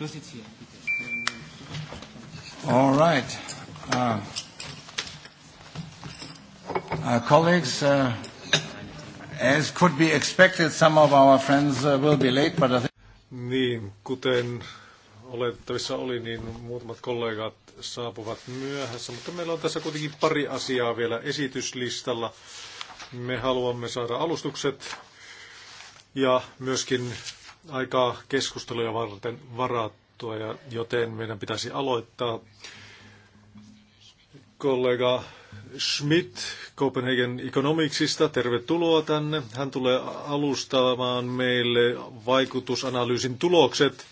Das jetzt hier, bitte. All right. Uh, uh, colleagues, uh, as could be expected, some of our friends uh, will be late, but I think... Niin, kuten oletettavissa oli, niin muutamat kollegat saapuvat myöhässä, mutta meillä on tässä kuitenkin pari asiaa vielä esityslistalla. Me haluamme saada alustukset ja myöskin aikaa keskusteluja varten varattua, ja joten meidän pitäisi aloittaa. Kollega Schmidt Copenhagen Economicsista, tervetuloa tänne. Hän tulee alustamaan meille vaikutusanalyysin tulokset,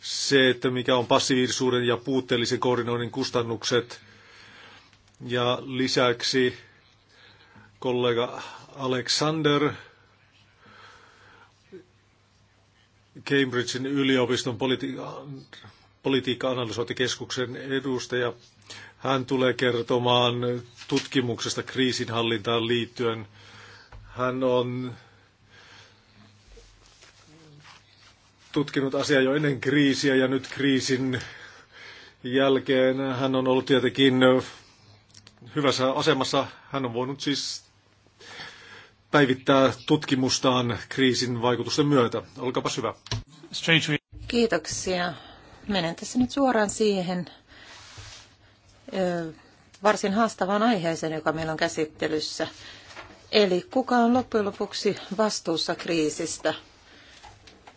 se, että mikä on passiivisuuden ja puutteellisen koordinoinnin kustannukset. Ja lisäksi kollega Alexander Cambridgein yliopiston politi- politiikka-analysointikeskuksen edustaja. Hän tulee kertomaan tutkimuksesta kriisinhallintaan liittyen. Hän on tutkinut asiaa jo ennen kriisiä ja nyt kriisin jälkeen hän on ollut tietenkin hyvässä asemassa. Hän on voinut siis päivittää tutkimustaan kriisin vaikutusten myötä. Olkaapa hyvä. Kiitoksia. Menen tässä nyt suoraan siihen ö, varsin haastavaan aiheeseen, joka meillä on käsittelyssä. Eli kuka on loppujen lopuksi vastuussa kriisistä?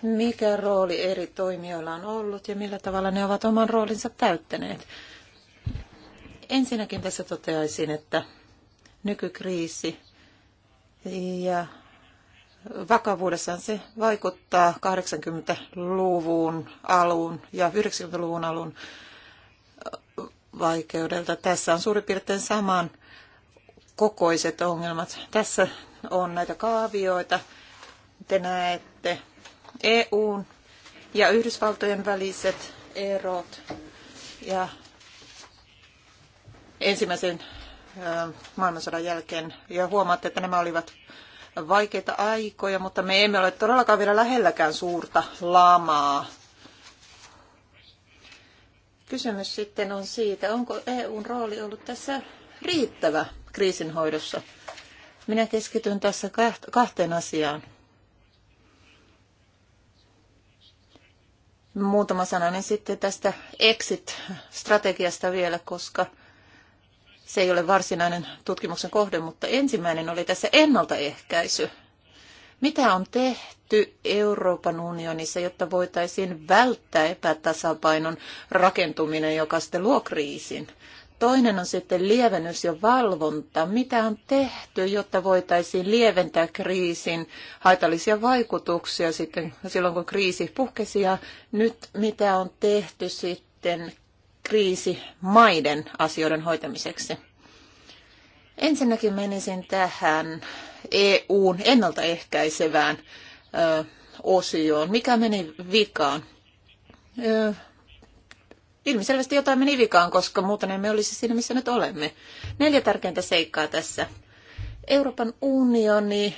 Mikä rooli eri toimijoilla on ollut ja millä tavalla ne ovat oman roolinsa täyttäneet? Ensinnäkin tässä toteaisin, että nykykriisi ja vakavuudessaan se vaikuttaa 80-luvun alun ja 90-luvun alun vaikeudelta. Tässä on suurin piirtein saman kokoiset ongelmat. Tässä on näitä kaavioita. Te näette EUn ja Yhdysvaltojen väliset erot. Ja ensimmäisen maailmansodan jälkeen ja huomaatte, että nämä olivat vaikeita aikoja, mutta me emme ole todellakaan vielä lähelläkään suurta lamaa. Kysymys sitten on siitä, onko EUn rooli ollut tässä riittävä kriisinhoidossa. Minä keskityn tässä kahteen asiaan. Muutama sananen sitten tästä exit-strategiasta vielä, koska – se ei ole varsinainen tutkimuksen kohde, mutta ensimmäinen oli tässä ennaltaehkäisy. Mitä on tehty Euroopan unionissa, jotta voitaisiin välttää epätasapainon rakentuminen, joka sitten luo kriisin? Toinen on sitten lievennys ja valvonta. Mitä on tehty, jotta voitaisiin lieventää kriisin haitallisia vaikutuksia sitten silloin, kun kriisi puhkesi? Ja nyt mitä on tehty sitten kriisimaiden asioiden hoitamiseksi. Ensinnäkin menisin tähän EUn ennaltaehkäisevään ö, osioon. Mikä meni vikaan? Ö, ilmiselvästi jotain meni vikaan, koska muuten emme olisi siinä, missä nyt olemme. Neljä tärkeintä seikkaa tässä. Euroopan unioni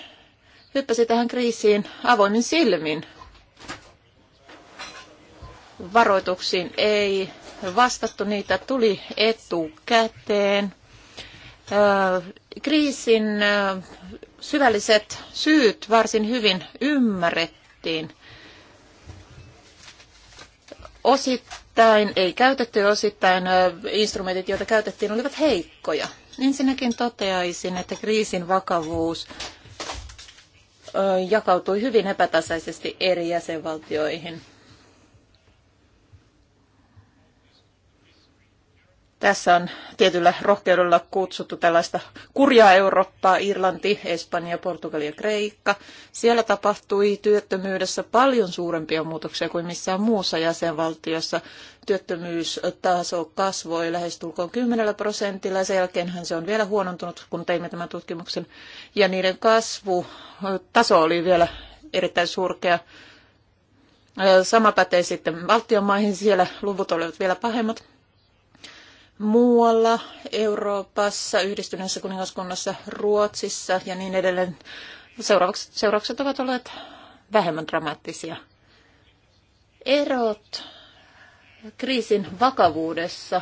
hyppäsi tähän kriisiin avoimin silmin. Varoituksiin ei vastattu, niitä tuli etukäteen. Kriisin syvälliset syyt varsin hyvin ymmärrettiin. Osittain, ei käytetty osittain, instrumentit, joita käytettiin, olivat heikkoja. Ensinnäkin toteaisin, että kriisin vakavuus jakautui hyvin epätasaisesti eri jäsenvaltioihin. Tässä on tietyllä rohkeudella kutsuttu tällaista kurjaa Eurooppaa, Irlanti, Espanja, Portugali ja Kreikka. Siellä tapahtui työttömyydessä paljon suurempia muutoksia kuin missään muussa jäsenvaltiossa. Työttömyystaso kasvoi lähestulkoon 10 prosentilla ja sen jälkeenhän se on vielä huonontunut, kun teimme tämän tutkimuksen. Ja niiden kasvu, taso oli vielä erittäin surkea. Sama pätee sitten valtionmaihin, siellä luvut olivat vielä pahemmat muualla Euroopassa, yhdistyneessä kuningaskunnassa, Ruotsissa ja niin edelleen. Seuraukset ovat olleet vähemmän dramaattisia. Erot kriisin vakavuudessa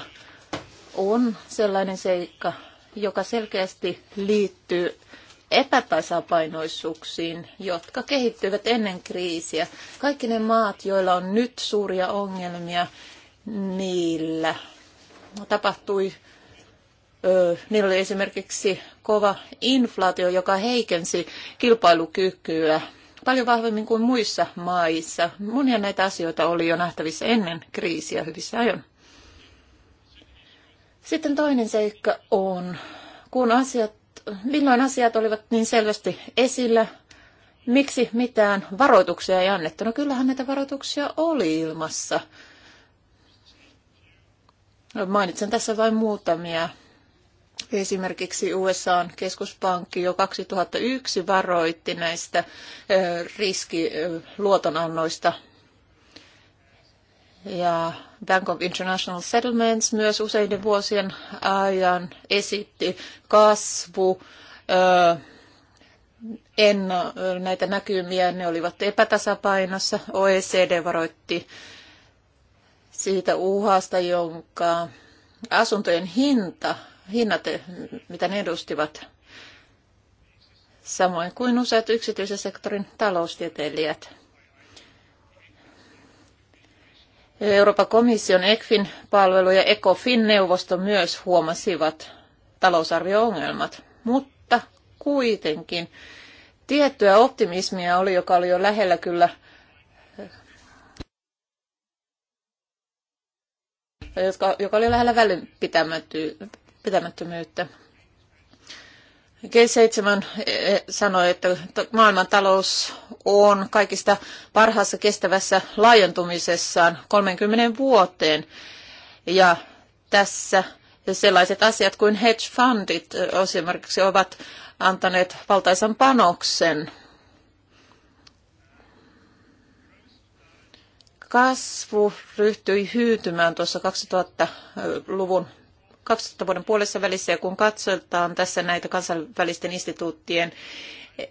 on sellainen seikka, joka selkeästi liittyy epätasapainoisuuksiin, jotka kehittyvät ennen kriisiä. Kaikki ne maat, joilla on nyt suuria ongelmia, niillä tapahtui, niillä oli esimerkiksi kova inflaatio, joka heikensi kilpailukykyä paljon vahvemmin kuin muissa maissa. Monia näitä asioita oli jo nähtävissä ennen kriisiä hyvissä ajoin. Sitten toinen seikka on, kun asiat, milloin asiat olivat niin selvästi esillä, miksi mitään varoituksia ei annettu. No kyllähän näitä varoituksia oli ilmassa. Mainitsen tässä vain muutamia. Esimerkiksi USAn keskuspankki jo 2001 varoitti näistä riskiluotonannoista. Ja Bank of International Settlements myös useiden vuosien ajan esitti kasvu, en näitä näkymiä, ne olivat epätasapainossa. OECD varoitti siitä uhasta, jonka asuntojen hinta, hinnat, mitä ne edustivat, samoin kuin useat yksityisen sektorin taloustieteilijät. Euroopan komission ECFIN palvelu ja ECOFIN-neuvosto myös huomasivat talousarvioongelmat, mutta kuitenkin tiettyä optimismia oli, joka oli jo lähellä kyllä jotka, joka oli lähellä välinpitämättömyyttä. G7 eh, sanoi, että maailmantalous on kaikista parhaassa kestävässä laajentumisessaan 30 vuoteen. Ja tässä sellaiset asiat kuin hedge fundit eh, esimerkiksi ovat antaneet valtaisan panoksen kasvu ryhtyi hyytymään tuossa 2000-luvun 2000 vuoden puolessa välissä ja kun katsotaan tässä näitä kansainvälisten instituuttien eh,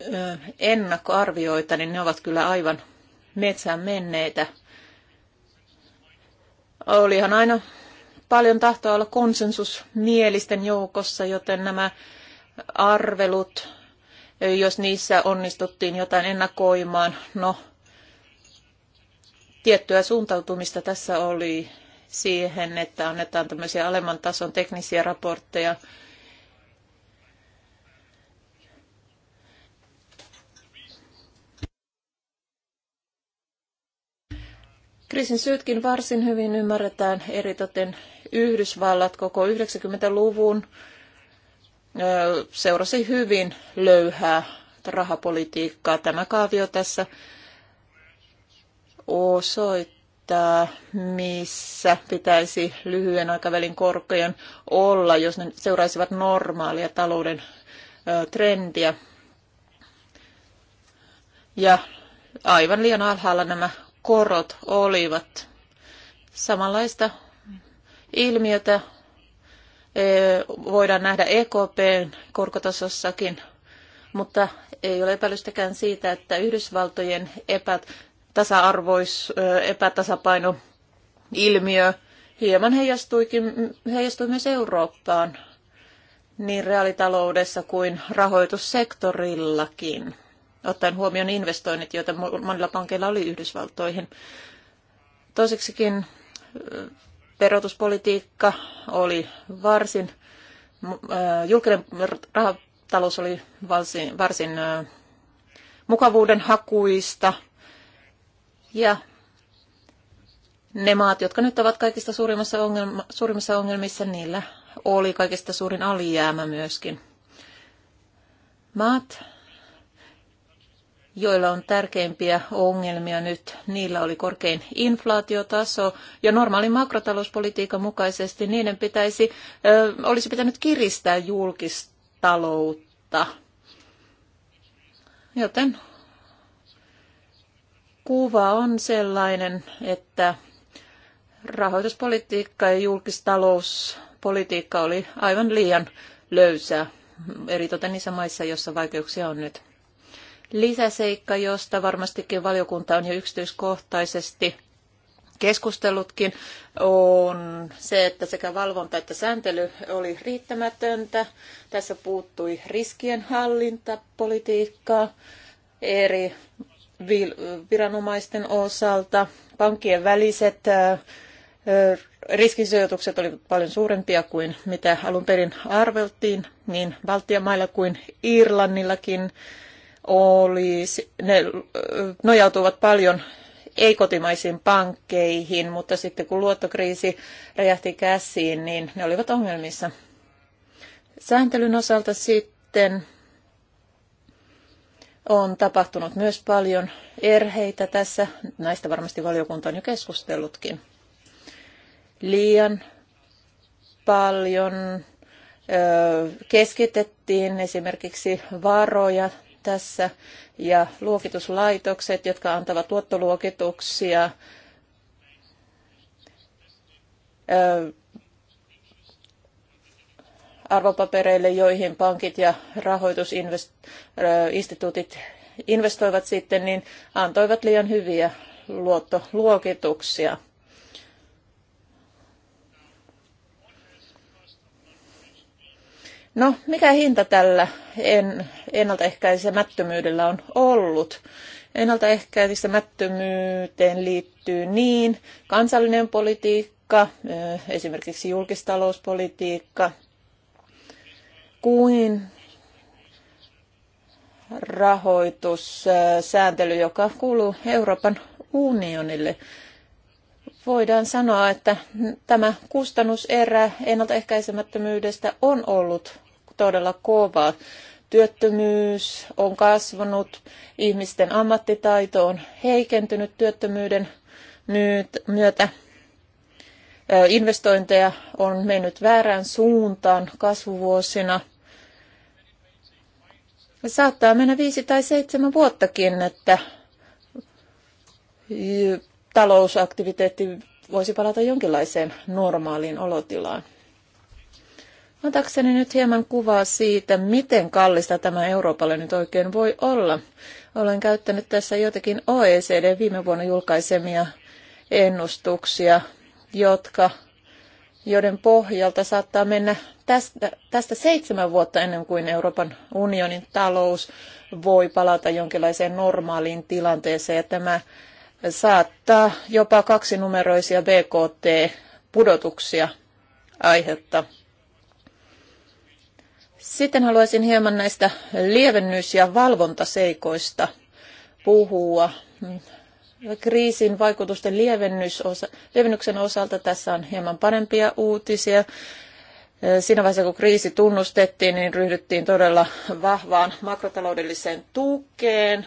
eh, ennakkoarvioita, niin ne ovat kyllä aivan metsään menneitä. Olihan aina paljon tahtoa olla konsensus mielisten joukossa, joten nämä arvelut, eh, jos niissä onnistuttiin jotain ennakoimaan, no tiettyä suuntautumista tässä oli siihen, että annetaan tämmöisiä alemman tason teknisiä raportteja. Kriisin syytkin varsin hyvin ymmärretään, eritoten Yhdysvallat koko 90-luvun seurasi hyvin löyhää rahapolitiikkaa. Tämä kaavio tässä osoittaa, missä pitäisi lyhyen aikavälin korkojen olla, jos ne seuraisivat normaalia talouden trendiä. Ja aivan liian alhaalla nämä korot olivat. Samanlaista ilmiötä voidaan nähdä EKPn korkotasossakin, mutta ei ole epäilystäkään siitä, että Yhdysvaltojen epät, tasa-arvois, epätasapaino ilmiö hieman heijastuikin, heijastui myös Eurooppaan niin reaalitaloudessa kuin rahoitussektorillakin, ottaen huomioon investoinnit, joita monilla pankeilla oli Yhdysvaltoihin. Toiseksikin verotuspolitiikka oli varsin, julkinen rahatalous oli varsin, varsin mukavuuden hakuista – ja ne maat, jotka nyt ovat kaikista suurimmassa, ongelma, suurimmissa ongelmissa, niillä oli kaikista suurin alijäämä myöskin. Maat, joilla on tärkeimpiä ongelmia nyt, niillä oli korkein inflaatiotaso ja normaalin makrotalouspolitiikan mukaisesti niiden pitäisi, ö, olisi pitänyt kiristää julkistaloutta. Joten kuva on sellainen, että rahoituspolitiikka ja julkistalouspolitiikka oli aivan liian löysää, eritoten niissä maissa, joissa vaikeuksia on nyt. Lisäseikka, josta varmastikin valiokunta on jo yksityiskohtaisesti keskustellutkin, on se, että sekä valvonta että sääntely oli riittämätöntä. Tässä puuttui riskien eri viranomaisten osalta. Pankkien väliset riskisijoitukset olivat paljon suurempia kuin mitä alun perin arveltiin, niin Baltian mailla kuin Irlannillakin oli, ne nojautuvat paljon ei-kotimaisiin pankkeihin, mutta sitten kun luottokriisi räjähti käsiin, niin ne olivat ongelmissa. Sääntelyn osalta sitten on tapahtunut myös paljon erheitä tässä. Näistä varmasti valiokunta on jo keskustellutkin. Liian paljon keskitettiin esimerkiksi varoja tässä ja luokituslaitokset, jotka antavat tuottoluokituksia arvopapereille, joihin pankit ja rahoitusinstituutit investoivat sitten, niin antoivat liian hyviä luottoluokituksia. No, mikä hinta tällä en, ennaltaehkäisemättömyydellä on ollut? Ennaltaehkäisemättömyyteen liittyy niin kansallinen politiikka, esimerkiksi julkistalouspolitiikka, kuin rahoitussääntely, joka kuuluu Euroopan unionille. Voidaan sanoa, että tämä kustannuserä ennaltaehkäisemättömyydestä on ollut todella kova. Työttömyys on kasvanut, ihmisten ammattitaito on heikentynyt työttömyyden myötä investointeja on mennyt väärään suuntaan kasvuvuosina. Saattaa mennä viisi tai seitsemän vuottakin, että talousaktiviteetti voisi palata jonkinlaiseen normaaliin olotilaan. Otakseni nyt hieman kuvaa siitä, miten kallista tämä Euroopalle nyt oikein voi olla. Olen käyttänyt tässä jotakin OECD viime vuonna julkaisemia ennustuksia jotka, joiden pohjalta saattaa mennä tästä, tästä seitsemän vuotta ennen kuin Euroopan unionin talous voi palata jonkinlaiseen normaaliin tilanteeseen. Ja tämä saattaa jopa kaksinumeroisia BKT-pudotuksia aiheuttaa. Sitten haluaisin hieman näistä lievennys- ja valvontaseikoista puhua kriisin vaikutusten lievennyksen osalta tässä on hieman parempia uutisia. Siinä vaiheessa, kun kriisi tunnustettiin, niin ryhdyttiin todella vahvaan makrotaloudelliseen tukeen.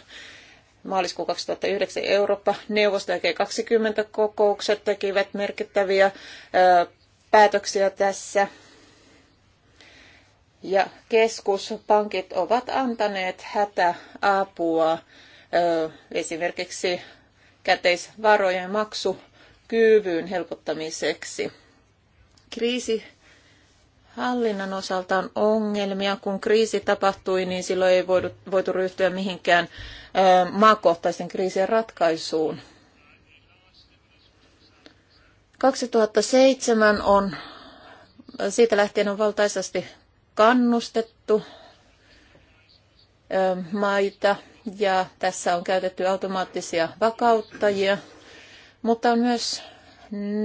Maaliskuun 2009 Eurooppa-neuvosto ja G20-kokoukset tekivät merkittäviä päätöksiä tässä. Ja keskuspankit ovat antaneet hätäapua esimerkiksi käteisvarojen maksukyvyn helpottamiseksi. Kriisi hallinnan osalta on ongelmia. Kun kriisi tapahtui, niin silloin ei voitu, voitu ryhtyä mihinkään ö, maakohtaisen kriisien ratkaisuun. 2007 on, siitä lähtien on valtaisasti kannustettu ö, maita ja tässä on käytetty automaattisia vakauttajia, mutta on myös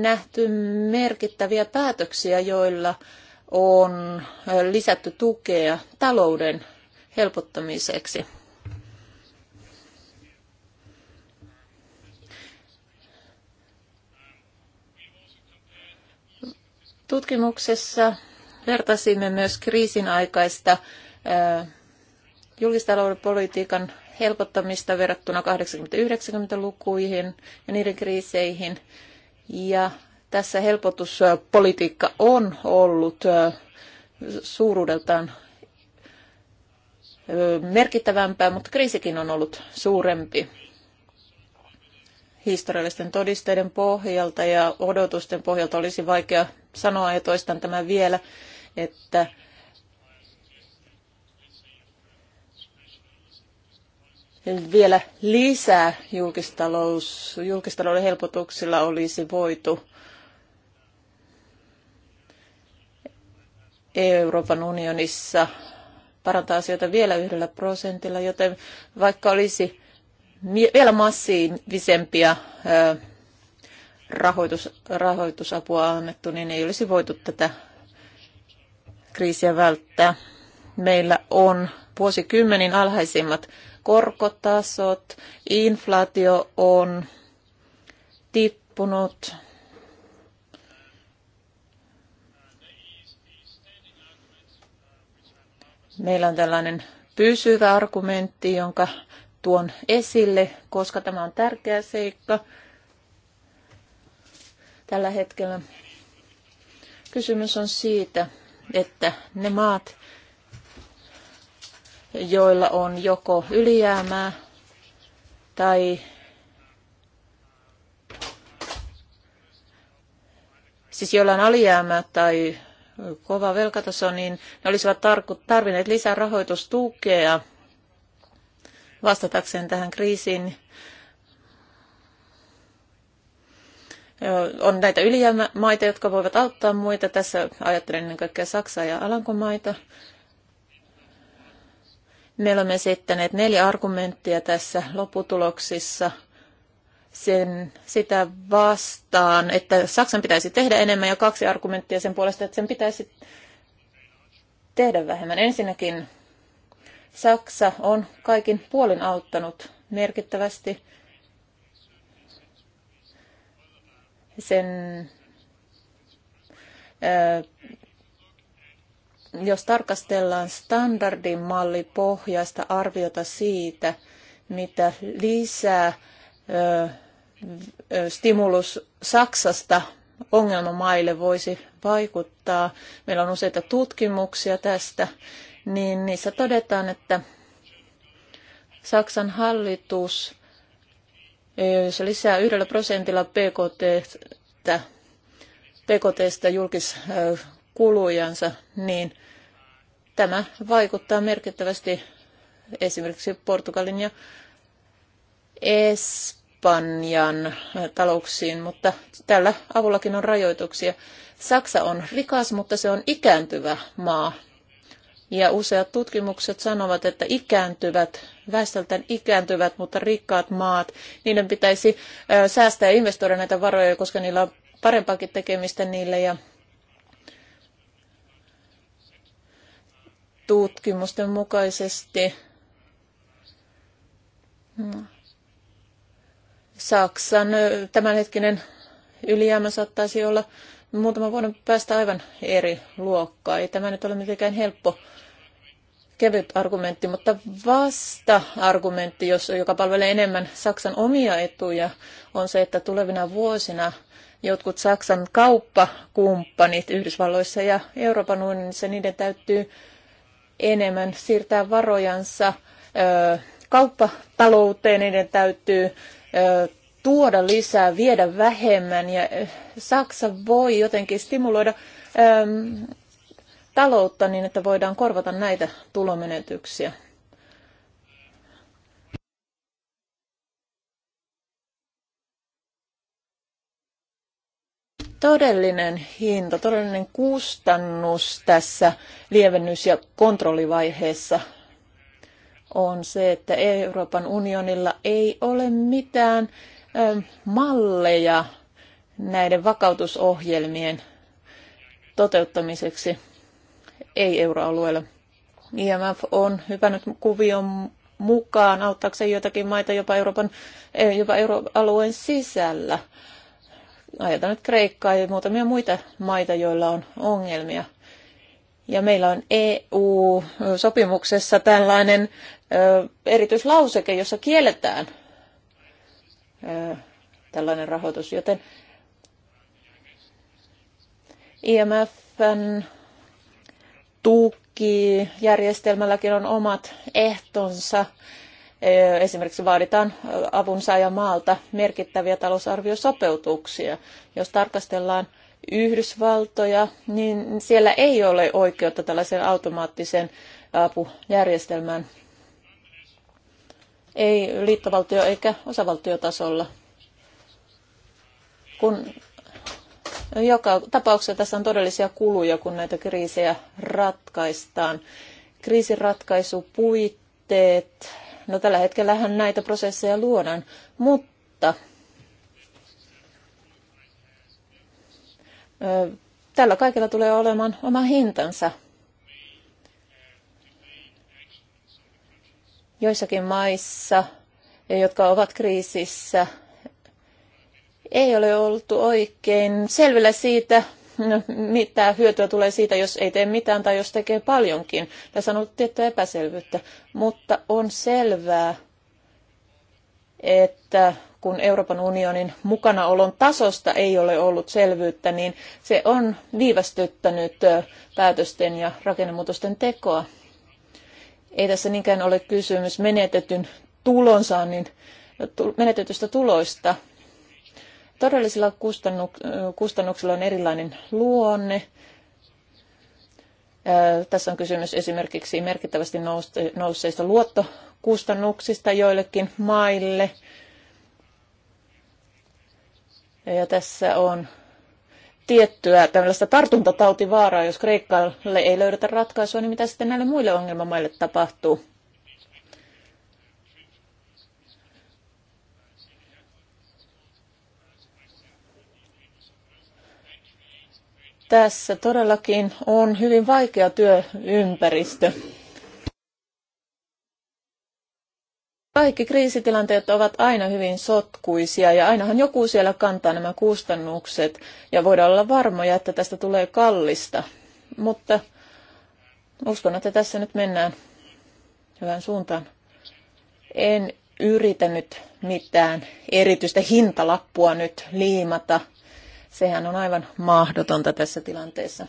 nähty merkittäviä päätöksiä, joilla on lisätty tukea talouden helpottamiseksi. Tutkimuksessa vertasimme myös kriisin aikaista julkistalouden politiikan helpottamista verrattuna 80-90-lukuihin ja niiden kriiseihin. Ja tässä helpotuspolitiikka on ollut suuruudeltaan merkittävämpää, mutta kriisikin on ollut suurempi historiallisten todisteiden pohjalta ja odotusten pohjalta olisi vaikea sanoa, ja toistan tämän vielä, että vielä lisää julkistalous, julkistalouden helpotuksilla olisi voitu Euroopan unionissa parantaa asioita vielä yhdellä prosentilla, joten vaikka olisi vielä massiivisempia rahoitus, rahoitusapua annettu, niin ei olisi voitu tätä kriisiä välttää. Meillä on vuosikymmenin alhaisimmat korkotasot, inflaatio on tippunut. Meillä on tällainen pysyvä argumentti, jonka tuon esille, koska tämä on tärkeä seikka tällä hetkellä. Kysymys on siitä, että ne maat, joilla on joko ylijäämää tai siis joilla on alijäämää tai kova velkataso, niin ne olisivat tarvinneet lisää rahoitustukea vastatakseen tähän kriisiin. On näitä ylijäämämaita, jotka voivat auttaa muita. Tässä ajattelen ennen kaikkea Saksaa ja Alankomaita. Me olemme esittäneet neljä argumenttia tässä lopputuloksissa sen, sitä vastaan, että Saksan pitäisi tehdä enemmän ja kaksi argumenttia sen puolesta, että sen pitäisi tehdä vähemmän. Ensinnäkin Saksa on kaikin puolin auttanut merkittävästi sen jos tarkastellaan standardimallipohjaista arviota siitä, mitä lisää ö, stimulus Saksasta ongelmamaille voisi vaikuttaa. Meillä on useita tutkimuksia tästä, niin niissä todetaan, että Saksan hallitus, jos lisää yhdellä prosentilla PKT, PKTstä julkiskulujansa, niin – Tämä vaikuttaa merkittävästi esimerkiksi Portugalin ja Espanjan talouksiin, mutta tällä avullakin on rajoituksia. Saksa on rikas, mutta se on ikääntyvä maa. Ja useat tutkimukset sanovat, että ikääntyvät, väestöltään ikääntyvät, mutta rikkaat maat, niiden pitäisi säästää ja investoida näitä varoja, koska niillä on parempaakin tekemistä niille ja tutkimusten mukaisesti no. Saksan tämänhetkinen ylijäämä saattaisi olla muutaman vuoden päästä aivan eri luokkaa. Ei tämä nyt ole mitenkään helppo kevyt argumentti, mutta vasta argumentti, jos, joka palvelee enemmän Saksan omia etuja, on se, että tulevina vuosina jotkut Saksan kauppakumppanit Yhdysvalloissa ja Euroopan unionissa, niiden täytyy enemmän siirtää varojansa kauppatalouteen, niiden täytyy tuoda lisää, viedä vähemmän ja Saksa voi jotenkin stimuloida taloutta niin, että voidaan korvata näitä tulomenetyksiä. todellinen hinta, todellinen kustannus tässä lievennys- ja kontrollivaiheessa on se, että Euroopan unionilla ei ole mitään malleja näiden vakautusohjelmien toteuttamiseksi ei euroalueella. IMF on hypännyt kuvion mukaan auttaakseen joitakin maita jopa Euroopan, jopa euroalueen sisällä ajatellaan nyt Kreikkaa ja muutamia muita maita, joilla on ongelmia. Ja meillä on EU-sopimuksessa tällainen ö, erityislauseke, jossa kielletään ö, tällainen rahoitus, joten IMFn tukijärjestelmälläkin on omat ehtonsa. Esimerkiksi vaaditaan avunsaajamaalta merkittäviä talousarviosopeutuksia. Jos tarkastellaan Yhdysvaltoja, niin siellä ei ole oikeutta tällaiseen automaattiseen apujärjestelmään. Ei liittovaltio eikä osavaltiotasolla. Kun joka tapauksessa tässä on todellisia kuluja, kun näitä kriisejä ratkaistaan. Kriisinratkaisupuitteet No tällä hetkellähän näitä prosesseja luodaan, mutta tällä kaikella tulee olemaan oma hintansa. Joissakin maissa, jotka ovat kriisissä, ei ole oltu oikein selvillä siitä, mitä hyötyä tulee siitä, jos ei tee mitään tai jos tekee paljonkin. Tässä on ollut tiettyä epäselvyyttä, mutta on selvää, että kun Euroopan unionin mukanaolon tasosta ei ole ollut selvyyttä, niin se on viivästyttänyt päätösten ja rakennemuutosten tekoa. Ei tässä niinkään ole kysymys menetetyn tulonsaannin, menetetystä tuloista, Todellisilla kustannuksilla on erilainen luonne. Tässä on kysymys esimerkiksi merkittävästi nousseista luottokustannuksista joillekin maille. Ja tässä on tiettyä tällaista tartuntatautivaaraa, jos Kreikalle ei löydetä ratkaisua, niin mitä sitten näille muille ongelmamaille tapahtuu? Tässä todellakin on hyvin vaikea työympäristö. Kaikki kriisitilanteet ovat aina hyvin sotkuisia ja ainahan joku siellä kantaa nämä kustannukset ja voidaan olla varmoja, että tästä tulee kallista. Mutta uskon, että tässä nyt mennään hyvään suuntaan. En yritä nyt mitään erityistä hintalappua nyt liimata – Sehän on aivan mahdotonta tässä tilanteessa.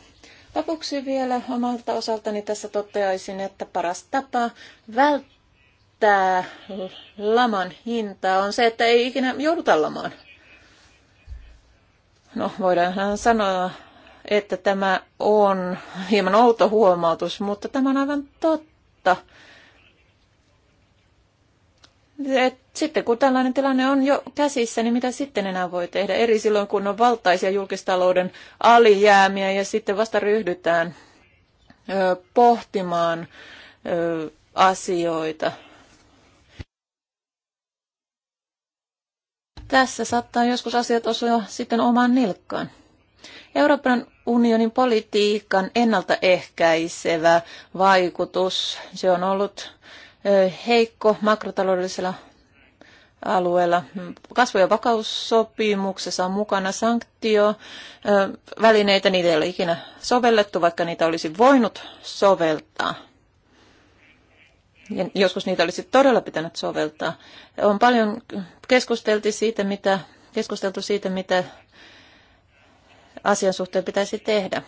Lopuksi vielä omalta osaltani tässä toteaisin, että paras tapa välttää laman hintaa on se, että ei ikinä jouduta lamaan. No, voidaanhan sanoa, että tämä on hieman outo huomautus, mutta tämä on aivan totta. Et sitten kun tällainen tilanne on jo käsissä, niin mitä sitten enää voi tehdä? Eri silloin, kun on valtaisia julkistalouden alijäämiä ja sitten vasta ryhdytään ö, pohtimaan ö, asioita. Tässä saattaa joskus asiat osua sitten omaan nilkkaan. Euroopan unionin politiikan ennaltaehkäisevä vaikutus, se on ollut heikko makrotaloudellisella alueella. Kasvu- ja vakaussopimuksessa on mukana sanktio. Välineitä niitä ei ole ikinä sovellettu, vaikka niitä olisi voinut soveltaa. Ja joskus niitä olisi todella pitänyt soveltaa. On paljon keskusteltu siitä, mitä, keskusteltu siitä, mitä asian suhteen pitäisi tehdä.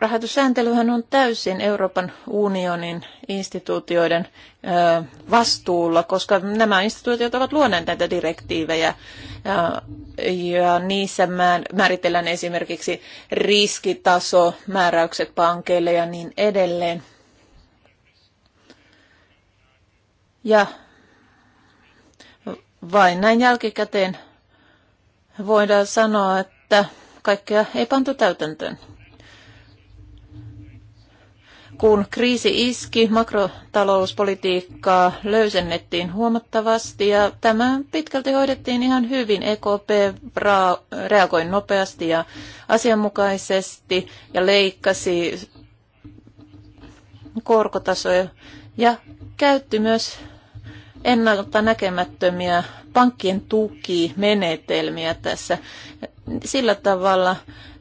Rahoitussääntelyhän on täysin Euroopan unionin instituutioiden vastuulla, koska nämä instituutiot ovat luoneet näitä direktiivejä ja niissä määritellään esimerkiksi riskitaso, määräykset pankeille ja niin edelleen. Ja vain näin jälkikäteen voidaan sanoa, että kaikkea ei pantu täytäntöön. Kun kriisi iski, makrotalouspolitiikkaa löysennettiin huomattavasti ja tämä pitkälti hoidettiin ihan hyvin. EKP reagoi nopeasti ja asianmukaisesti ja leikkasi korkotasoja ja käytti myös ennalta näkemättömiä pankkien tukimenetelmiä tässä sillä tavalla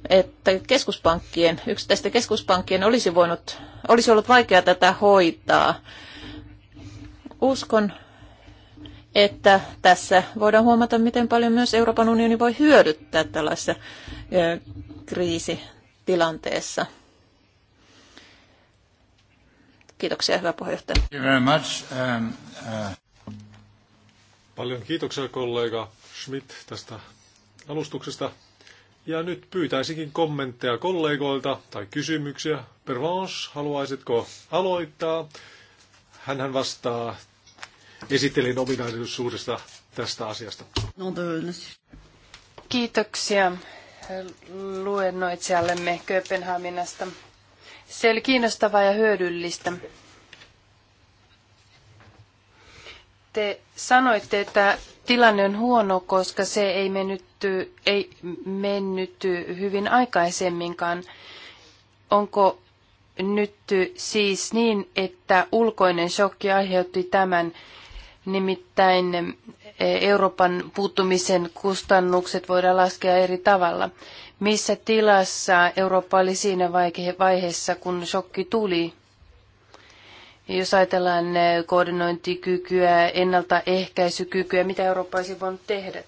että keskuspankkien, yksittäisten keskuspankkien olisi, voinut, olisi ollut vaikea tätä hoitaa. Uskon, että tässä voidaan huomata, miten paljon myös Euroopan unioni voi hyödyttää tällaisessa kriisitilanteessa. Kiitoksia, hyvä puheenjohtaja. Um, uh, paljon kiitoksia kollega Schmidt tästä alustuksesta. Ja nyt pyytäisinkin kommentteja kollegoilta tai kysymyksiä. Pervans, haluaisitko aloittaa? Hänhän vastaa esittelin ominaisuudesta tästä asiasta. Kiitoksia luennoitsijallemme Kööpenhaminasta. Se oli kiinnostavaa ja hyödyllistä. Te sanoitte, että tilanne on huono, koska se ei mennyt ei mennyt hyvin aikaisemminkaan. Onko nyt siis niin, että ulkoinen shokki aiheutti tämän, nimittäin eh, Euroopan puuttumisen kustannukset voidaan laskea eri tavalla. Missä tilassa Eurooppa oli siinä vaiheessa, kun shokki tuli? Jos ajatellaan eh, koordinointikykyä, ennaltaehkäisykykyä, mitä Eurooppa olisi voinut tehdä?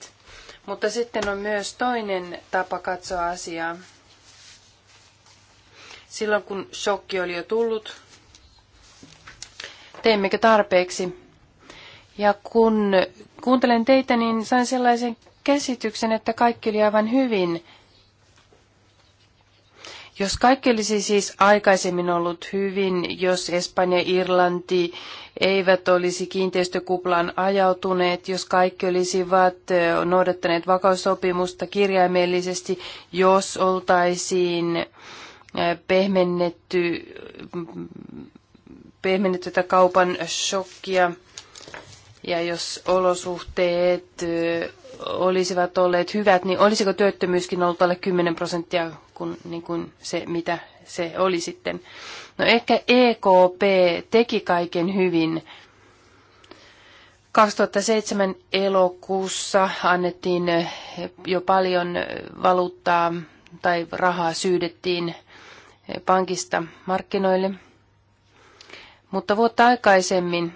Mutta sitten on myös toinen tapa katsoa asiaa. Silloin kun shokki oli jo tullut, teimmekö tarpeeksi? Ja kun kuuntelen teitä, niin sain sellaisen käsityksen, että kaikki oli aivan hyvin jos kaikki olisi siis aikaisemmin ollut hyvin, jos Espanja ja Irlanti eivät olisi kiinteistökuplaan ajautuneet, jos kaikki olisivat noudattaneet vakaussopimusta kirjaimellisesti, jos oltaisiin pehmennetty, pehmennetty tätä kaupan shokkia – ja jos olosuhteet olisivat olleet hyvät, niin olisiko työttömyyskin ollut alle 10 prosenttia kuin, niin kuin se, mitä se oli sitten? No ehkä EKP teki kaiken hyvin. 2007 elokuussa annettiin jo paljon valuuttaa tai rahaa syydettiin pankista markkinoille. Mutta vuotta aikaisemmin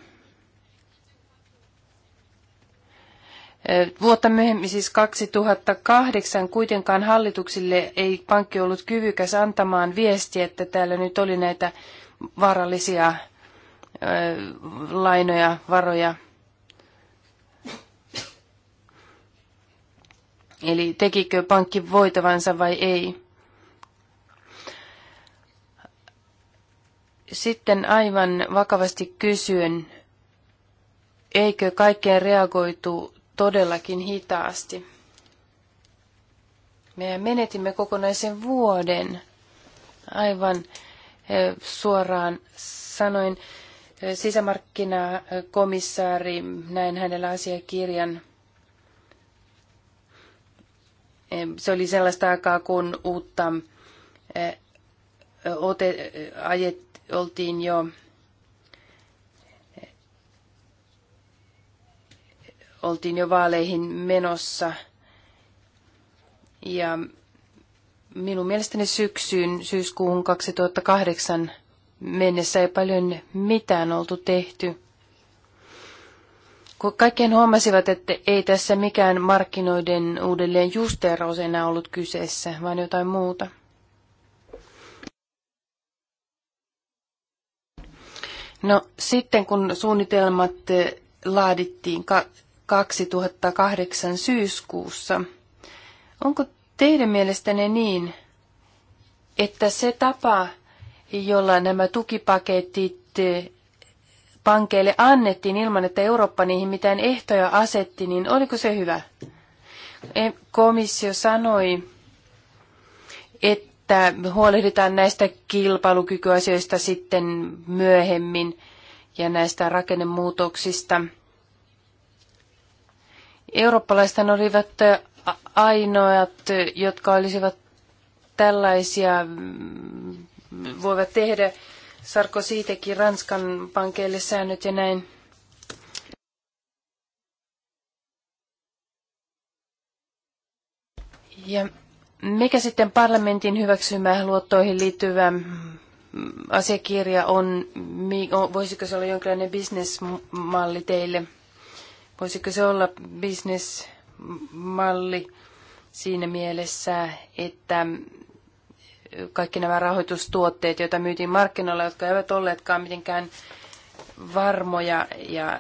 Vuotta myöhemmin, siis 2008, kuitenkaan hallituksille ei pankki ollut kyvykäs antamaan viestiä, että täällä nyt oli näitä vaarallisia lainoja, varoja. Eli tekikö pankki voitavansa vai ei? Sitten aivan vakavasti kysyn, eikö kaikkeen reagoitu todellakin hitaasti. Me menetimme kokonaisen vuoden aivan eh, suoraan sanoin eh, sisämarkkinakomissaari, näin hänellä asiakirjan. Eh, se oli sellaista aikaa, kun uutta ote, ajet, oltiin jo oltiin jo vaaleihin menossa. Ja minun mielestäni syksyyn, syyskuuhun 2008 mennessä ei paljon mitään oltu tehty. Kun kaikkien huomasivat, että ei tässä mikään markkinoiden uudelleen justeeraus enää ollut kyseessä, vaan jotain muuta. No sitten kun suunnitelmat laadittiin 2008 syyskuussa. Onko teidän mielestänne niin, että se tapa, jolla nämä tukipaketit eh, pankeille annettiin ilman, että Eurooppa niihin mitään ehtoja asetti, niin oliko se hyvä? Eh, komissio sanoi, että huolehditaan näistä kilpailukykyasioista sitten myöhemmin ja näistä rakennemuutoksista – Eurooppalaisten olivat ainoat, jotka olisivat tällaisia, mm, voivat tehdä. Sarko siitäkin Ranskan pankeille säännöt ja näin. Ja mikä sitten parlamentin hyväksymä luottoihin liittyvä mm, asiakirja on, voisiko se olla jonkinlainen bisnesmalli teille? Voisiko se olla bisnesmalli siinä mielessä, että kaikki nämä rahoitustuotteet, joita myytiin markkinoilla, jotka eivät olleetkaan mitenkään varmoja ja,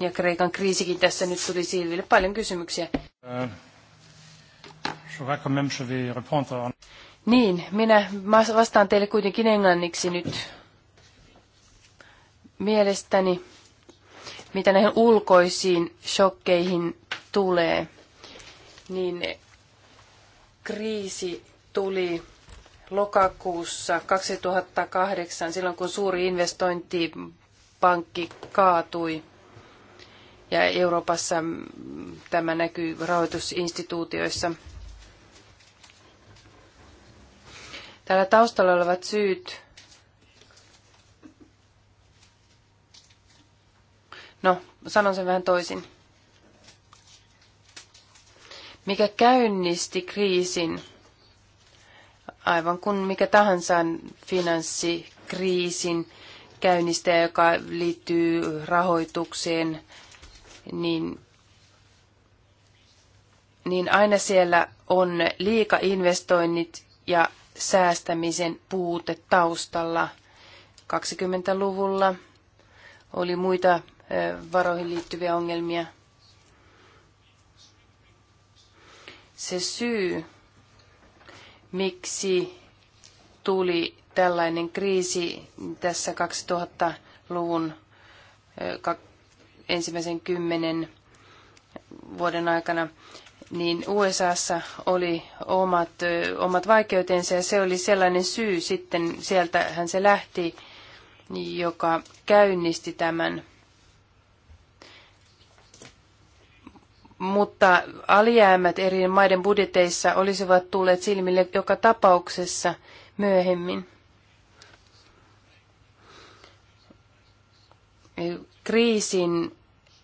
ja Kreikan kriisikin tässä nyt tuli silville. Paljon kysymyksiä. Niin, minä vastaan teille kuitenkin englanniksi nyt. Mielestäni mitä näihin ulkoisiin shokkeihin tulee, niin kriisi tuli lokakuussa 2008, silloin kun suuri investointipankki kaatui. Ja Euroopassa tämä näkyy rahoitusinstituutioissa. Täällä taustalla olevat syyt No, sanon sen vähän toisin. Mikä käynnisti kriisin, aivan kuin mikä tahansa finanssikriisin käynnistäjä, joka liittyy rahoitukseen, niin niin aina siellä on liikainvestoinnit ja säästämisen puute taustalla. 20-luvulla oli muita varoihin liittyviä ongelmia. Se syy, miksi tuli tällainen kriisi tässä 2000-luvun ensimmäisen kymmenen vuoden aikana, niin USAssa oli omat, omat vaikeutensa ja se oli sellainen syy sitten, sieltähän se lähti, joka käynnisti tämän mutta alijäämät eri maiden budjeteissa olisivat tulleet silmille joka tapauksessa myöhemmin. Kriisin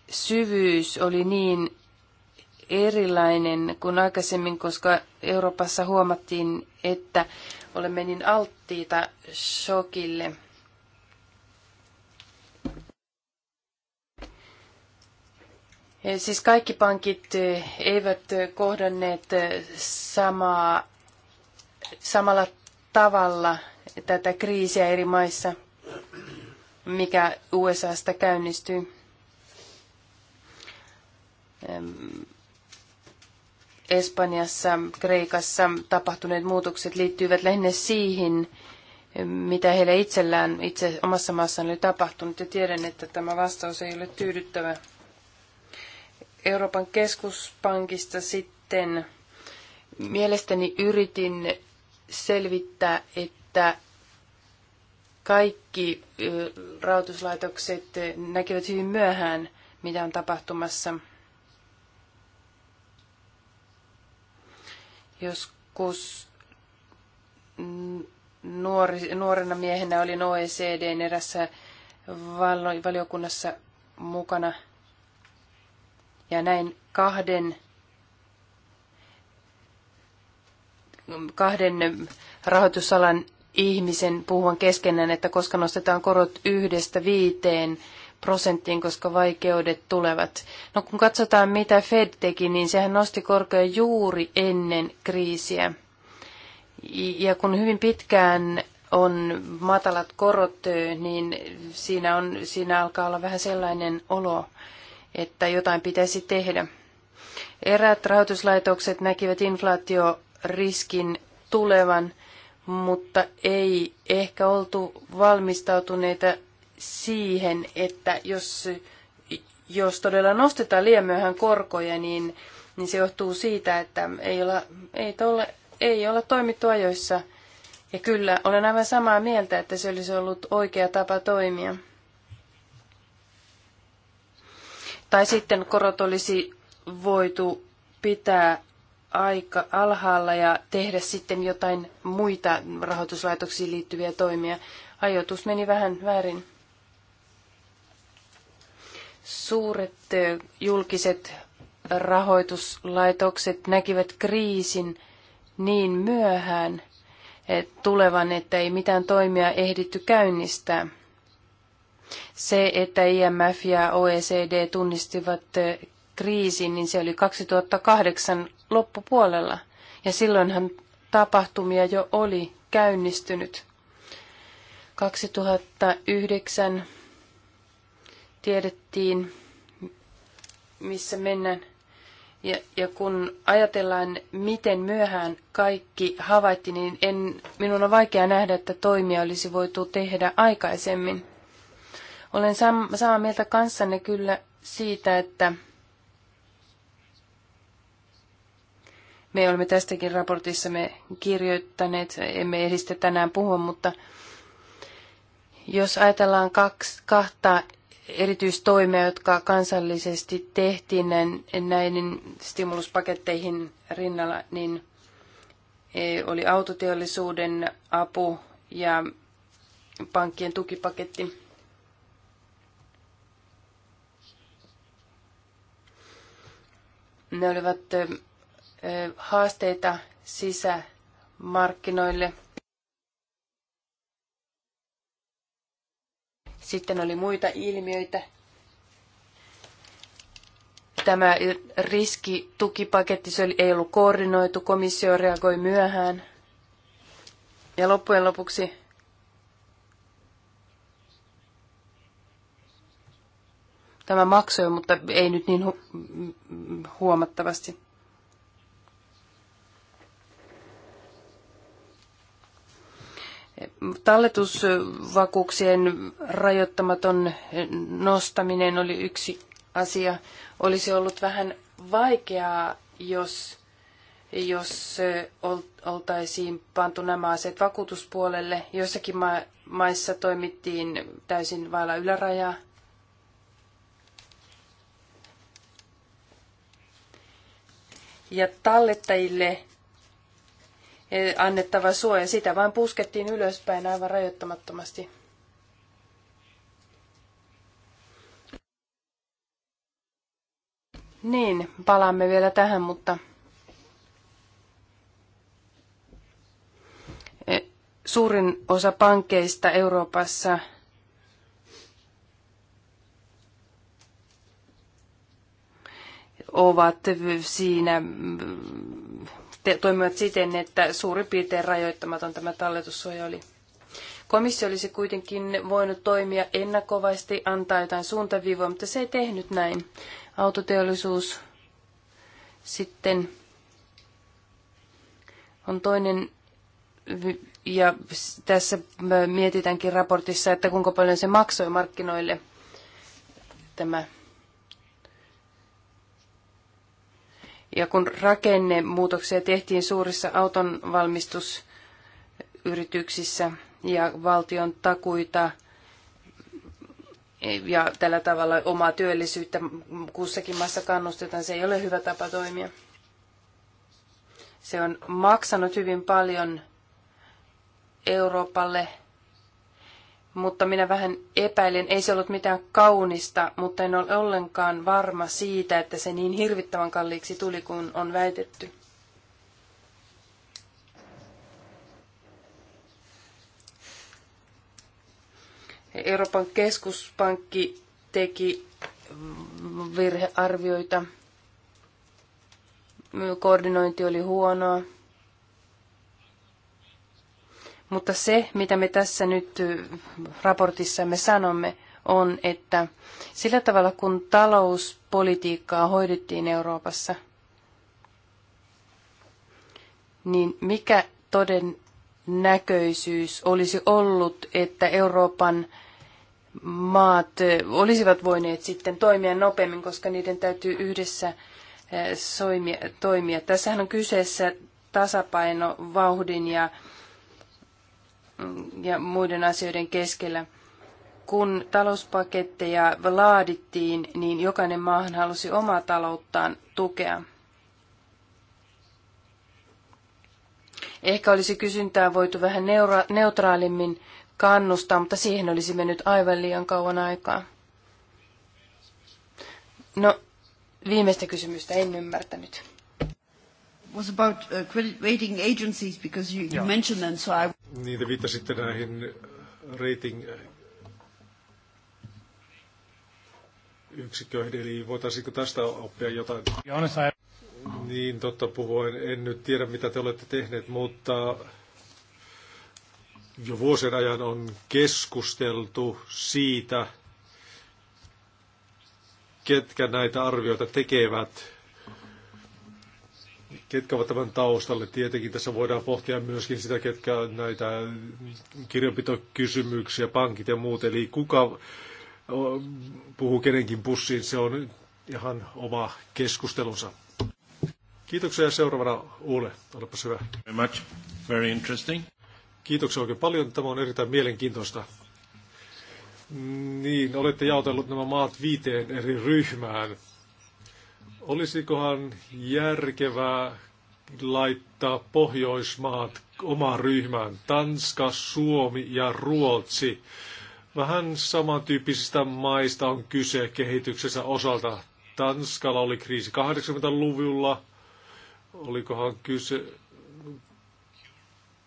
syvyys oli niin erilainen kuin aikaisemmin, koska Euroopassa huomattiin, että olemme niin alttiita shokille – Siis kaikki pankit eh, eivät eh, kohdanneet eh, samaa, samalla tavalla tätä kriisiä eri maissa, mikä USAsta käynnistyi. Espanjassa, Kreikassa tapahtuneet muutokset liittyivät lähinnä siihen, mitä heillä itsellään itse omassa maassaan oli tapahtunut. Ja tiedän, että tämä vastaus ei ole tyydyttävä Euroopan keskuspankista sitten mielestäni yritin selvittää, että kaikki rahoituslaitokset näkevät hyvin myöhään, mitä on tapahtumassa. Joskus nuori, nuorena miehenä olin OECDn erässä valiokunnassa mukana – ja näin kahden, kahden rahoitusalan ihmisen puhuvan keskenään, että koska nostetaan korot yhdestä viiteen prosenttiin, koska vaikeudet tulevat. No kun katsotaan, mitä Fed teki, niin sehän nosti korkoja juuri ennen kriisiä. Ja kun hyvin pitkään on matalat korot, niin siinä, on, siinä alkaa olla vähän sellainen olo, että jotain pitäisi tehdä. Eräät rahoituslaitokset näkivät inflaatioriskin tulevan, mutta ei ehkä oltu valmistautuneita siihen, että jos, jos todella nostetaan liian myöhään korkoja, niin, niin se johtuu siitä, että ei olla, ei, tolle, ei olla toimittu ajoissa. Ja kyllä, olen aivan samaa mieltä, että se olisi ollut oikea tapa toimia. Tai sitten korot olisi voitu pitää aika alhaalla ja tehdä sitten jotain muita rahoituslaitoksiin liittyviä toimia. Ajoitus meni vähän väärin. Suuret julkiset rahoituslaitokset näkivät kriisin niin myöhään tulevan, että ei mitään toimia ehditty käynnistää. Se, että IMF ja OECD tunnistivat eh, kriisin, niin se oli 2008 loppupuolella. Ja silloinhan tapahtumia jo oli käynnistynyt. 2009 tiedettiin, missä mennään. Ja, ja kun ajatellaan, miten myöhään kaikki havaittiin, niin en, minun on vaikea nähdä, että toimia olisi voitu tehdä aikaisemmin. Olen samaa mieltä kanssanne kyllä siitä, että me olemme tästäkin raportissa me kirjoittaneet, emme edistä tänään puhua, mutta jos ajatellaan kaksi, kahta erityistoimia, jotka kansallisesti tehtiin näiden stimuluspaketteihin rinnalla, niin e, oli autoteollisuuden apu ja pankkien tukipaketti. Ne olivat haasteita sisämarkkinoille. Sitten oli muita ilmiöitä. Tämä riskitukipaketti se ei ollut koordinoitu, komissio reagoi myöhään. Ja loppujen lopuksi tämä maksoi, mutta ei nyt niin hu- huomattavasti. Talletusvakuuksien rajoittamaton nostaminen oli yksi asia. Olisi ollut vähän vaikeaa, jos, jos oltaisiin pantu nämä aseet vakuutuspuolelle. Joissakin ma- maissa toimittiin täysin vailla ylärajaa. ja tallettajille eh, annettava suoja, sitä vain puskettiin ylöspäin aivan rajoittamattomasti. Niin, palaamme vielä tähän, mutta eh, suurin osa pankeista Euroopassa – ovat siinä, toimivat siten, että suurin piirtein rajoittamaton tämä talletussuoja oli. Komissio olisi kuitenkin voinut toimia ennakovasti, antaa jotain suuntaviivoja, mutta se ei tehnyt näin. Autoteollisuus sitten on toinen, ja tässä mietitäänkin raportissa, että kuinka paljon se maksoi markkinoille tämä Ja kun rakennemuutoksia tehtiin suurissa autonvalmistusyrityksissä ja valtion takuita ja tällä tavalla omaa työllisyyttä kussakin maassa kannustetaan, se ei ole hyvä tapa toimia. Se on maksanut hyvin paljon Euroopalle – mutta minä vähän epäilen, ei se ollut mitään kaunista, mutta en ole ollenkaan varma siitä, että se niin hirvittävän kalliiksi tuli, kun on väitetty. Euroopan keskuspankki teki virhearvioita. Koordinointi oli huonoa. Mutta se, mitä me tässä nyt raportissamme sanomme, on, että sillä tavalla kun talouspolitiikkaa hoidettiin Euroopassa, niin mikä todennäköisyys olisi ollut, että Euroopan maat olisivat voineet sitten toimia nopeammin, koska niiden täytyy yhdessä toimia. Tässähän on kyseessä tasapaino vauhdin ja ja muiden asioiden keskellä. Kun talouspaketteja laadittiin, niin jokainen maahan halusi omaa talouttaan tukea. Ehkä olisi kysyntää voitu vähän neutraalimmin kannustaa, mutta siihen olisi mennyt aivan liian kauan aikaa. No, viimeistä kysymystä en ymmärtänyt was about uh, credit rating agencies because you, you mentioned them, so I... Niin, te viittasitte näihin äh, rating äh, yksiköihin, eli voitaisiinko tästä oppia jotain? I... Niin, totta puhuen, en nyt tiedä mitä te olette tehneet, mutta jo vuosien ajan on keskusteltu siitä, ketkä näitä arvioita tekevät ketkä ovat tämän taustalle. Tietenkin tässä voidaan pohtia myöskin sitä, ketkä näitä kirjanpitokysymyksiä, pankit ja muut. Eli kuka puhuu kenenkin pussiin, se on ihan oma keskustelunsa. Kiitoksia ja seuraavana Uule, olepa hyvä. Very much. Very interesting. Kiitoksia oikein paljon. Tämä on erittäin mielenkiintoista. Niin, olette jaotellut nämä maat viiteen eri ryhmään. Olisikohan järkevää laittaa Pohjoismaat omaan ryhmään, Tanska, Suomi ja Ruotsi. Vähän samantyyppisistä maista on kyse kehityksessä osalta. Tanskalla oli kriisi 80-luvulla, olikohan kyse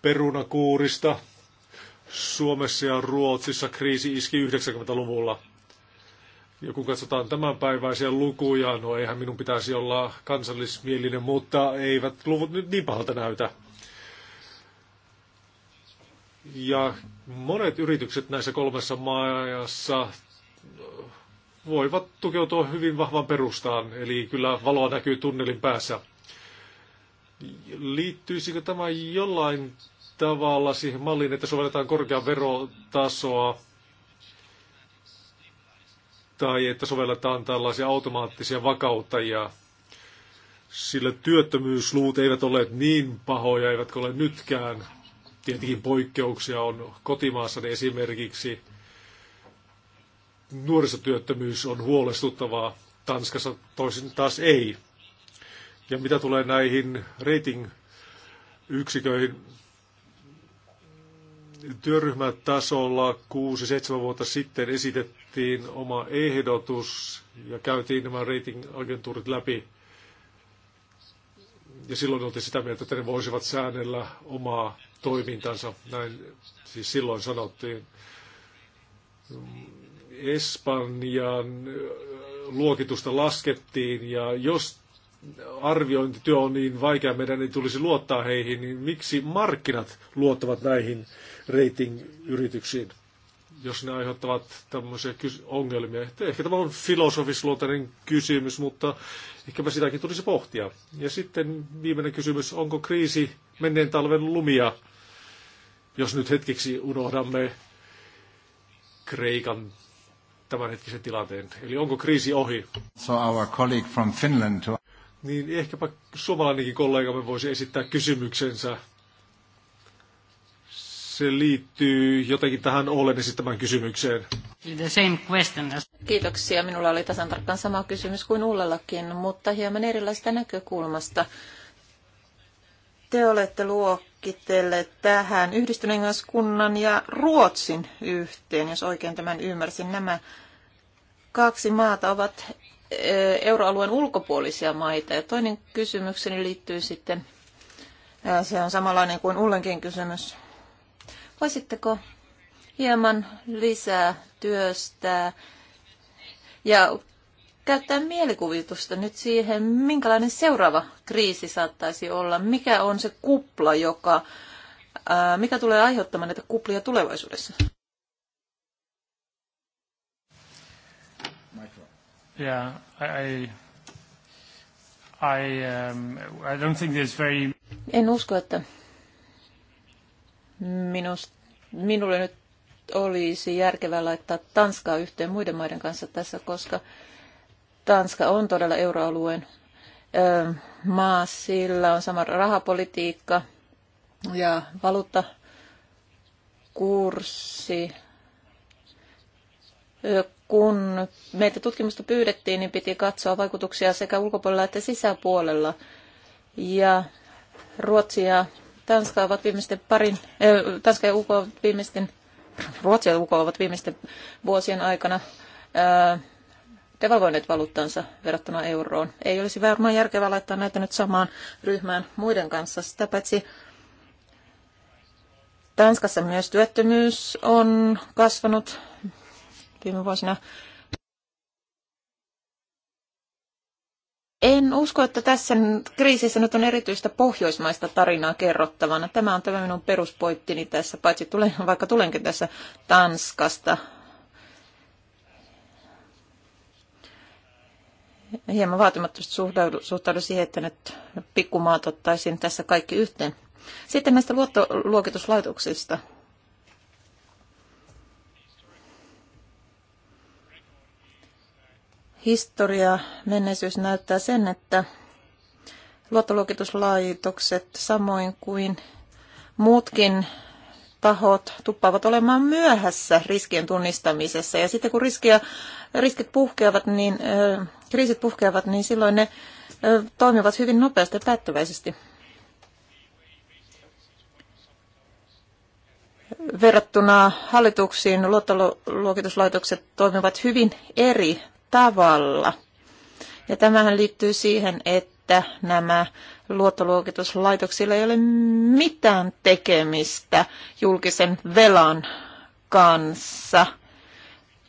perunakuurista. Suomessa ja Ruotsissa kriisi iski 90-luvulla. Ja kun katsotaan tämänpäiväisiä lukuja, no eihän minun pitäisi olla kansallismielinen, mutta eivät luvut nyt niin pahalta näytä. Ja monet yritykset näissä kolmessa maajassa voivat tukeutua hyvin vahvan perustaan, eli kyllä valoa näkyy tunnelin päässä. Liittyisikö tämä jollain tavalla siihen malliin, että sovelletaan korkean verotasoa tai että sovelletaan tällaisia automaattisia vakauttajia, sillä työttömyysluut eivät ole niin pahoja, eivät ole nytkään. Tietenkin poikkeuksia on kotimaassa esimerkiksi. Nuorisotyöttömyys on huolestuttavaa, Tanskassa toisin taas ei. Ja mitä tulee näihin rating-yksiköihin, työryhmätasolla 6-7 vuotta sitten esitettiin oma ehdotus ja käytiin nämä ratingagentuurit läpi. Ja silloin oltiin sitä mieltä, että ne voisivat säännellä omaa toimintansa. Näin siis silloin sanottiin. Espanjan luokitusta laskettiin ja jos arviointityö on niin vaikea, meidän ei tulisi luottaa heihin, niin miksi markkinat luottavat näihin rating-yrityksiin, jos ne aiheuttavat tämmöisiä ongelmia. Ehkä tämä on filosofisluontainen kysymys, mutta mä sitäkin tulisi pohtia. Ja sitten viimeinen kysymys, onko kriisi menneen talven lumia, jos nyt hetkeksi unohdamme Kreikan tämänhetkisen tilanteen? Eli onko kriisi ohi? So our colleague from Finland to... Niin ehkäpä suomalainenkin kollegamme voisi esittää kysymyksensä se liittyy jotenkin tähän Ollen esittämään kysymykseen. The same question Kiitoksia. Minulla oli tasan tarkkaan sama kysymys kuin Ullellakin, mutta hieman erilaista näkökulmasta. Te olette luokkitelleet tähän yhdistyneen kansakunnan ja Ruotsin yhteen, jos oikein tämän ymmärsin. Nämä kaksi maata ovat euroalueen ulkopuolisia maita. Ja toinen kysymykseni liittyy sitten, se on samanlainen kuin Ullenkin kysymys, Voisitteko hieman lisää työstää ja käyttää mielikuvitusta nyt siihen, minkälainen seuraava kriisi saattaisi olla, mikä on se kupla, joka, ää, mikä tulee aiheuttamaan näitä kuplia tulevaisuudessa? Yeah, I, I, um, I don't think there's very... En usko, että minust, minulle nyt olisi järkevää laittaa Tanskaa yhteen muiden maiden kanssa tässä, koska Tanska on todella euroalueen maa, sillä on sama rahapolitiikka ja valuuttakurssi. Kun meitä tutkimusta pyydettiin, niin piti katsoa vaikutuksia sekä ulkopuolella että sisäpuolella. Ja Ruotsi ja Tanska ovat viimeisten parin, äh, Tanska ja UK ovat viimeisten, Ruotsi ja UK ovat viimeisten vuosien aikana äh, devalvoineet valuuttansa verrattuna euroon. Ei olisi varmaan järkevää laittaa näitä nyt samaan ryhmään muiden kanssa. Sitä paitsi Tanskassa myös työttömyys on kasvanut viime vuosina En usko, että tässä kriisissä nyt on erityistä pohjoismaista tarinaa kerrottavana. Tämä on tämä minun peruspoittini tässä, paitsi tulen, vaikka tulenkin tässä Tanskasta. Hieman vaatimattomasti suhtaudu, siihen, että nyt pikkumaat ottaisin tässä kaikki yhteen. Sitten näistä luottoluokituslaitoksista. Historia, menneisyys näyttää sen, että luottoluokituslaitokset samoin kuin muutkin tahot tuppaavat olemaan myöhässä riskien tunnistamisessa. Ja sitten kun riskiä, riskit puhkeavat, niin, ö, kriisit puhkeavat, niin silloin ne ö, toimivat hyvin nopeasti ja päättäväisesti. Verrattuna hallituksiin luottoluokituslaitokset toimivat hyvin eri tavalla. Ja tämähän liittyy siihen, että nämä luottoluokituslaitoksilla ei ole mitään tekemistä julkisen velan kanssa.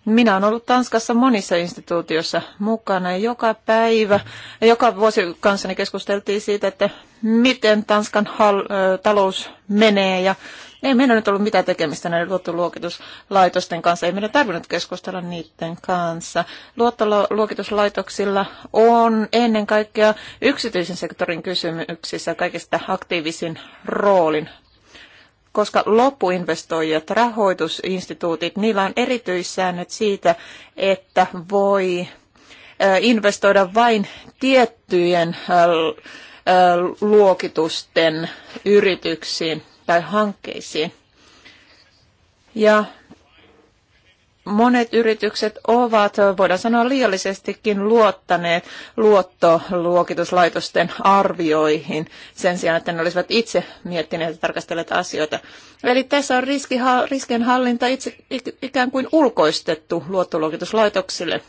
Minä olen ollut Tanskassa monissa instituutioissa mukana ja joka päivä, ja joka vuosi kanssani keskusteltiin siitä, että miten Tanskan hal- talous menee ja ei meillä nyt ollut mitään tekemistä näiden luottoluokituslaitosten kanssa. Ei meidän tarvinnut keskustella niiden kanssa. Luottoluokituslaitoksilla on ennen kaikkea yksityisen sektorin kysymyksissä kaikista aktiivisin roolin koska loppuinvestoijat, rahoitusinstituutit, niillä on erityissäännöt siitä, että voi investoida vain tiettyjen luokitusten yrityksiin tai hankkeisiin. Ja monet yritykset ovat, voidaan sanoa liiallisestikin, luottaneet luottoluokituslaitosten arvioihin sen sijaan, että ne olisivat itse miettineet ja tarkastelleet asioita. Eli tässä on riskienhallinta itse, ikään kuin ulkoistettu luottoluokituslaitoksille.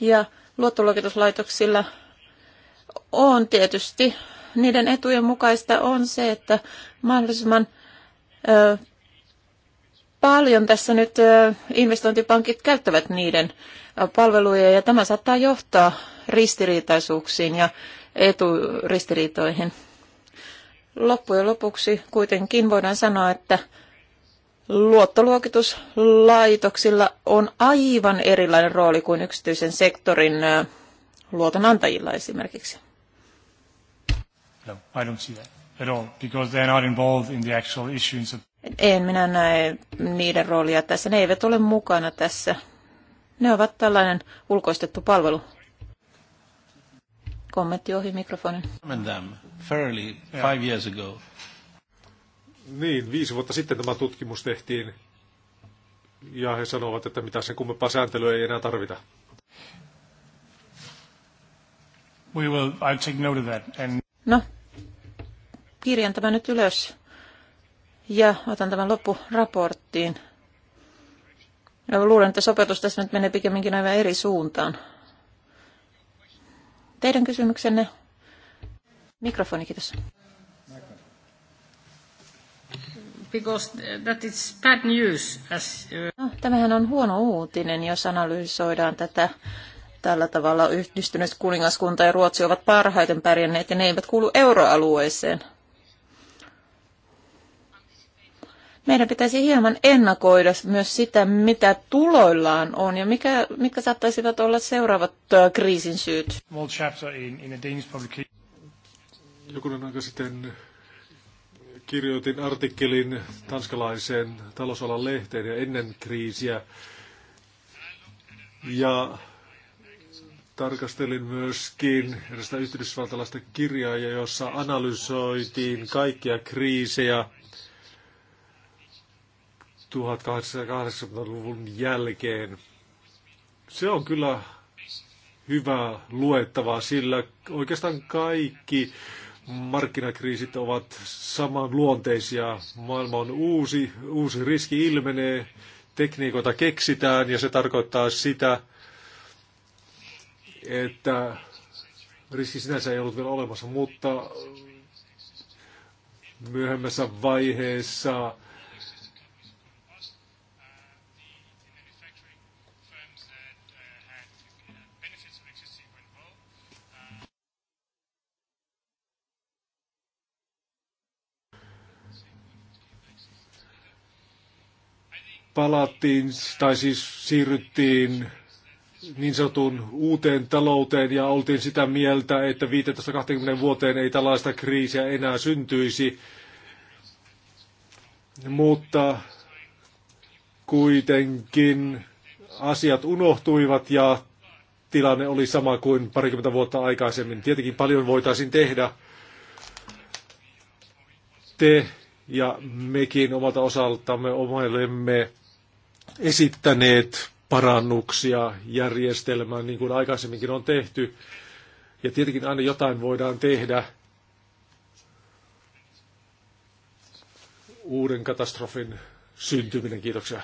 Ja luottoluokituslaitoksilla on tietysti niiden etujen mukaista on se, että mahdollisimman ö, paljon tässä nyt ö, investointipankit käyttävät niiden palveluja ja tämä saattaa johtaa ristiriitaisuuksiin ja eturistiriitoihin. Loppujen lopuksi kuitenkin voidaan sanoa, että luottoluokituslaitoksilla on aivan erilainen rooli kuin yksityisen sektorin luotonantajilla esimerkiksi. No, I don't see that at all, because they are not involved in the actual issuance of... En minä näe niiden roolia tässä. Ne eivät ole mukana tässä. Ne ovat tällainen ulkoistettu palvelu. Kommentti ohi mikrofonin. Fairly, five years ago. Niin, viisi vuotta sitten tämä tutkimus tehtiin. Ja he sanovat, että mitä sen kummempaa sääntelyä ei enää tarvita. We will, I'll take note of that and... No, kirjan tämän nyt ylös ja otan tämän loppuraporttiin. Ja luulen, että sopeutus tässä nyt menee pikemminkin aivan eri suuntaan. Teidän kysymyksenne. Mikrofoni, kiitos. Because that is bad news. As... Uh, no, tämähän on huono uutinen, jos analysoidaan tätä tällä tavalla yhdistynyt kuningaskunta ja Ruotsi ovat parhaiten pärjänneet ja ne eivät kuulu euroalueeseen. meidän pitäisi hieman ennakoida myös sitä, mitä tuloillaan on ja mikä, mitkä saattaisivat olla seuraavat kriisin syyt. Jokunen aika sitten kirjoitin artikkelin tanskalaiseen talousalan lehteen ja ennen kriisiä. Ja tarkastelin myöskin erästä yhdysvaltalaista kirjaa, jossa analysoitiin kaikkia kriisejä – 1880-luvun jälkeen. Se on kyllä hyvä luettavaa, sillä oikeastaan kaikki markkinakriisit ovat samanluonteisia. Maailma on uusi, uusi riski ilmenee, tekniikoita keksitään ja se tarkoittaa sitä, että riski sinänsä ei ollut vielä olemassa, mutta myöhemmässä vaiheessa palattiin, tai siis siirryttiin niin sanotun uuteen talouteen ja oltiin sitä mieltä, että 15-20 vuoteen ei tällaista kriisiä enää syntyisi. Mutta kuitenkin asiat unohtuivat ja tilanne oli sama kuin parikymmentä vuotta aikaisemmin. Tietenkin paljon voitaisiin tehdä. Te ja mekin omalta osaltamme omailemme esittäneet parannuksia järjestelmään, niin kuin aikaisemminkin on tehty. Ja tietenkin aina jotain voidaan tehdä uuden katastrofin syntyminen. Kiitoksia.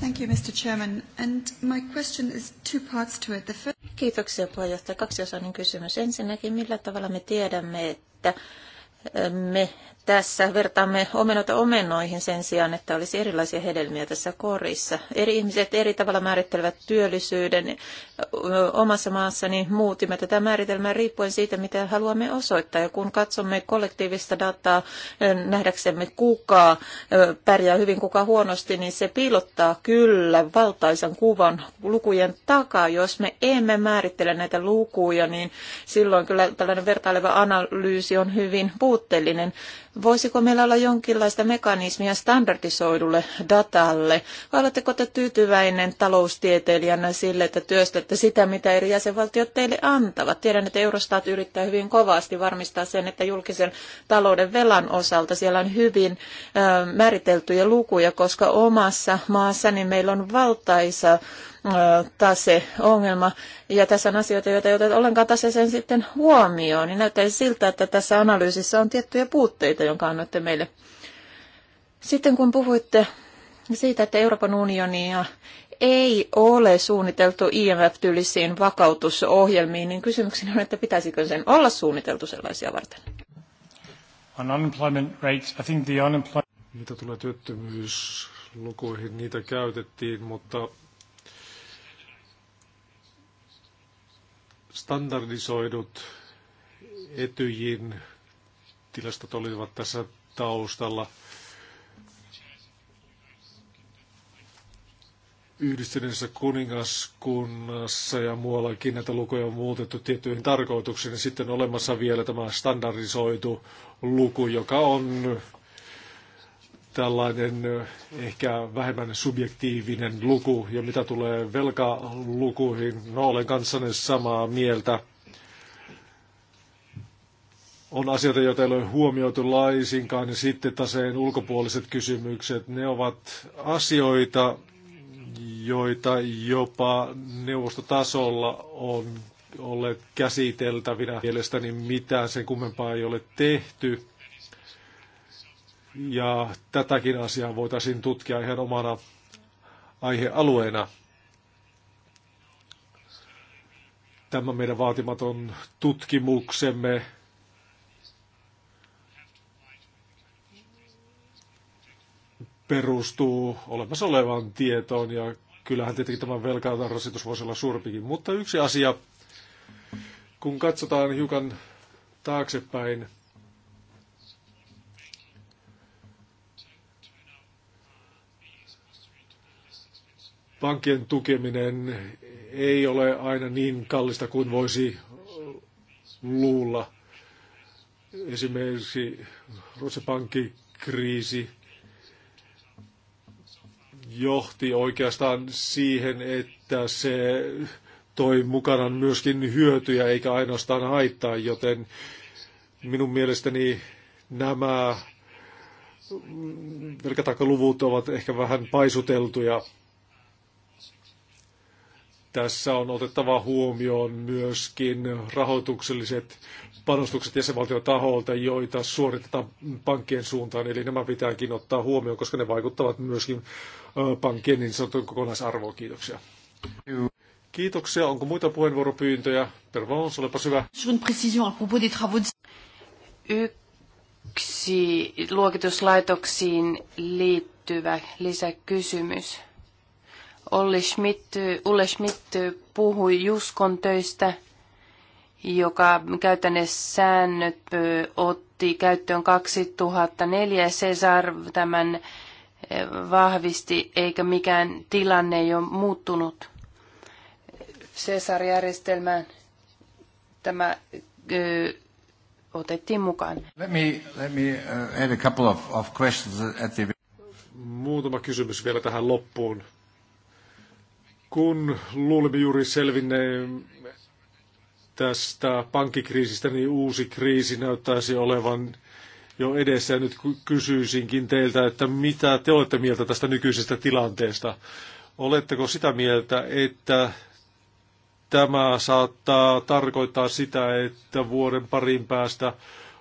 Thank you, Mr. Chairman. And my question is two parts to it. The first... Kiitoksia puheenjohtaja. Kaksiosainen kysymys. Ensinnäkin, millä tavalla me tiedämme, että me tässä vertaamme omenoita omenoihin sen sijaan, että olisi erilaisia hedelmiä tässä korissa. Eri ihmiset eri tavalla määrittelevät työllisyyden omassa maassani. Niin muutimme tätä määritelmää riippuen siitä, mitä haluamme osoittaa. Ja kun katsomme kollektiivista dataa nähdäksemme, kuka pärjää hyvin, kuka huonosti, niin se piilottaa kyllä valtaisan kuvan lukujen takaa. Jos me emme määrittele näitä lukuja, niin silloin kyllä tällainen vertaileva analyysi on hyvin puutteellinen Voisiko meillä olla jonkinlaista mekanismia standardisoidulle datalle? Vai oletteko te tyytyväinen taloustieteilijänä sille, että työstätte sitä, mitä eri jäsenvaltiot teille antavat? Tiedän, että Eurostat yrittää hyvin kovasti varmistaa sen, että julkisen talouden velan osalta siellä on hyvin määriteltyjä lukuja, koska omassa maassani meillä on valtaisa taseongelma. Ja tässä on asioita, joita ei oteta ollenkaan taseeseen sitten huomioon. Niin näyttää siltä, että tässä analyysissä on tiettyjä puutteita, jonka annoitte meille. Sitten kun puhuitte siitä, että Euroopan unionia ei ole suunniteltu IMF-tyylisiin vakautusohjelmiin, niin kysymykseni on, että pitäisikö sen olla suunniteltu sellaisia varten? On unemployment rates, I think the unemployment... Mitä tulee työttömyyslukuihin, niitä käytettiin, mutta Standardisoidut etyjin tilastot olivat tässä taustalla. yhdistyneessä kuningaskunnassa ja muuallakin näitä lukuja on muutettu tiettyihin tarkoituksiin. sitten olemassa vielä tämä standardisoitu luku, joka on tällainen ehkä vähemmän subjektiivinen luku. Ja mitä tulee velkalukuihin, no olen kanssanne samaa mieltä. On asioita, joita ei ole huomioitu laisinkaan, ja sitten taseen ulkopuoliset kysymykset, ne ovat asioita, joita jopa neuvostotasolla on olleet käsiteltävinä. Mielestäni mitään sen kummempaa ei ole tehty ja tätäkin asiaa voitaisiin tutkia ihan omana aihealueena. Tämä meidän vaatimaton tutkimuksemme perustuu olemassa olevaan tietoon ja kyllähän tietenkin tämä velkarasitus voisi olla suurempikin. Mutta yksi asia, kun katsotaan hiukan taaksepäin, pankkien tukeminen ei ole aina niin kallista kuin voisi luulla. Esimerkiksi Ruotsin pankkikriisi johti oikeastaan siihen, että se toi mukanaan myöskin hyötyjä eikä ainoastaan haittaa, joten minun mielestäni nämä mm, velkataakaluvut ovat ehkä vähän paisuteltuja. Tässä on otettava huomioon myöskin rahoitukselliset panostukset jäsenvaltion taholta, joita suoritetaan pankkien suuntaan. Eli nämä pitääkin ottaa huomioon, koska ne vaikuttavat myöskin pankkien niin sanotun kokonaisarvoon. Kiitoksia. Kiitoksia. Onko muita puheenvuoropyyntöjä? Pervons, olepas hyvä. Yksi luokituslaitoksiin liittyvä lisäkysymys. Olle Schmidt, Ulle Schmidt puhui Juskon töistä, joka käytännössä säännöt otti käyttöön 2004 Cesar tämän vahvisti, eikä mikään tilanne ei ole muuttunut. Cesar-järjestelmään tämä ö, otettiin mukaan. Let me, let me uh, add a couple of, of questions at the... Muutama kysymys vielä tähän loppuun kun luulimme juuri selvinneen tästä pankkikriisistä, niin uusi kriisi näyttäisi olevan jo edessä. Ja nyt kysyisinkin teiltä, että mitä te olette mieltä tästä nykyisestä tilanteesta? Oletteko sitä mieltä, että tämä saattaa tarkoittaa sitä, että vuoden parin päästä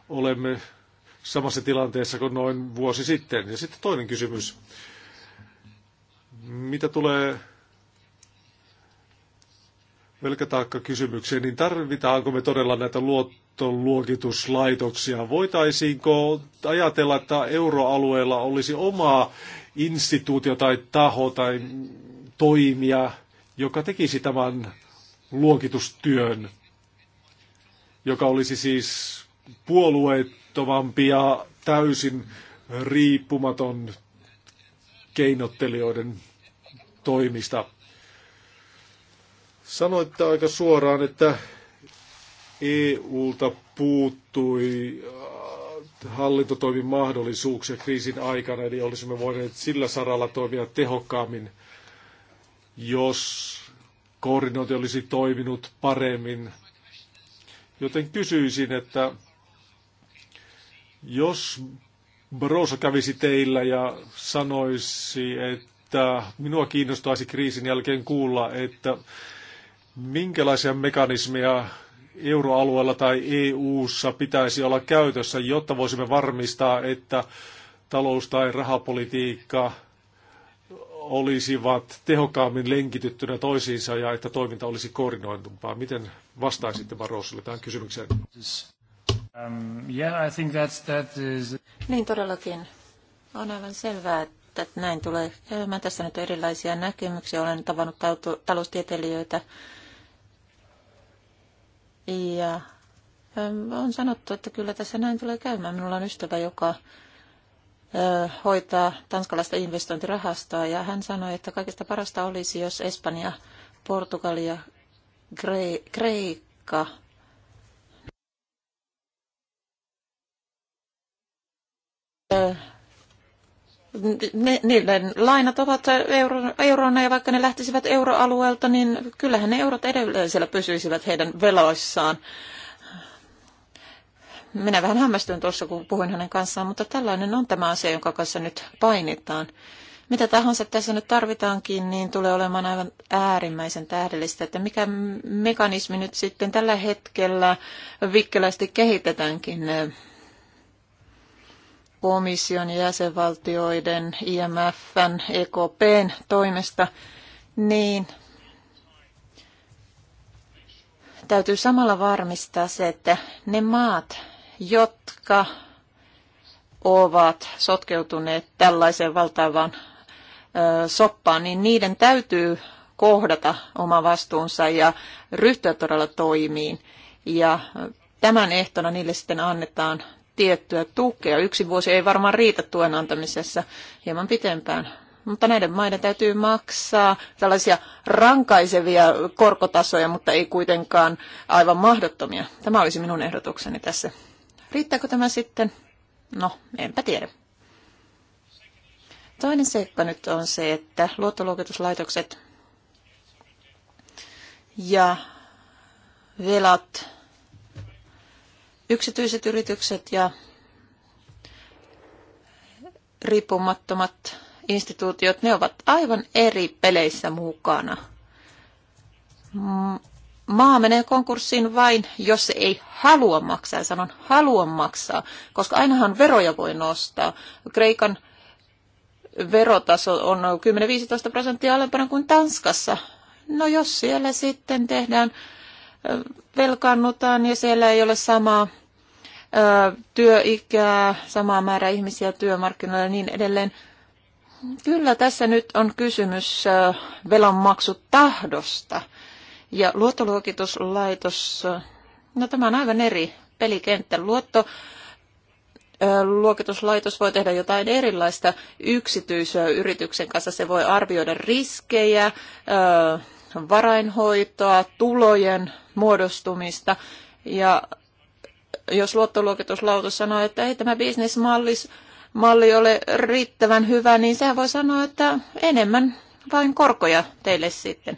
olemme samassa tilanteessa kuin noin vuosi sitten? Ja sitten toinen kysymys. Mitä tulee velkataakkakysymykseen, niin tarvitaanko me todella näitä luottoluokituslaitoksia? Voitaisiinko ajatella, että euroalueella olisi oma instituutio tai taho tai toimija, joka tekisi tämän luokitustyön, joka olisi siis puolueettomampi ja täysin riippumaton keinottelijoiden toimista. Sanoitte aika suoraan, että EUlta puuttui äh, hallintotoimin mahdollisuuksia kriisin aikana, eli olisimme voineet sillä saralla toimia tehokkaammin, jos koordinointi olisi toiminut paremmin. Joten kysyisin, että jos Barroso kävisi teillä ja sanoisi, että minua kiinnostaisi kriisin jälkeen kuulla, että minkälaisia mekanismeja euroalueella tai EU:ssa pitäisi olla käytössä, jotta voisimme varmistaa, että talous- tai rahapolitiikka olisivat tehokkaammin lenkityttynä toisiinsa ja että toiminta olisi koordinoidumpaa. Miten vastaisitte Barrosolle tähän kysymykseen? Um, yeah, I think that's, that is... Niin todellakin. On aivan selvää, että näin tulee käymään. Tässä nyt on erilaisia näkemyksiä. Olen tavannut taloustieteilijöitä, ja ähm, on sanottu, että kyllä tässä näin tulee käymään. Minulla on ystävä, joka hoitaa tanskalaista investointirahastoa ja hän sanoi, että kaikista parasta olisi, jos Espanja, Portugali ja Kreikka niiden lainat ovat euro, ja vaikka ne lähtisivät euroalueelta, niin kyllähän ne eurot edelleen siellä pysyisivät heidän veloissaan. Minä vähän hämmästyn tuossa, kun puhuin hänen kanssaan, mutta tällainen on tämä asia, jonka kanssa nyt painitaan. Mitä tahansa tässä nyt tarvitaankin, niin tulee olemaan aivan äärimmäisen tähdellistä, että mikä mekanismi nyt sitten tällä hetkellä vikkelästi kehitetäänkin komission ja jäsenvaltioiden, IMFn, EKPn toimesta, niin täytyy samalla varmistaa se, että ne maat, jotka ovat sotkeutuneet tällaiseen valtavaan soppaan, niin niiden täytyy kohdata oma vastuunsa ja ryhtyä todella toimiin. Ja tämän ehtona niille sitten annetaan tiettyä tukea. Yksi vuosi ei varmaan riitä tuen antamisessa hieman pitempään. Mutta näiden maiden täytyy maksaa tällaisia rankaisevia korkotasoja, mutta ei kuitenkaan aivan mahdottomia. Tämä olisi minun ehdotukseni tässä. Riittääkö tämä sitten? No, enpä tiedä. Toinen seikka nyt on se, että luottoluokituslaitokset ja velat yksityiset yritykset ja riippumattomat instituutiot, ne ovat aivan eri peleissä mukana. Maa menee konkurssiin vain, jos se ei halua maksaa. Ja sanon halua maksaa, koska ainahan veroja voi nostaa. Kreikan verotaso on 10-15 prosenttia alempana kuin Tanskassa. No jos siellä sitten tehdään velkaannutaan ja siellä ei ole samaa työikää, samaa määrä ihmisiä työmarkkinoilla ja niin edelleen. Kyllä tässä nyt on kysymys velanmaksutahdosta. Ja luottoluokituslaitos, no tämä on aivan eri pelikenttä. Luotto, luokituslaitos voi tehdä jotain erilaista yrityksen kanssa. Se voi arvioida riskejä, varainhoitoa, tulojen muodostumista. Ja jos luottoluokituslautus sanoo, että ei tämä bisnesmalli malli ole riittävän hyvä, niin sehän voi sanoa, että enemmän vain korkoja teille sitten.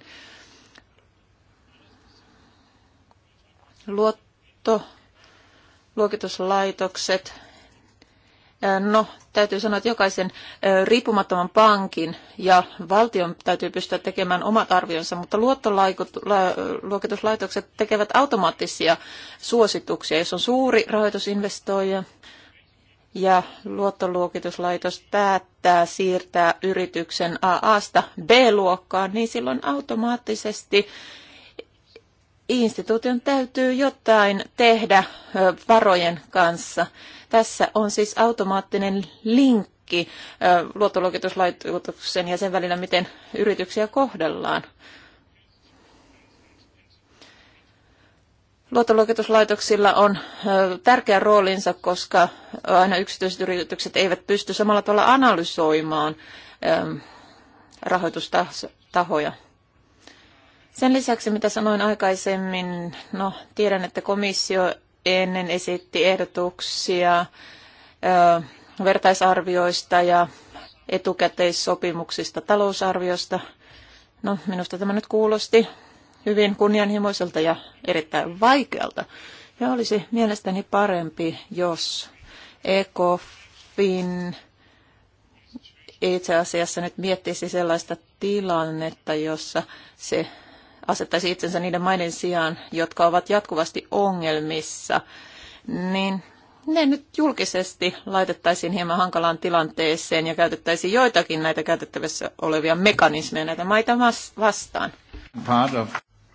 Luotto, luokituslaitokset No, täytyy sanoa, että jokaisen riippumattoman pankin ja valtion täytyy pystyä tekemään omat arvionsa, mutta luottoluokituslaitokset tekevät automaattisia suosituksia. Jos on suuri rahoitusinvestoija ja luottoluokituslaitos päättää siirtää yrityksen aasta sta B-luokkaan, niin silloin automaattisesti instituution täytyy jotain tehdä varojen kanssa. Tässä on siis automaattinen linkki luottoluokituslaitoksen ja sen välillä, miten yrityksiä kohdellaan. Luottoluokituslaitoksilla on tärkeä roolinsa, koska aina yksityiset yritykset eivät pysty samalla tavalla analysoimaan rahoitustahoja. Sen lisäksi, mitä sanoin aikaisemmin, no tiedän, että komissio ennen esitti ehdotuksia vertaisarvioista ja etukäteissopimuksista talousarviosta. No, minusta tämä nyt kuulosti hyvin kunnianhimoiselta ja erittäin vaikealta. Ja olisi mielestäni parempi, jos ECOFIN itse asiassa nyt miettisi sellaista tilannetta, jossa se asettaisi itsensä niiden maiden sijaan, jotka ovat jatkuvasti ongelmissa, niin ne nyt julkisesti laitettaisiin hieman hankalaan tilanteeseen ja käytettäisiin joitakin näitä käytettävissä olevia mekanismeja näitä maita vastaan.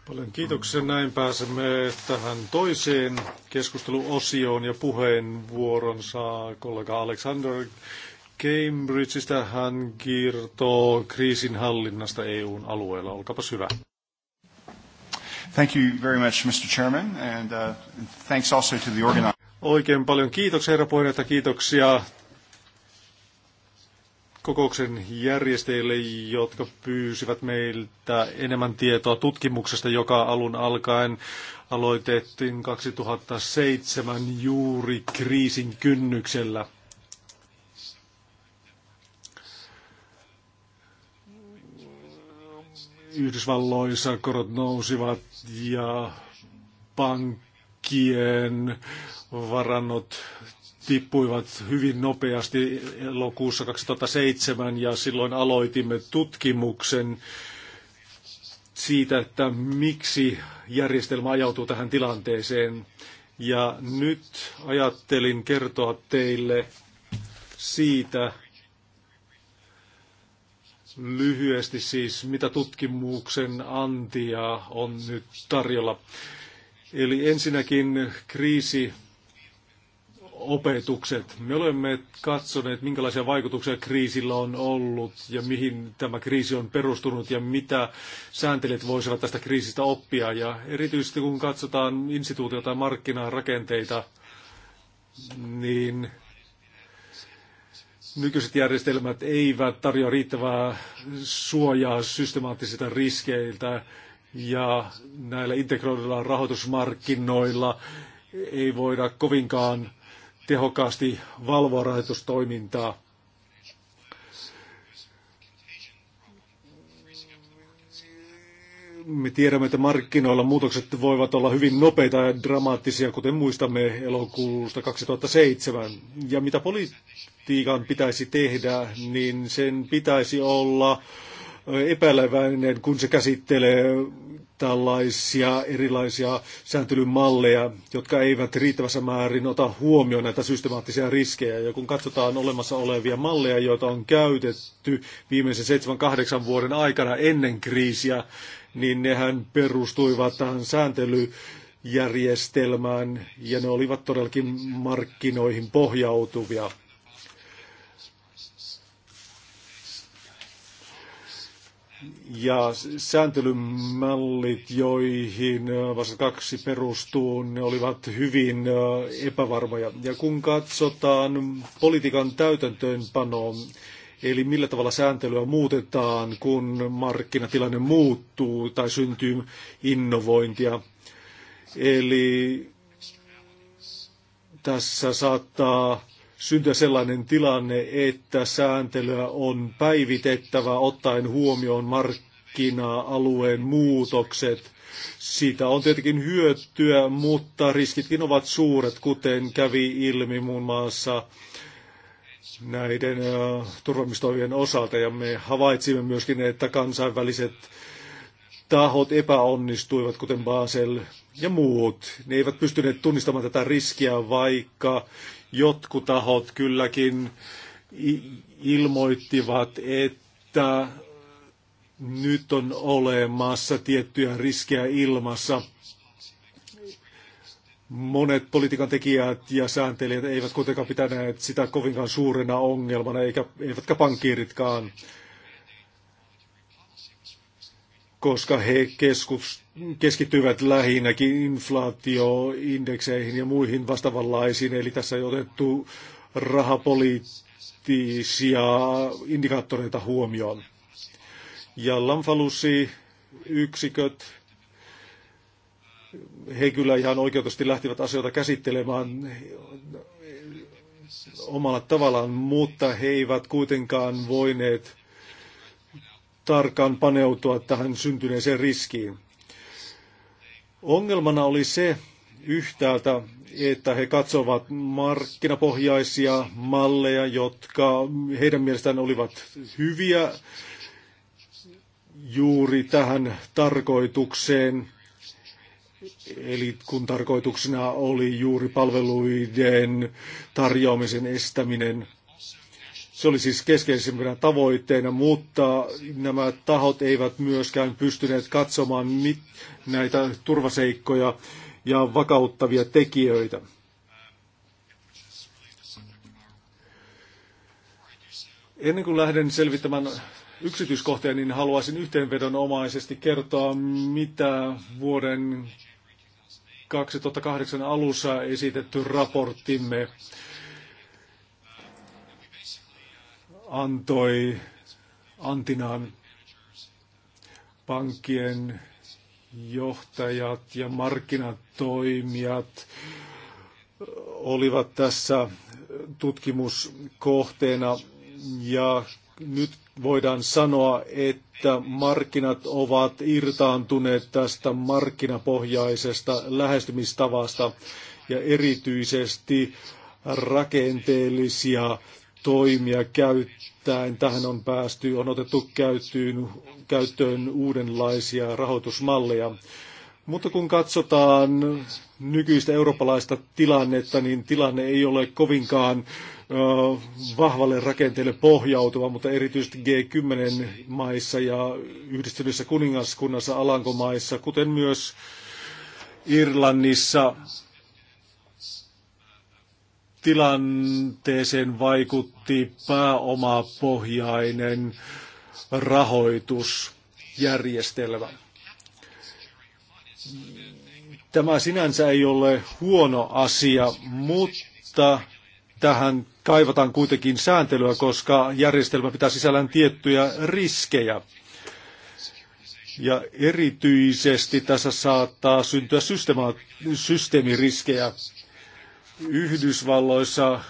Paljon kiitoksia. Näin pääsemme tähän toiseen keskusteluosioon ja puheenvuoron saa kollega Alexander Cambridgeista. Hän kertoo kriisinhallinnasta EUn alueella. Olkapas hyvä. Thank you very much, Mr. Chairman, and uh, thanks also to the organizers. Oikein paljon kiitoksia, herra puheenjohtaja, kiitoksia kokouksen järjestäjille, jotka pyysivät meiltä enemmän tietoa tutkimuksesta, joka alun alkaen aloitettiin 2007 juuri kriisin kynnyksellä. Yhdysvalloissa korot nousivat ja pankkien varannot tippuivat hyvin nopeasti elokuussa 2007 ja silloin aloitimme tutkimuksen siitä, että miksi järjestelmä ajautuu tähän tilanteeseen. Ja nyt ajattelin kertoa teille siitä, lyhyesti siis, mitä tutkimuksen antia on nyt tarjolla. Eli ensinnäkin kriisi opetukset. Me olemme katsoneet, minkälaisia vaikutuksia kriisillä on ollut ja mihin tämä kriisi on perustunut ja mitä sääntelijät voisivat tästä kriisistä oppia. Ja erityisesti kun katsotaan instituutioita ja markkinarakenteita, niin nykyiset järjestelmät eivät tarjoa riittävää suojaa systemaattisilta riskeiltä ja näillä integroiduilla rahoitusmarkkinoilla ei voida kovinkaan tehokkaasti valvoa rahoitustoimintaa. Me tiedämme, että markkinoilla muutokset voivat olla hyvin nopeita ja dramaattisia, kuten muistamme elokuusta 2007. Ja mitä poli- politiikan pitäisi tehdä, niin sen pitäisi olla epäileväinen, kun se käsittelee tällaisia erilaisia sääntelymalleja, jotka eivät riittävässä määrin ota huomioon näitä systemaattisia riskejä. Ja kun katsotaan olemassa olevia malleja, joita on käytetty viimeisen 7-8 vuoden aikana ennen kriisiä, niin nehän perustuivat tähän sääntelyjärjestelmään ja ne olivat todellakin markkinoihin pohjautuvia. ja sääntelymallit, joihin äh, vasta kaksi perustuu, ne olivat hyvin äh, epävarmoja. Ja kun katsotaan politiikan täytäntöönpanoa, eli millä tavalla sääntelyä muutetaan, kun markkinatilanne muuttuu tai syntyy innovointia. Eli tässä saattaa syntyä sellainen tilanne, että sääntelyä on päivitettävä ottaen huomioon markkina-alueen muutokset. Siitä on tietenkin hyötyä, mutta riskitkin ovat suuret, kuten kävi ilmi muun muassa näiden turvamistoimien osalta. Ja me havaitsimme myöskin, että kansainväliset tahot epäonnistuivat, kuten Basel ja muut. Ne eivät pystyneet tunnistamaan tätä riskiä, vaikka jotkut tahot kylläkin ilmoittivat, että nyt on olemassa tiettyjä riskejä ilmassa. Monet politiikan tekijät ja sääntelijät eivät kuitenkaan pitäneet sitä kovinkaan suurena ongelmana, eivätkä pankkiiritkaan koska he keskus, keskittyvät lähinnäkin inflaatioindekseihin ja muihin vastaavanlaisiin. Eli tässä ei otettu rahapoliittisia indikaattoreita huomioon. Ja Lamfalusi yksiköt, he kyllä ihan oikeutusti lähtivät asioita käsittelemään omalla tavallaan, mutta he eivät kuitenkaan voineet tarkkaan paneutua tähän syntyneeseen riskiin. Ongelmana oli se yhtäältä, että he katsovat markkinapohjaisia malleja, jotka heidän mielestään olivat hyviä juuri tähän tarkoitukseen. Eli kun tarkoituksena oli juuri palveluiden tarjoamisen estäminen se oli siis keskeisimpänä tavoitteena, mutta nämä tahot eivät myöskään pystyneet katsomaan mit, näitä turvaseikkoja ja vakauttavia tekijöitä. Ennen kuin lähden selvittämään yksityiskohtia, niin haluaisin yhteenvedonomaisesti kertoa, mitä vuoden 2008 alussa esitetty raporttimme antoi antinaan pankkien johtajat ja markkinatoimijat olivat tässä tutkimuskohteena ja nyt voidaan sanoa, että markkinat ovat irtaantuneet tästä markkinapohjaisesta lähestymistavasta ja erityisesti rakenteellisia toimia käyttäen. Tähän on päästy, on otettu käyttöön, käyttöön uudenlaisia rahoitusmalleja. Mutta kun katsotaan nykyistä eurooppalaista tilannetta, niin tilanne ei ole kovinkaan vahvalle rakenteelle pohjautuva, mutta erityisesti G10-maissa ja yhdistyneessä kuningaskunnassa Alankomaissa, kuten myös Irlannissa, tilanteeseen vaikutti pääomapohjainen rahoitusjärjestelmä. Tämä sinänsä ei ole huono asia, mutta tähän kaivataan kuitenkin sääntelyä, koska järjestelmä pitää sisällään tiettyjä riskejä. Ja erityisesti tässä saattaa syntyä systeemiriskejä. Yhdysvalloissa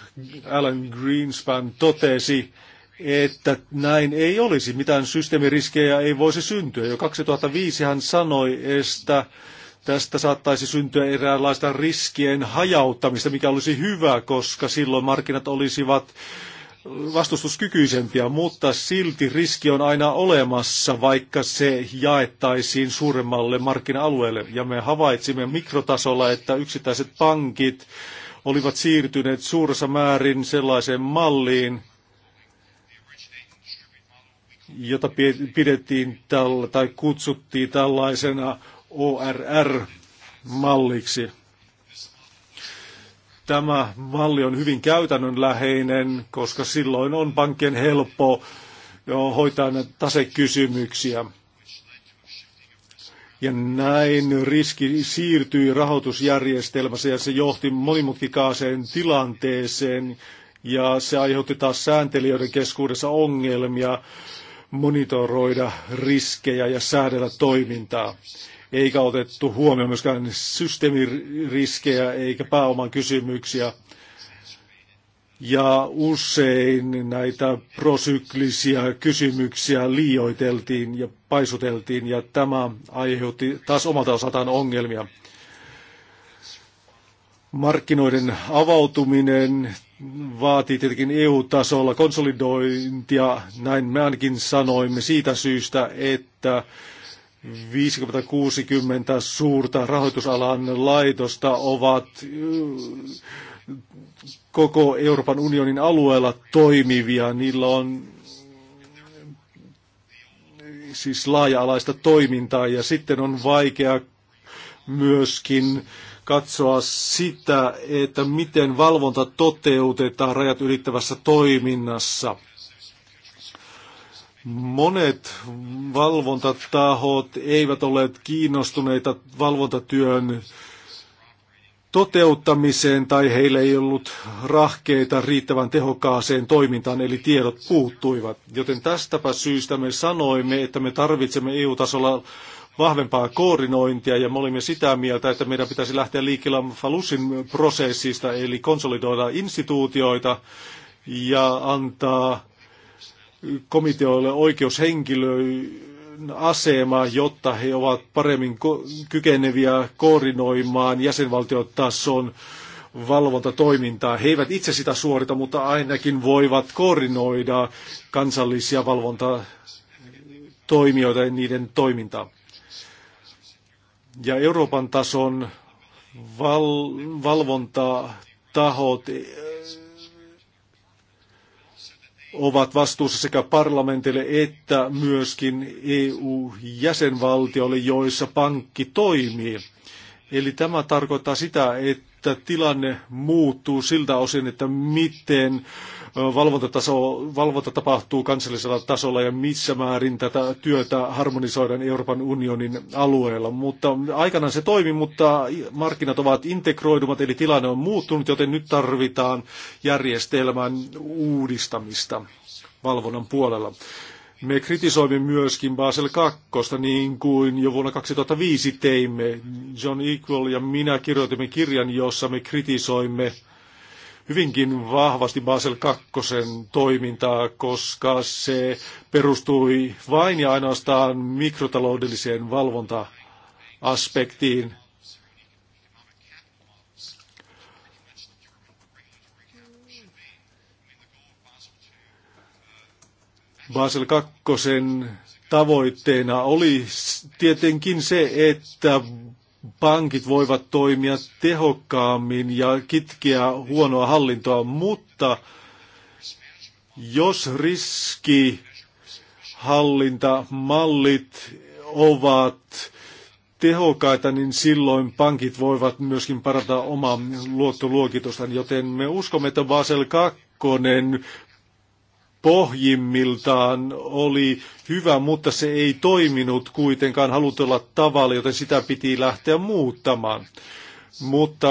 Alan Greenspan totesi, että näin ei olisi, mitään systeemiriskejä ei voisi syntyä. Jo 2005 hän sanoi, että tästä saattaisi syntyä eräänlaista riskien hajauttamista, mikä olisi hyvä, koska silloin markkinat olisivat vastustuskykyisempiä, mutta silti riski on aina olemassa, vaikka se jaettaisiin suuremmalle markkina-alueelle. Ja me havaitsimme mikrotasolla, että yksittäiset pankit olivat siirtyneet suuressa määrin sellaiseen malliin, jota pidettiin tällä, tai kutsuttiin tällaisena ORR-malliksi. Tämä malli on hyvin käytännönläheinen, koska silloin on pankkien helppo hoitaa näitä tasekysymyksiä. Ja näin riski siirtyi rahoitusjärjestelmässä ja se johti monimutkikaaseen tilanteeseen ja se aiheutti taas sääntelijöiden keskuudessa ongelmia monitoroida riskejä ja säädellä toimintaa. Eikä otettu huomioon myöskään systeemiriskejä eikä pääoman kysymyksiä ja usein näitä prosyklisiä kysymyksiä liioiteltiin ja paisuteltiin ja tämä aiheutti taas omalta osaltaan ongelmia. Markkinoiden avautuminen vaatii tietenkin EU-tasolla konsolidointia, näin me ainakin sanoimme siitä syystä, että 50-60 suurta rahoitusalan laitosta ovat koko Euroopan unionin alueella toimivia. Niillä on siis laaja-alaista toimintaa ja sitten on vaikea myöskin katsoa sitä, että miten valvonta toteutetaan rajat ylittävässä toiminnassa. Monet valvontatahot eivät ole kiinnostuneita valvontatyön toteuttamiseen tai heillä ei ollut rahkeita riittävän tehokkaaseen toimintaan, eli tiedot puuttuivat. Joten tästäpä syystä me sanoimme, että me tarvitsemme EU-tasolla vahvempaa koordinointia ja me olimme sitä mieltä, että meidän pitäisi lähteä liikkeelle Falusin prosessista, eli konsolidoida instituutioita ja antaa komiteoille oikeushenkilöille asema, jotta he ovat paremmin kykeneviä koordinoimaan jäsenvaltiotason valvontatoimintaa. He eivät itse sitä suorita, mutta ainakin voivat koordinoida kansallisia valvontatoimijoita ja niiden toimintaa. Ja Euroopan tason val- valvontatahot ovat vastuussa sekä parlamentille että myöskin EU-jäsenvaltioille, joissa pankki toimii. Eli tämä tarkoittaa sitä, että että tilanne muuttuu siltä osin, että miten valvontataso, valvonta tapahtuu kansallisella tasolla ja missä määrin tätä työtä harmonisoidaan Euroopan unionin alueella. Mutta aikanaan se toimi, mutta markkinat ovat integroidumat, eli tilanne on muuttunut, joten nyt tarvitaan järjestelmän uudistamista valvonnan puolella. Me kritisoimme myöskin Basel 2, niin kuin jo vuonna 2005 teimme. John Equal ja minä kirjoitimme kirjan, jossa me kritisoimme hyvinkin vahvasti Basel 2 toimintaa, koska se perustui vain ja ainoastaan mikrotaloudelliseen valvonta-aspektiin. Basel II tavoitteena oli tietenkin se, että pankit voivat toimia tehokkaammin ja kitkeä huonoa hallintoa, mutta jos hallintamallit ovat tehokkaita, niin silloin pankit voivat myöskin parantaa omaa luottoluokitustaan, joten me uskomme, että Basel 2 pohjimmiltaan oli hyvä, mutta se ei toiminut kuitenkaan halutella tavalla, joten sitä piti lähteä muuttamaan. Mutta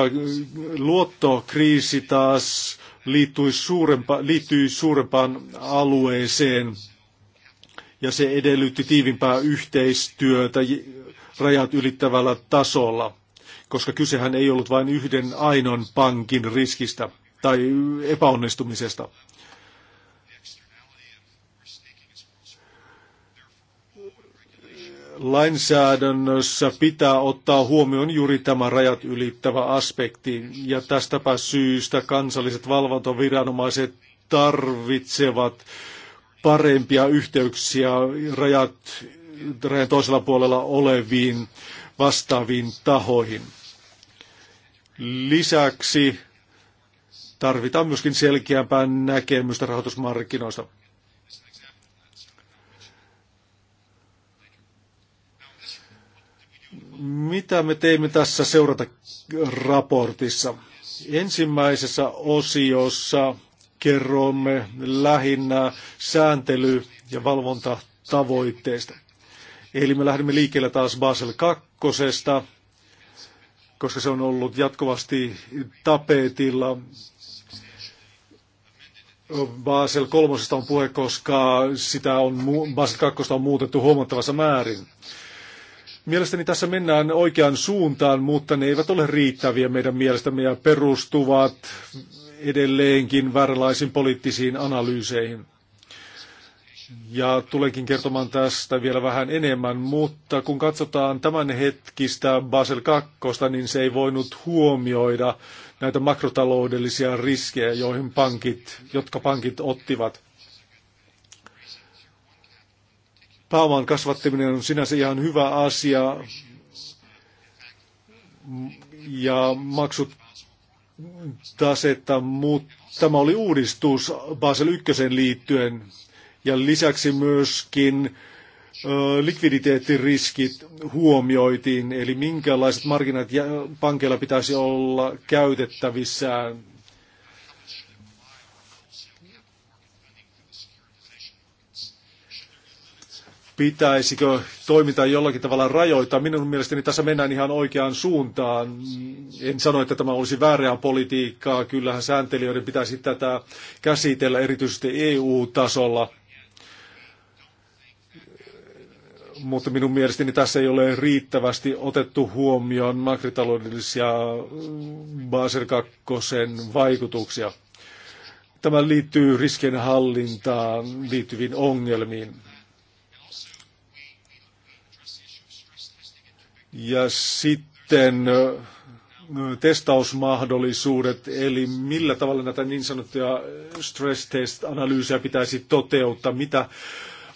luottokriisi taas liittyi, suurempa, liittyi suurempaan alueeseen ja se edellytti tiivimpää yhteistyötä rajat ylittävällä tasolla, koska kysehän ei ollut vain yhden ainoan pankin riskistä tai epäonnistumisesta. lainsäädännössä pitää ottaa huomioon juuri tämä rajat ylittävä aspekti. Ja tästäpä syystä kansalliset valvontaviranomaiset tarvitsevat parempia yhteyksiä rajat, rajan toisella puolella oleviin vastaaviin tahoihin. Lisäksi tarvitaan myöskin selkeämpää näkemystä rahoitusmarkkinoista. Mitä me teimme tässä seurata raportissa? Ensimmäisessä osiossa kerromme lähinnä sääntely- ja valvontatavoitteista. Eli me lähdemme liikkeelle taas Basel 2, koska se on ollut jatkuvasti tapetilla. Basel 3 on puhe, koska sitä on, Basel 2 on muutettu huomattavassa määrin. Mielestäni tässä mennään oikeaan suuntaan, mutta ne eivät ole riittäviä meidän mielestämme ja perustuvat edelleenkin vääränlaisiin poliittisiin analyyseihin. Ja tulenkin kertomaan tästä vielä vähän enemmän, mutta kun katsotaan tämän hetkistä Basel 2, niin se ei voinut huomioida näitä makrotaloudellisia riskejä, joihin pankit, jotka pankit ottivat. pääoman kasvattaminen on sinänsä ihan hyvä asia ja maksut tasetta, mutta tämä oli uudistus Basel 1 liittyen ja lisäksi myöskin likviditeettiriskit huomioitiin, eli minkälaiset markkinat pankeilla pitäisi olla käytettävissään pitäisikö toimintaa jollakin tavalla rajoittaa. Minun mielestäni tässä mennään ihan oikeaan suuntaan. En sano, että tämä olisi väärää politiikkaa. Kyllähän sääntelijöiden pitäisi tätä käsitellä erityisesti EU-tasolla. Mutta minun mielestäni tässä ei ole riittävästi otettu huomioon makritaloudellisia Basel 2 vaikutuksia. Tämä liittyy riskienhallintaan liittyviin ongelmiin. Ja sitten testausmahdollisuudet, eli millä tavalla näitä niin sanottuja stress test-analyysejä pitäisi toteuttaa, mitä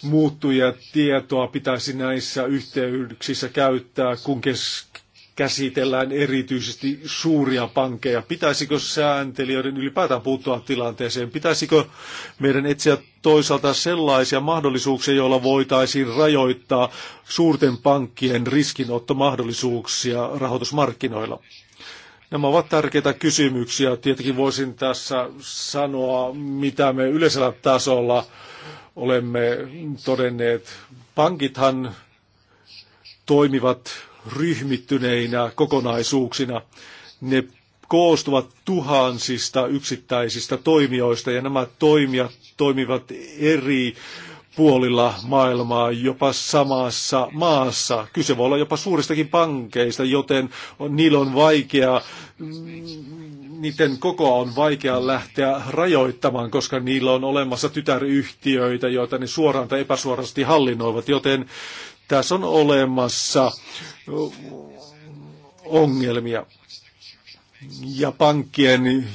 muuttuja tietoa pitäisi näissä yhteyksissä käyttää, kun kes- käsitellään erityisesti suuria pankkeja. Pitäisikö sääntelijöiden ylipäätään puuttua tilanteeseen? Pitäisikö meidän etsiä toisaalta sellaisia mahdollisuuksia, joilla voitaisiin rajoittaa suurten pankkien riskinottomahdollisuuksia rahoitusmarkkinoilla? Nämä ovat tärkeitä kysymyksiä. Tietenkin voisin tässä sanoa, mitä me yleisellä tasolla olemme todenneet. Pankithan toimivat ryhmittyneinä kokonaisuuksina. Ne koostuvat tuhansista yksittäisistä toimijoista ja nämä toimijat toimivat eri puolilla maailmaa, jopa samassa maassa. Kyse voi olla jopa suuristakin pankeista, joten niillä on vaikea, mm, niiden kokoa on vaikea lähteä rajoittamaan, koska niillä on olemassa tytäryhtiöitä, joita ne suoraan tai epäsuorasti hallinnoivat, joten tässä on olemassa ongelmia. Ja pankkien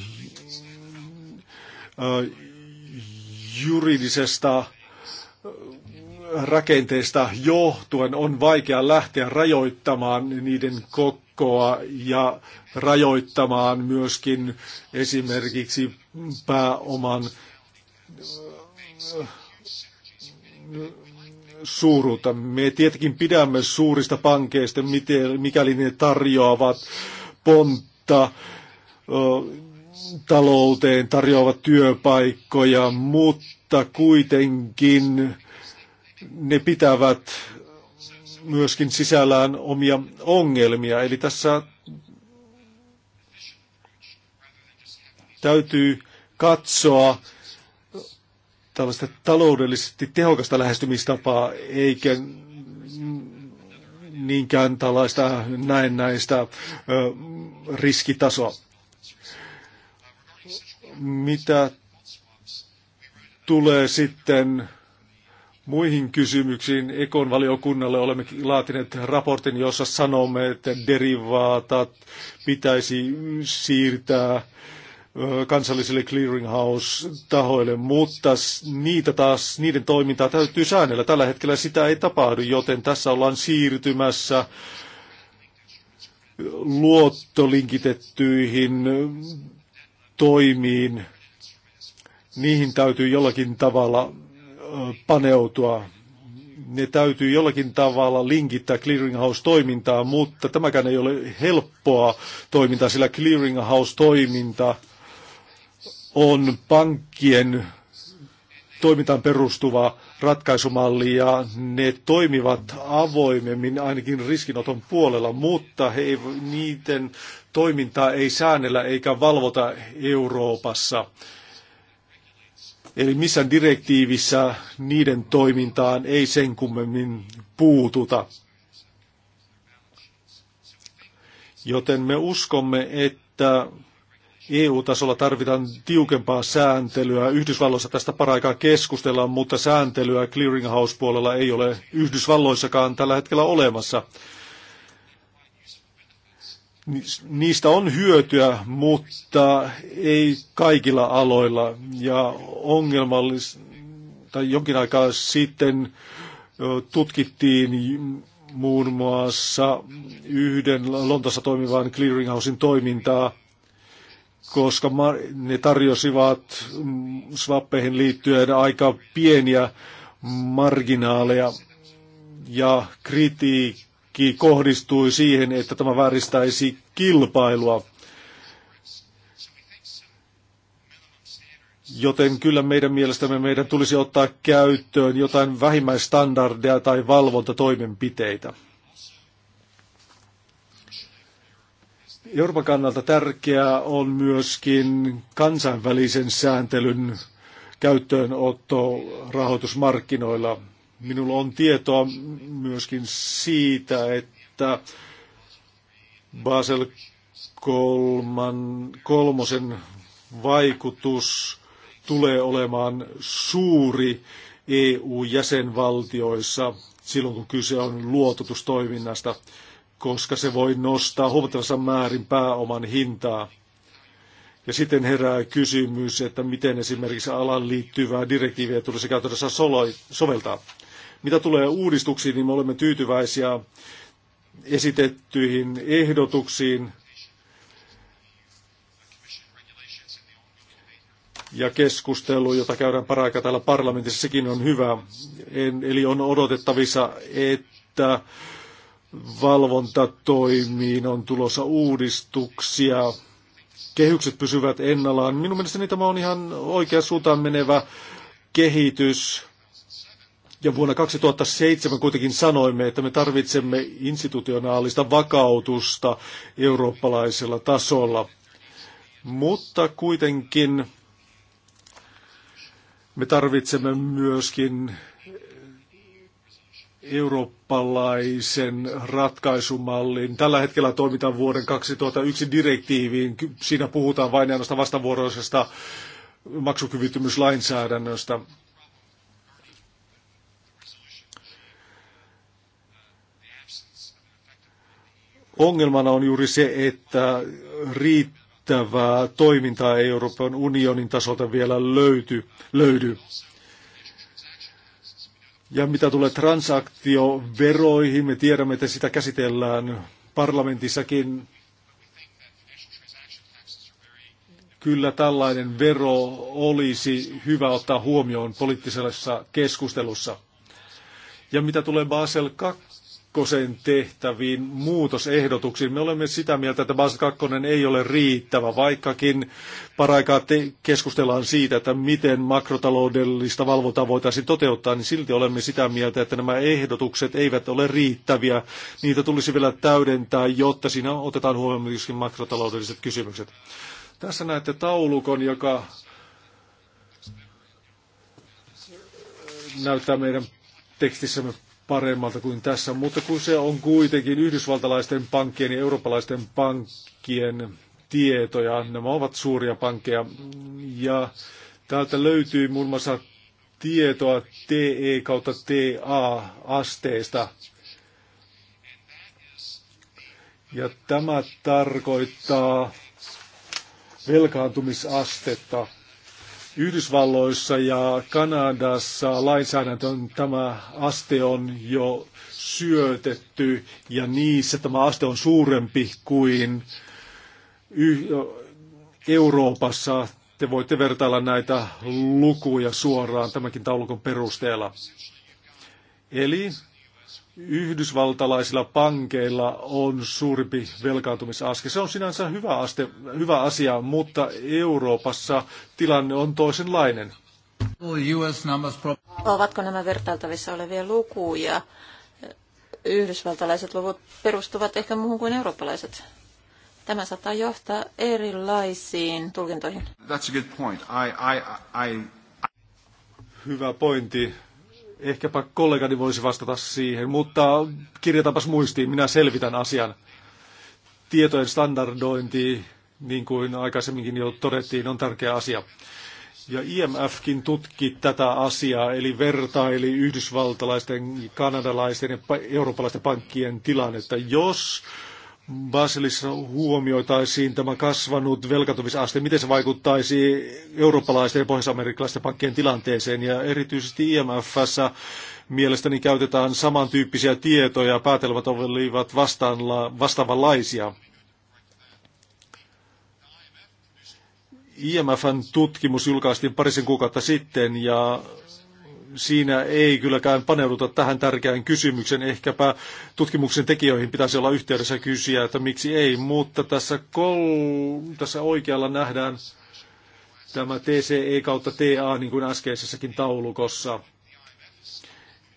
juridisesta rakenteesta johtuen on vaikea lähteä rajoittamaan niiden kokoa ja rajoittamaan myöskin esimerkiksi pääoman suuruutta. Me tietenkin pidämme suurista pankeista, miten, mikäli ne tarjoavat pontta talouteen, tarjoavat työpaikkoja, mutta kuitenkin ne pitävät myöskin sisällään omia ongelmia. Eli tässä täytyy katsoa, tällaista taloudellisesti tehokasta lähestymistapaa, eikä niinkään tällaista näennäistä riskitasoa. Mitä tulee sitten muihin kysymyksiin, Ekon valiokunnalle olemme laatineet raportin, jossa sanomme, että derivaatat pitäisi siirtää kansallisille clearinghouse-tahoille, mutta niitä taas, niiden toimintaa täytyy säännellä. Tällä hetkellä sitä ei tapahdu, joten tässä ollaan siirtymässä luottolinkitettyihin toimiin. Niihin täytyy jollakin tavalla paneutua. Ne täytyy jollakin tavalla linkittää clearinghouse toimintaa mutta tämäkään ei ole helppoa toimintaa, sillä clearinghouse-toiminta – on pankkien toimintaan perustuva ratkaisumalli ja ne toimivat avoimemmin ainakin riskinoton puolella, mutta he, niiden toimintaa ei säännellä eikä valvota Euroopassa. Eli missään direktiivissä niiden toimintaan ei sen kummemmin puututa. Joten me uskomme, että EU-tasolla tarvitaan tiukempaa sääntelyä. Yhdysvalloissa tästä paraikaa keskustellaan, mutta sääntelyä clearinghouse-puolella ei ole Yhdysvalloissakaan tällä hetkellä olemassa. Niistä on hyötyä, mutta ei kaikilla aloilla. Ja ongelmallis, tai jonkin aikaa sitten tutkittiin muun muassa yhden Lontossa toimivan clearinghousein toimintaa – koska ne tarjosivat swappeihin liittyen aika pieniä marginaaleja ja kritiikki kohdistui siihen, että tämä vääristäisi kilpailua. Joten kyllä meidän mielestämme meidän tulisi ottaa käyttöön jotain vähimmäistandardeja tai valvontatoimenpiteitä. Euroopan kannalta tärkeää on myöskin kansainvälisen sääntelyn käyttöönotto rahoitusmarkkinoilla. Minulla on tietoa myöskin siitä, että Basel kolman, kolmosen vaikutus tulee olemaan suuri EU-jäsenvaltioissa silloin, kun kyse on luototustoiminnasta koska se voi nostaa huomattavassa määrin pääoman hintaa. Ja sitten herää kysymys, että miten esimerkiksi alan liittyvää direktiiviä tulisi käytännössä soveltaa. Mitä tulee uudistuksiin, niin me olemme tyytyväisiä esitettyihin ehdotuksiin ja keskustelu, jota käydään paraikaa täällä parlamentissa, sekin on hyvä. En, eli on odotettavissa, että valvontatoimiin on tulossa uudistuksia. Kehykset pysyvät ennallaan. Minun mielestäni tämä on ihan oikea suuntaan menevä kehitys. Ja vuonna 2007 kuitenkin sanoimme, että me tarvitsemme institutionaalista vakautusta eurooppalaisella tasolla. Mutta kuitenkin me tarvitsemme myöskin eurooppalaisen ratkaisumallin. Tällä hetkellä toimitaan vuoden 2001 direktiiviin. Siinä puhutaan vain ainoastaan vastavuoroisesta maksukyvyttömyyslainsäädännöstä. Ongelmana on juuri se, että riittävää toimintaa Euroopan unionin tasolta vielä löyty, löydy. löydy. Ja mitä tulee transaktioveroihin, me tiedämme, että sitä käsitellään parlamentissakin. Kyllä tällainen vero olisi hyvä ottaa huomioon poliittisessa keskustelussa. Ja mitä tulee Basel kakkosen tehtäviin muutosehdotuksiin. Me olemme sitä mieltä, että Basel 2 ei ole riittävä, vaikkakin paraikaa te- keskustellaan siitä, että miten makrotaloudellista valvontaa voitaisiin toteuttaa, niin silti olemme sitä mieltä, että nämä ehdotukset eivät ole riittäviä. Niitä tulisi vielä täydentää, jotta siinä otetaan huomioon myöskin makrotaloudelliset kysymykset. Tässä näette taulukon, joka näyttää meidän tekstissämme paremmalta kuin tässä, mutta kun se on kuitenkin yhdysvaltalaisten pankkien ja eurooppalaisten pankkien tietoja, niin nämä ovat suuria pankkeja, ja täältä löytyy muun muassa tietoa TE kautta TA-asteesta. Ja tämä tarkoittaa velkaantumisastetta. Yhdysvalloissa ja Kanadassa on, tämä aste on jo syötetty ja niissä tämä aste on suurempi kuin Euroopassa. Te voitte vertailla näitä lukuja suoraan tämänkin taulukon perusteella. Eli yhdysvaltalaisilla pankeilla on suurimpi velkaantumisaske. Se on sinänsä hyvä, aste, hyvä asia, mutta Euroopassa tilanne on toisenlainen. Ovatko nämä vertailtavissa olevia lukuja? Yhdysvaltalaiset luvut perustuvat ehkä muuhun kuin eurooppalaiset. Tämä saattaa johtaa erilaisiin tulkintoihin. That's a good point. I, I, I, Hyvä pointti Ehkäpä kollegani voisi vastata siihen, mutta kirjatapas muistiin, minä selvitän asian. Tietojen standardointi, niin kuin aikaisemminkin jo todettiin, on tärkeä asia. Ja IMFkin tutki tätä asiaa, eli vertaili yhdysvaltalaisten, kanadalaisten ja eurooppalaisten pankkien tilannetta. Jos Baselissa huomioitaisiin tämä kasvanut velkatumisaste, miten se vaikuttaisi eurooppalaisten ja pohjois-amerikkalaisten pankkien tilanteeseen ja erityisesti IMFssä mielestäni käytetään samantyyppisiä tietoja, päätelmät olivat vastaavanlaisia. IMFn tutkimus julkaistiin parisen kuukautta sitten ja siinä ei kylläkään paneuduta tähän tärkeään kysymykseen. Ehkäpä tutkimuksen tekijöihin pitäisi olla yhteydessä kysyä, että miksi ei, mutta tässä, kol- tässä oikealla nähdään tämä TCE kautta TA, niin kuin äskeisessäkin taulukossa.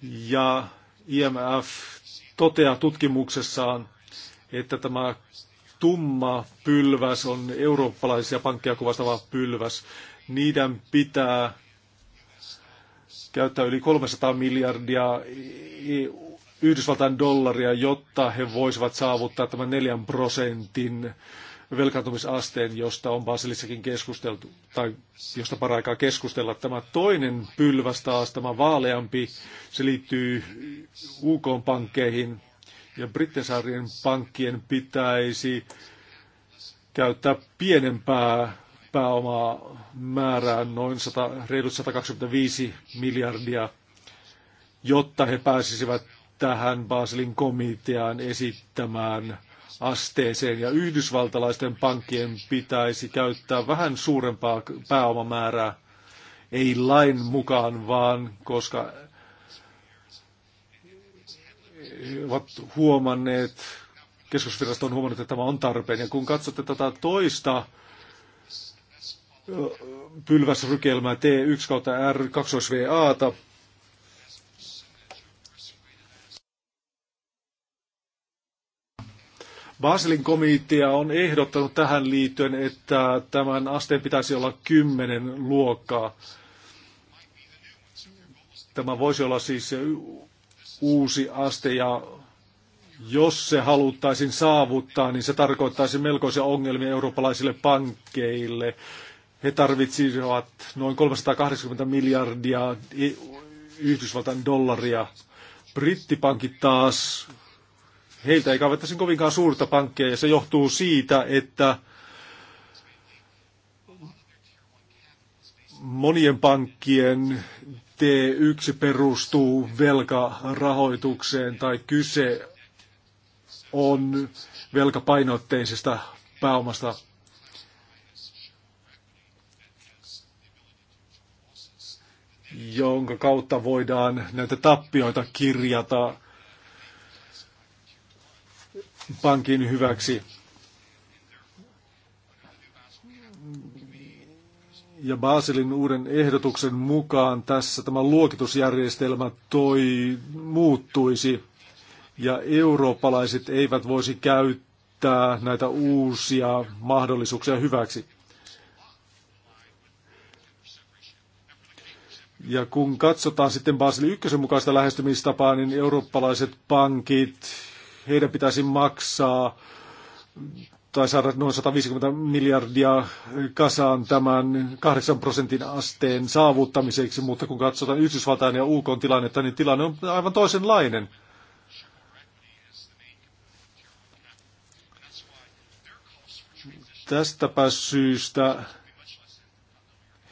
Ja IMF toteaa tutkimuksessaan, että tämä tumma pylväs on eurooppalaisia pankkeja kuvastava pylväs. Niiden pitää käyttää yli 300 miljardia Yhdysvaltain dollaria, jotta he voisivat saavuttaa tämän 4 prosentin velkaantumisasteen, josta on Basilissakin keskusteltu, tai josta paraikaa keskustella. Tämä toinen pylväs taas, tämä vaaleampi, se liittyy UK-pankkeihin, ja Brittensaarien pankkien pitäisi käyttää pienempää pääomaa määrään noin 100, reilut 125 miljardia, jotta he pääsisivät tähän Baselin komitean esittämään asteeseen ja yhdysvaltalaisten pankkien pitäisi käyttää vähän suurempaa pääomamäärää, ei lain mukaan, vaan koska he ovat huomanneet, keskusvirasto on huomannut, että tämä on tarpeen. Ja kun katsotte tätä toista pylväsrykelmää T1 kautta R 2 VAta. Baselin komitea on ehdottanut tähän liittyen, että tämän asteen pitäisi olla 10 luokkaa. Tämä voisi olla siis se uusi aste ja jos se haluttaisiin saavuttaa, niin se tarkoittaisi melkoisia ongelmia eurooppalaisille pankkeille, he tarvitsivat noin 380 miljardia Yhdysvaltain dollaria. Brittipankit taas, heiltä ei kaivettaisi kovinkaan suurta pankkia ja se johtuu siitä, että monien pankkien T1 perustuu velkarahoitukseen tai kyse on velkapainotteisesta pääomasta jonka kautta voidaan näitä tappioita kirjata pankin hyväksi. Ja Baselin uuden ehdotuksen mukaan tässä tämä luokitusjärjestelmä toi, muuttuisi ja eurooppalaiset eivät voisi käyttää näitä uusia mahdollisuuksia hyväksi. Ja kun katsotaan sitten Basel 1 mukaista lähestymistapaa, niin eurooppalaiset pankit, heidän pitäisi maksaa tai saada noin 150 miljardia kasaan tämän 8 prosentin asteen saavuttamiseksi, mutta kun katsotaan Yhdysvaltain ja UK tilannetta, niin tilanne on aivan toisenlainen. Tästäpä syystä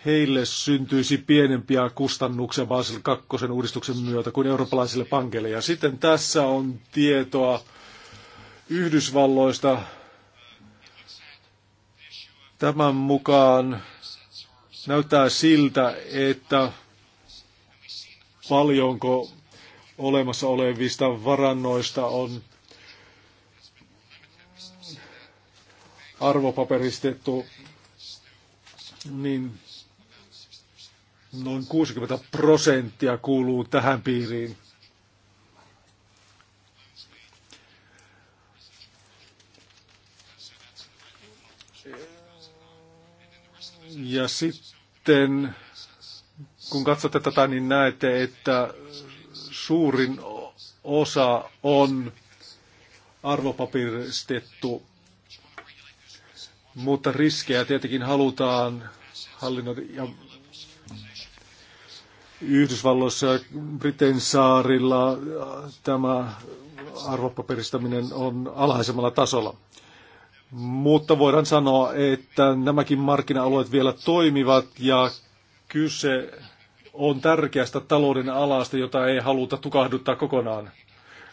heille syntyisi pienempiä kustannuksia Basel 2 uudistuksen myötä kuin eurooppalaisille pankeille. Ja sitten tässä on tietoa Yhdysvalloista. Tämän mukaan näyttää siltä, että paljonko olemassa olevista varannoista on arvopaperistettu, niin Noin 60 prosenttia kuuluu tähän piiriin. Ja sitten kun katsotte tätä, niin näette, että suurin osa on arvopapiristettu, mutta riskejä tietenkin halutaan hallinnoida ja Yhdysvalloissa ja Briten saarilla tämä arvopaperistaminen on alhaisemmalla tasolla. Mutta voidaan sanoa, että nämäkin markkina-alueet vielä toimivat ja kyse on tärkeästä talouden alasta, jota ei haluta tukahduttaa kokonaan.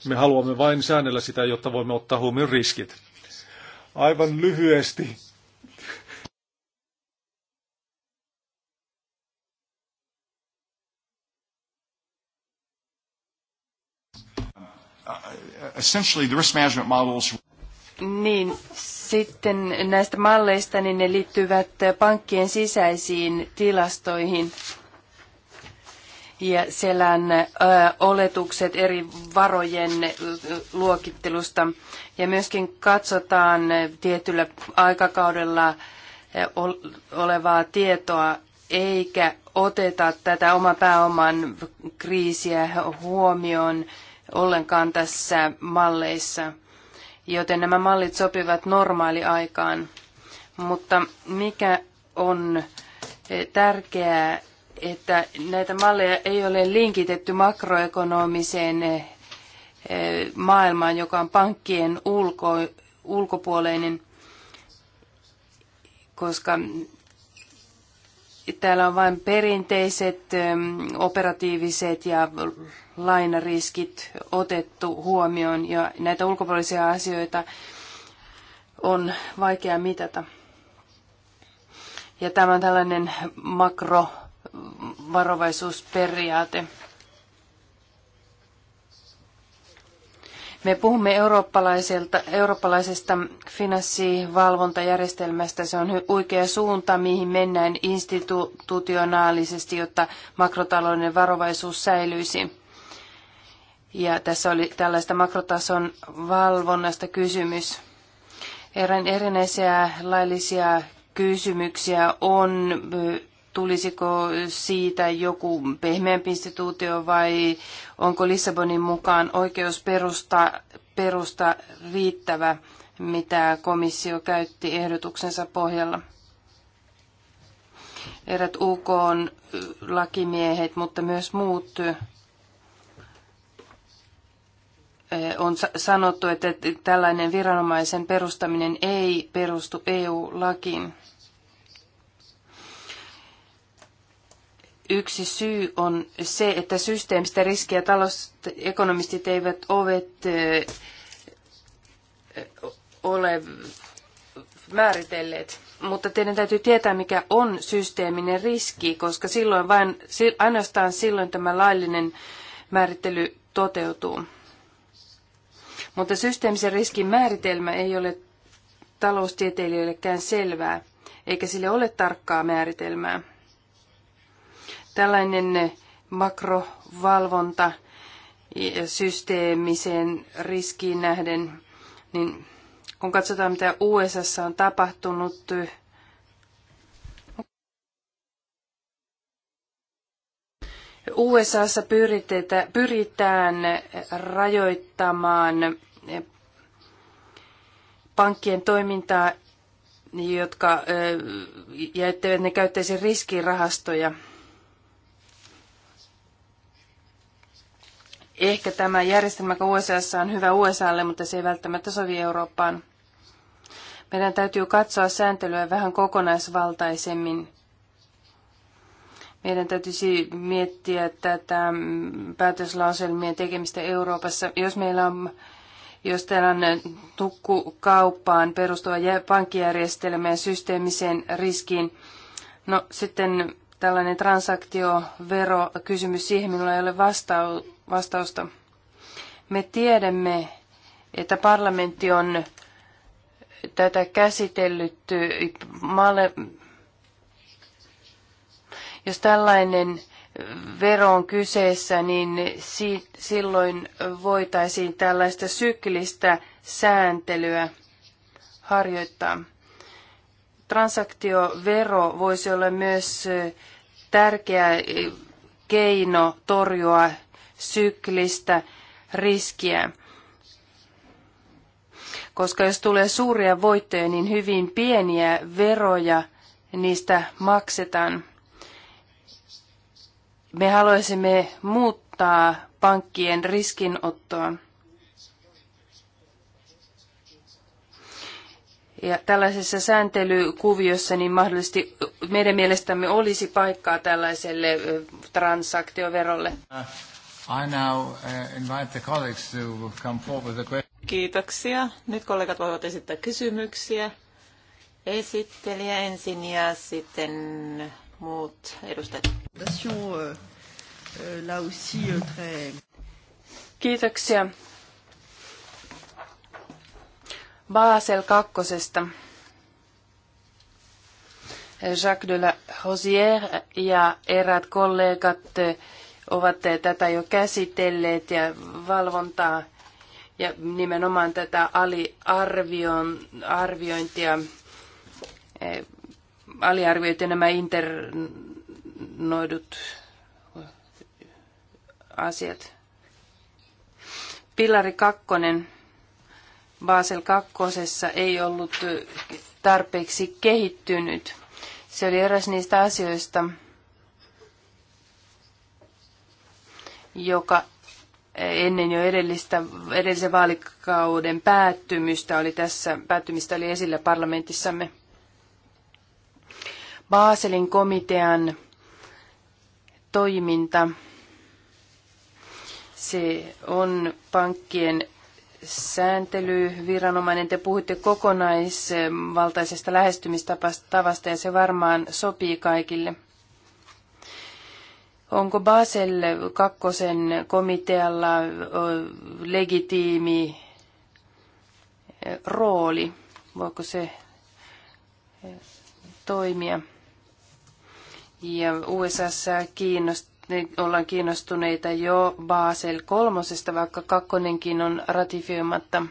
Me haluamme vain säännellä sitä, jotta voimme ottaa huomioon riskit. Aivan lyhyesti essentially the risk management models. Niin, sitten näistä malleista, niin ne liittyvät pankkien sisäisiin tilastoihin. Ja selän ö, oletukset eri varojen luokittelusta. Ja myöskin katsotaan tietyllä aikakaudella olevaa tietoa, eikä oteta tätä oma pääoman kriisiä huomioon ollenkaan tässä malleissa, joten nämä mallit sopivat normaaliaikaan. Mutta mikä on eh, tärkeää, että näitä malleja ei ole linkitetty makroekonomiseen eh, eh, maailmaan, joka on pankkien ulko, ulkopuoleinen, koska täällä on vain perinteiset ähm, operatiiviset ja lainariskit otettu huomioon ja näitä ulkopuolisia asioita on vaikea mitata. Ja tämä on tällainen makrovarovaisuusperiaate. Me puhumme eurooppalaiselta, eurooppalaisesta finanssivalvontajärjestelmästä. Se on oikea suunta, mihin mennään institutionaalisesti, jotta makrotalouden varovaisuus säilyisi. Ja tässä oli tällaista makrotason valvonnasta kysymys. Erän erinäisiä laillisia kysymyksiä on tulisiko siitä joku pehmeämpi instituutio vai onko Lissabonin mukaan perusta, perusta riittävä, mitä komissio käytti ehdotuksensa pohjalla? Erät UK on lakimiehet, mutta myös muut eh, on sanottu, että tällainen viranomaisen perustaminen ei perustu EU-lakiin. yksi syy on se, että systeemistä riskiä talousekonomistit eivät ovet, ole määritelleet. Mutta teidän täytyy tietää, mikä on systeeminen riski, koska silloin vain, ainoastaan silloin tämä laillinen määrittely toteutuu. Mutta systeemisen riskin määritelmä ei ole taloustieteilijöillekään selvää, eikä sille ole tarkkaa määritelmää. Tällainen makrovalvonta systeemiseen riskiin nähden, niin kun katsotaan mitä USA on tapahtunut, USAssa pyritään rajoittamaan pankkien toimintaa, jotka, ja etteivät ne käyttäisi riskirahastoja – ehkä tämä järjestelmä, joka USA on hyvä USAlle, mutta se ei välttämättä sovi Eurooppaan. Meidän täytyy katsoa sääntelyä vähän kokonaisvaltaisemmin. Meidän täytyisi miettiä tätä päätöslauselmien tekemistä Euroopassa. Jos meillä on jos tällainen tukkukauppaan perustuva pankkijärjestelmä ja systeemiseen riskiin, no sitten tällainen kysymys siihen minulla ei ole vastausta vastausta. Me tiedämme, että parlamentti on tätä käsitellyt äh, maalle, jos tällainen äh, vero on kyseessä, niin si- silloin voitaisiin tällaista syklistä sääntelyä harjoittaa. Transaktiovero voisi olla myös äh, tärkeä keino torjua syklistä riskiä. Koska jos tulee suuria voittoja, niin hyvin pieniä veroja niistä maksetaan. Me haluaisimme muuttaa pankkien riskinottoa. Ja tällaisessa sääntelykuviossa niin mahdollisesti meidän mielestämme olisi paikkaa tällaiselle transaktioverolle. Äh. I now uh, invite the colleagues to come forward with Kiitoksia. Nyt kollegat voivat esittää kysymyksiä. Esittelijä ensin ja sitten muut edustajat. Uh, uh, Kiitoksia. Basel kakkosesta. Jacques de la Rosière ja eräät kollegat ovat tätä jo käsitelleet ja valvontaa ja nimenomaan tätä aliarviointia. Eh, Aliarvioitu nämä internoidut asiat. Pilari kakkonen Basel kakkosessa ei ollut tarpeeksi kehittynyt. Se oli eräs niistä asioista, joka ennen jo edellistä, edellisen vaalikauden päättymistä oli tässä, päättymistä oli esillä parlamentissamme. Baselin komitean toiminta, se on pankkien viranomainen, Te puhuitte kokonaisvaltaisesta lähestymistavasta ja se varmaan sopii kaikille – Onko Basel kakkosen komitealla legitiimi rooli? Voiko se toimia? Ja USA kiinnost, ollaan kiinnostuneita jo Basel kolmosesta, vaikka kakkonenkin on ratifioimatta.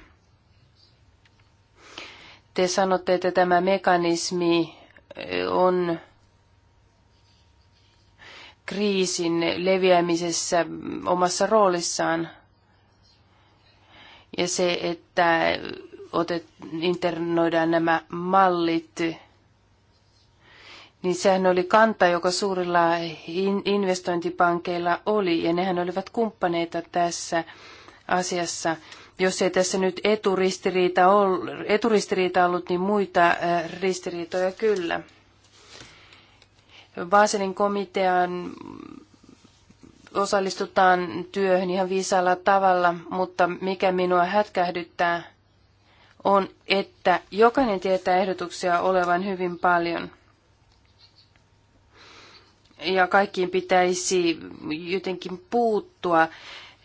Te sanotte, että tämä mekanismi on kriisin leviämisessä omassa roolissaan. Ja se, että otet, internoidaan nämä mallit, niin sehän oli kanta, joka suurilla investointipankeilla oli, ja nehän olivat kumppaneita tässä asiassa. Jos ei tässä nyt eturistiriita ollut, eturistiriita ollut niin muita äh, ristiriitoja kyllä. Vaaselin komitean osallistutaan työhön ihan viisaalla tavalla, mutta mikä minua hätkähdyttää, on, että jokainen tietää ehdotuksia olevan hyvin paljon. Ja kaikkiin pitäisi jotenkin puuttua,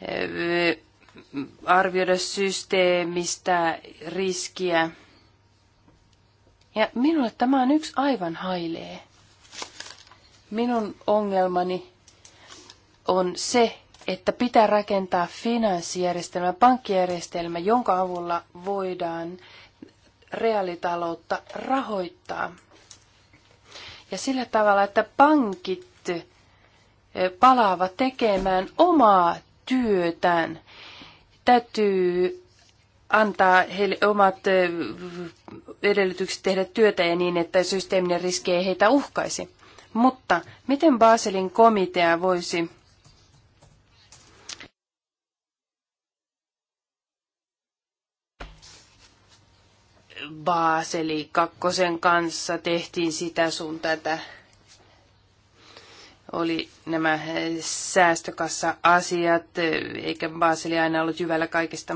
eh, arvioida systeemistä riskiä. Ja minulle tämä on yksi aivan hailee. Minun ongelmani on se, että pitää rakentaa finanssijärjestelmä, pankkijärjestelmä, jonka avulla voidaan reaalitaloutta rahoittaa. Ja sillä tavalla, että pankit palaavat tekemään omaa työtään. Täytyy antaa heille omat edellytykset tehdä työtä ja niin, että systeeminen riski ei heitä uhkaisi. Mutta miten Baselin komitea voisi Baaseli kakkosen kanssa tehtiin sitä sun tätä. Oli nämä säästökassa-asiat, eikä Baaseli aina ollut hyvällä kaikista.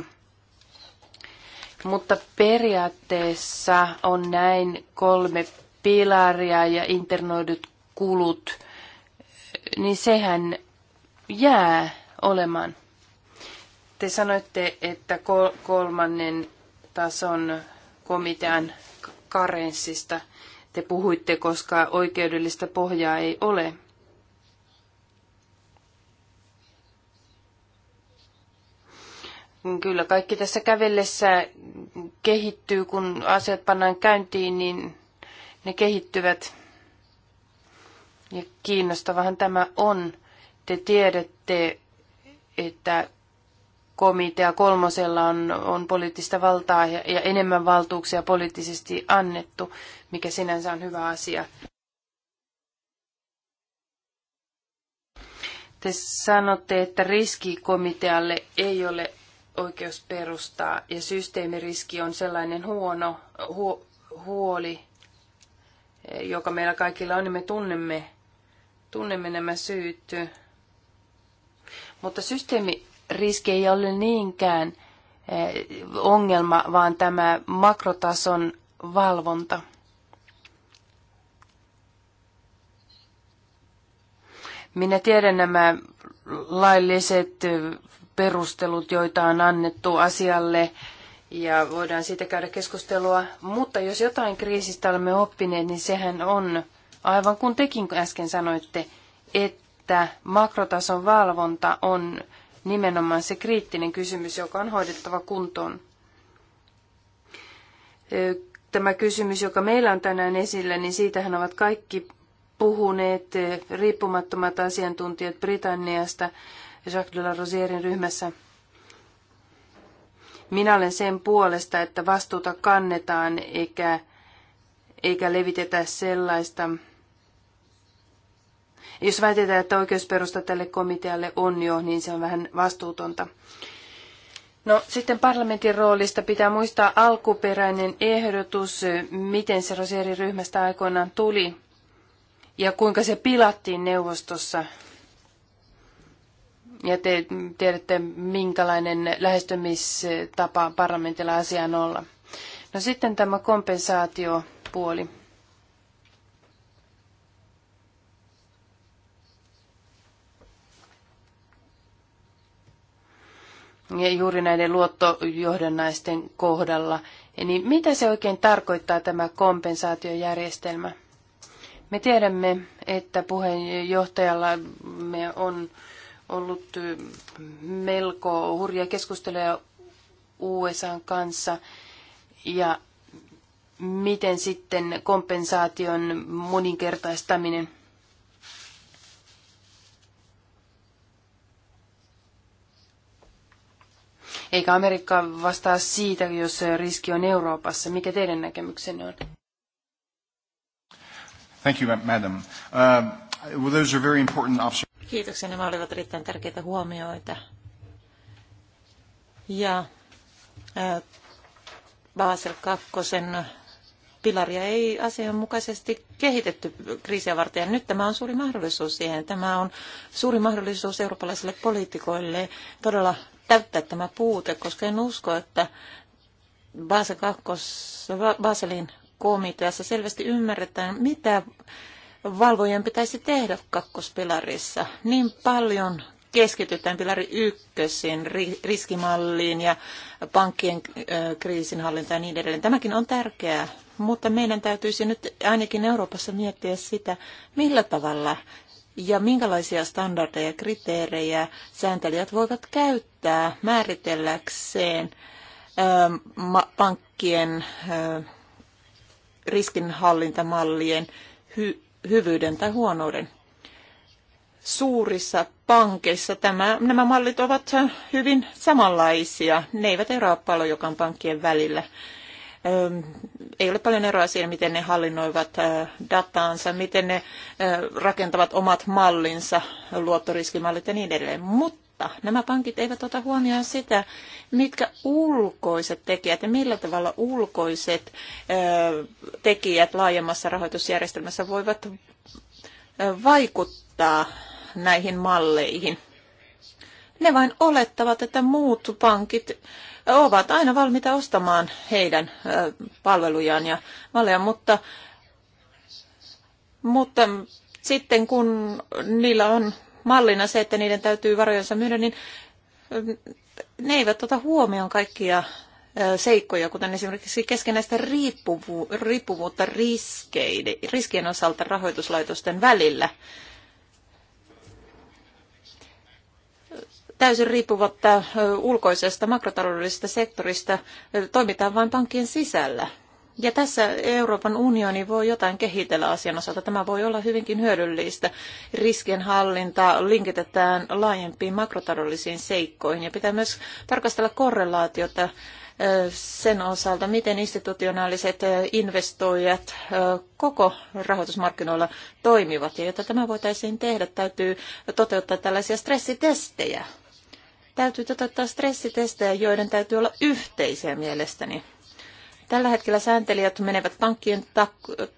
Mutta periaatteessa on näin kolme pilaria ja internoidut kulut, niin sehän jää olemaan. Te sanoitte, että kolmannen tason komitean karenssista te puhuitte, koska oikeudellista pohjaa ei ole. Kyllä kaikki tässä kävellessä kehittyy, kun asiat pannaan käyntiin, niin ne kehittyvät. Ja kiinnostavahan tämä on. Te tiedätte, että komitea kolmosella on, on poliittista valtaa ja, ja enemmän valtuuksia poliittisesti annettu, mikä sinänsä on hyvä asia. Te sanotte, että riski komitealle ei ole oikeus perustaa ja systeemiriski on sellainen huono hu, huoli, joka meillä kaikilla on, niin me tunnemme tunnemme nämä syyt. Mutta systeemiriski ei ole niinkään eh, ongelma, vaan tämä makrotason valvonta. Minä tiedän nämä lailliset perustelut, joita on annettu asialle, ja voidaan siitä käydä keskustelua. Mutta jos jotain kriisistä olemme oppineet, niin sehän on aivan kun tekin äsken sanoitte, että makrotason valvonta on nimenomaan se kriittinen kysymys, joka on hoidettava kuntoon. Tämä kysymys, joka meillä on tänään esillä, niin siitähän ovat kaikki puhuneet riippumattomat asiantuntijat Britanniasta Jacques de la Rosierin ryhmässä. Minä olen sen puolesta, että vastuuta kannetaan eikä eikä levitetä sellaista. Jos väitetään, että oikeusperusta tälle komitealle on jo, niin se on vähän vastuutonta. No sitten parlamentin roolista pitää muistaa alkuperäinen ehdotus, miten se Roseri-ryhmästä aikoinaan tuli ja kuinka se pilattiin neuvostossa. Ja te tiedätte, minkälainen lähestymistapa parlamentilla asiaan olla. No sitten tämä kompensaatiopuoli. ja juuri näiden luottojohdannaisten kohdalla. Niin mitä se oikein tarkoittaa tämä kompensaatiojärjestelmä? Me tiedämme, että puheenjohtajalla me on ollut melko hurja keskusteluja USA kanssa ja miten sitten kompensaation moninkertaistaminen? Eikä Amerikka vastaa siitä, jos riski on Euroopassa. Mikä teidän näkemyksenne on? Thank you, madam. Uh, well, those are very important observations. Kiitoksia. Nämä olivat erittäin tärkeitä huomioita. Ja Basel 2 pilaria ei asianmukaisesti kehitetty kriisiä varten. Ja nyt tämä on suuri mahdollisuus siihen. Tämä on suuri mahdollisuus eurooppalaisille poliitikoille todella täyttää tämä puute, koska en usko, että Basel 2, Baselin komiteassa selvästi ymmärretään, mitä valvojen pitäisi tehdä kakkospilarissa. Niin paljon keskitytään pilari ykkösin riskimalliin ja pankkien kriisinhallintaan ja niin edelleen. Tämäkin on tärkeää, mutta meidän täytyisi nyt ainakin Euroopassa miettiä sitä, millä tavalla ja minkälaisia standardeja, kriteerejä sääntelijät voivat käyttää määritelläkseen pankkien riskinhallintamallien hy- hyvyyden tai huonouden suurissa pankeissa tämä, nämä mallit ovat hyvin samanlaisia. Ne eivät eroa paljon jokan pankkien välillä. Ei ole paljon eroa siinä, miten ne hallinnoivat dataansa, miten ne rakentavat omat mallinsa, luottoriskimallit ja niin edelleen. Mutta nämä pankit eivät ota huomioon sitä, mitkä ulkoiset tekijät ja millä tavalla ulkoiset tekijät laajemmassa rahoitusjärjestelmässä voivat vaikuttaa näihin malleihin. Ne vain olettavat, että muut pankit ovat aina valmiita ostamaan heidän palvelujaan ja malleja, mutta, mutta sitten kun niillä on mallina se, että niiden täytyy varojensa myydä, niin ne eivät ota huomioon kaikkia seikkoja, kuten esimerkiksi keskenäistä riippuvu- riippuvuutta riskeiden, riskien osalta rahoituslaitosten välillä. täysin riippuvatta ulkoisesta makrotaloudellisesta sektorista toimitaan vain pankkien sisällä. Ja tässä Euroopan unioni voi jotain kehitellä asian osalta. Tämä voi olla hyvinkin hyödyllistä. Riskienhallinta linkitetään laajempiin makrotaloudellisiin seikkoihin ja pitää myös tarkastella korrelaatiota sen osalta, miten institutionaaliset investoijat koko rahoitusmarkkinoilla toimivat. Ja jotta tämä voitaisiin tehdä, täytyy toteuttaa tällaisia stressitestejä Täytyy toteuttaa stressitestejä, joiden täytyy olla yhteisiä mielestäni. Tällä hetkellä sääntelijät menevät pankkien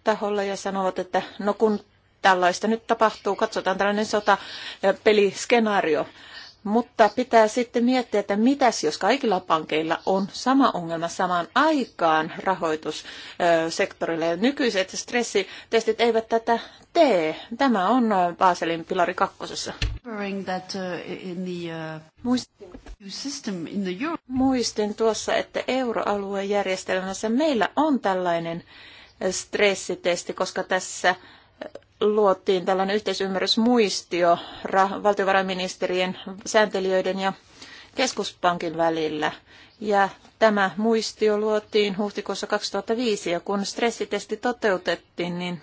taholla ja sanovat, että no kun tällaista nyt tapahtuu, katsotaan tällainen sota peliskenaario mutta pitää sitten miettiä, että mitäs jos kaikilla pankeilla on sama ongelma samaan aikaan rahoitussektorille. Ja nykyiset stressitestit eivät tätä tee. Tämä on Baselin pilari kakkosessa. Uh, uh, muistin, muistin tuossa, että euroalueen järjestelmässä meillä on tällainen stressitesti, koska tässä luotiin tällainen yhteisymmärrysmuistio valtiovarainministerien, sääntelijöiden ja keskuspankin välillä. Ja tämä muistio luotiin huhtikuussa 2005 ja kun stressitesti toteutettiin, niin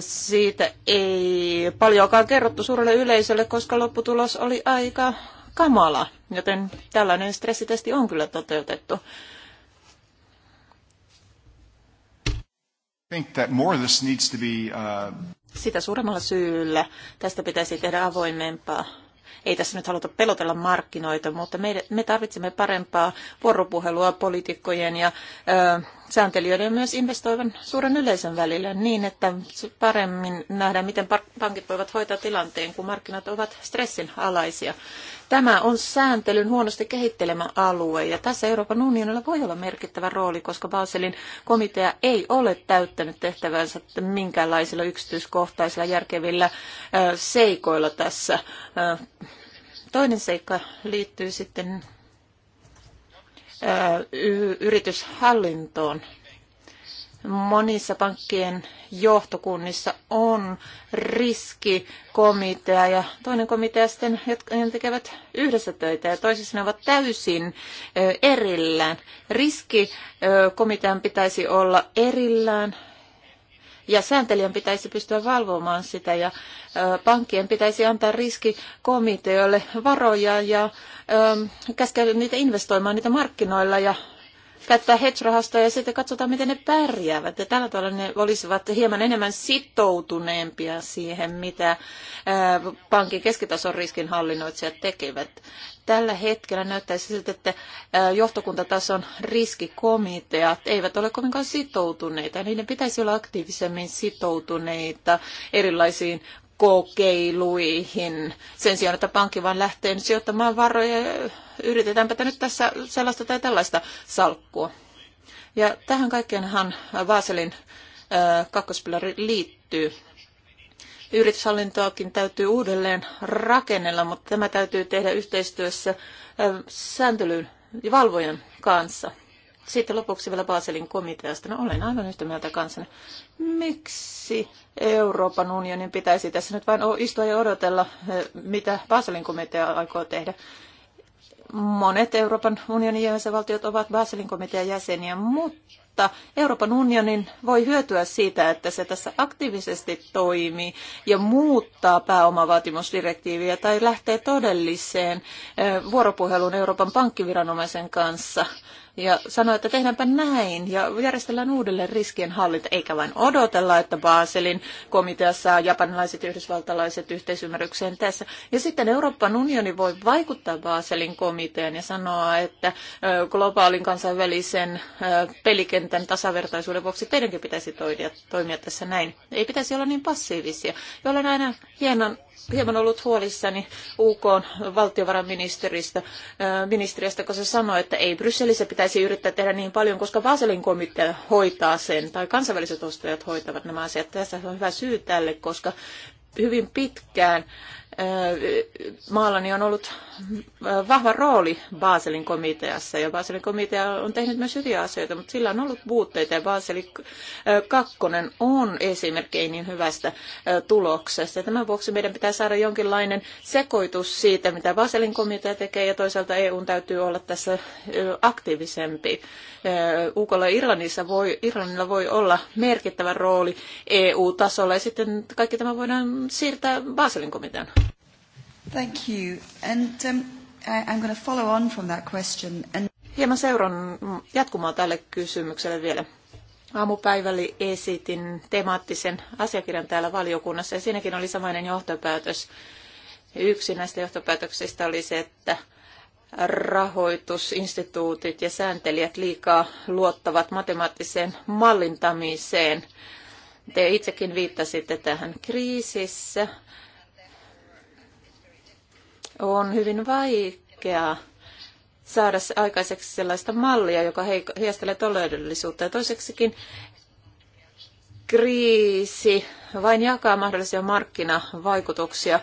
siitä ei paljonkaan kerrottu suurelle yleisölle, koska lopputulos oli aika kamala, joten tällainen stressitesti on kyllä toteutettu. think that more of this needs to be, uh... Sitä suuremmalla syyllä tästä pitäisi tehdä avoimempaa. Ei tässä nyt haluta pelotella markkinoita, mutta me, me tarvitsemme parempaa vuoropuhelua poliitikkojen ja ö, sääntelijöiden ja myös investoivan suuren yleisön välillä niin, että paremmin nähdään, miten pankit voivat hoitaa tilanteen, kun markkinat ovat stressin alaisia. Tämä on sääntelyn huonosti kehittelemä alue ja tässä Euroopan unionilla voi olla merkittävä rooli, koska Baselin komitea ei ole täyttänyt tehtävänsä minkäänlaisilla yksityiskohtaisilla järkevillä seikoilla tässä. Toinen seikka liittyy sitten yrityshallintoon. Monissa pankkien johtokunnissa on riskikomitea ja toinen komitea sitten, jotka tekevät yhdessä töitä ja toisissa ne ovat täysin erillään. Riskikomitean pitäisi olla erillään ja sääntelijän pitäisi pystyä valvomaan sitä ja pankkien pitäisi antaa riski komiteoille varoja ja käskeä niitä investoimaan niitä markkinoilla ja käyttää hedge-rahastoja ja sitten katsotaan, miten ne pärjäävät. Ja tällä tavalla ne olisivat hieman enemmän sitoutuneempia siihen, mitä pankin keskitason riskinhallinnoitsijat tekevät. Tällä hetkellä näyttäisi siltä, että johtokuntatason riskikomiteat eivät ole kovinkaan sitoutuneita. Niiden pitäisi olla aktiivisemmin sitoutuneita erilaisiin kokeiluihin sen sijaan, että pankki vaan lähtee nyt sijoittamaan varoja. Yritetäänpä nyt tässä sellaista tai tällaista salkkua. Ja tähän kaikkeenhan Vaaselin kakkospilari liittyy. Yrityshallintoakin täytyy uudelleen rakennella, mutta tämä täytyy tehdä yhteistyössä sääntelyn ja valvojan kanssa. Sitten lopuksi vielä Baselin komiteasta. No olen aivan yhtä mieltä kanssani. Miksi Euroopan unionin pitäisi tässä nyt vain istua ja odotella, eh, mitä Baselin komitea aikoo tehdä? Monet Euroopan unionin jäsenvaltiot ovat Baselin komitean jäseniä, mutta Euroopan unionin voi hyötyä siitä, että se tässä aktiivisesti toimii ja muuttaa pääomavaatimusdirektiiviä tai lähtee todelliseen eh, vuoropuheluun Euroopan pankkiviranomaisen kanssa – ja sanoi, että tehdäänpä näin ja järjestellään uudelleen riskien hallinta, eikä vain odotella, että Baselin komiteassa saa japanilaiset ja yhdysvaltalaiset yhteisymmärrykseen tässä. Ja sitten Euroopan unioni voi vaikuttaa Baselin komitean ja sanoa, että globaalin kansainvälisen pelikentän tasavertaisuuden vuoksi teidänkin pitäisi toimia tässä näin. Ei pitäisi olla niin passiivisia, jolloin aina hienon hieman ollut huolissani UK valtiovarainministeristä, ministeriöstä, kun se sanoi, että ei Brysselissä pitäisi yrittää tehdä niin paljon, koska Baselin komitea hoitaa sen, tai kansainväliset ostajat hoitavat nämä asiat. Tässä on hyvä syy tälle, koska hyvin pitkään maallani on ollut vahva rooli Baselin komiteassa ja Baselin komitea on tehnyt myös hyviä asioita, mutta sillä on ollut puutteita ja Baseli 2 on esimerkki ei niin hyvästä tuloksesta. Tämän vuoksi meidän pitää saada jonkinlainen sekoitus siitä, mitä Baselin komitea tekee ja toisaalta EUn täytyy olla tässä aktiivisempi. UKlla ja Irlannissa voi, Irlannilla voi olla merkittävä rooli EU-tasolla ja sitten kaikki tämä voidaan siirtää Baselin komitean. Thank you. And um, I, I'm going to follow on from that question. And... Hieman seuran jatkumoa tälle kysymykselle vielä. Aamupäivällä esitin temaattisen asiakirjan täällä valiokunnassa ja siinäkin oli samainen johtopäätös. Yksi näistä johtopäätöksistä oli se, että rahoitusinstituutit ja sääntelijät liikaa luottavat matemaattiseen mallintamiseen. Te itsekin viittasitte tähän kriisissä on hyvin vaikea saada aikaiseksi sellaista mallia, joka heijastelee todellisuutta. Ja toiseksikin kriisi vain jakaa mahdollisia markkinavaikutuksia.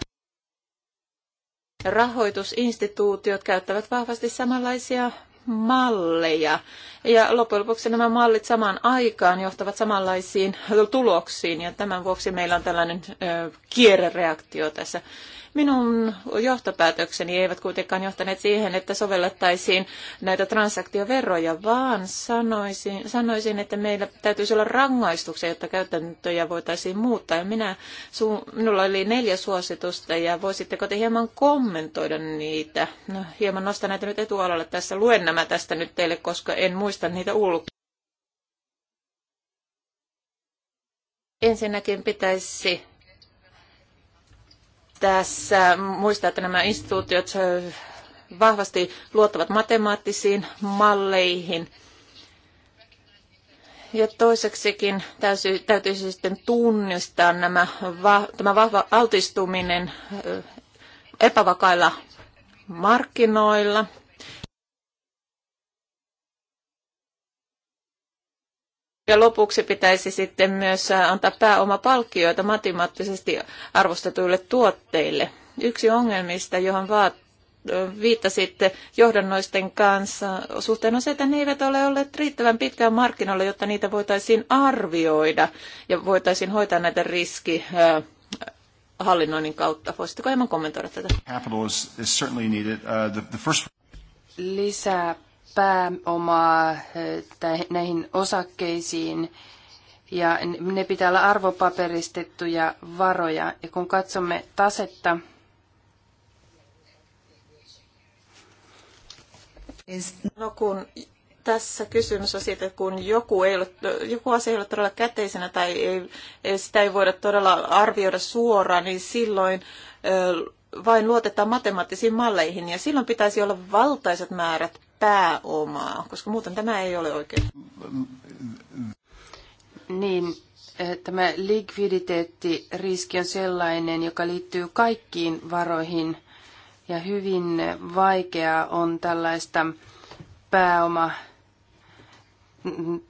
Rahoitusinstituutiot käyttävät vahvasti samanlaisia malleja ja loppujen lopuksi nämä mallit samaan aikaan johtavat samanlaisiin tuloksiin ja tämän vuoksi meillä on tällainen kierrereaktio tässä. Minun johtopäätökseni eivät kuitenkaan johtaneet siihen, että sovellettaisiin näitä transaktioveroja, vaan sanoisin, sanoisin että meillä täytyisi olla rangaistuksia, jotta käytäntöjä voitaisiin muuttaa. Ja minä, su, minulla oli neljä suositusta ja voisitteko te hieman kommentoida niitä? No, hieman nostan näitä nyt etualalle tässä. Luen nämä tästä nyt teille, koska en muista muista niitä ulkoa. Ensinnäkin pitäisi tässä muistaa, että nämä instituutiot vahvasti luottavat matemaattisiin malleihin. Ja toiseksikin täytyy, täytyisi sitten tunnistaa nämä, tämä vahva altistuminen epävakailla markkinoilla – Ja lopuksi pitäisi sitten myös antaa pääomapalkkioita matemaattisesti arvostetuille tuotteille. Yksi ongelmista, johon vaat, viittasitte johdannoisten kanssa suhteen on se, että ne eivät ole olleet riittävän pitkään markkinoilla, jotta niitä voitaisiin arvioida ja voitaisiin hoitaa näitä riski hallinnoinnin kautta. Voisitteko hieman kommentoida tätä? Uh, Lisää pääomaa eh, näihin osakkeisiin ja ne pitää olla arvopaperistettuja varoja. Ja kun katsomme tasetta, No kun tässä kysymys on siitä, että kun joku, ei ole, joku asia ei ole todella käteisenä tai ei, sitä ei voida todella arvioida suoraan, niin silloin eh, vain luotetaan matemaattisiin malleihin ja silloin pitäisi olla valtaiset määrät pääomaa, koska muuten tämä ei ole oikein. Niin, eh, tämä likviditeettiriski on sellainen, joka liittyy kaikkiin varoihin ja hyvin vaikeaa on tällaista pääoma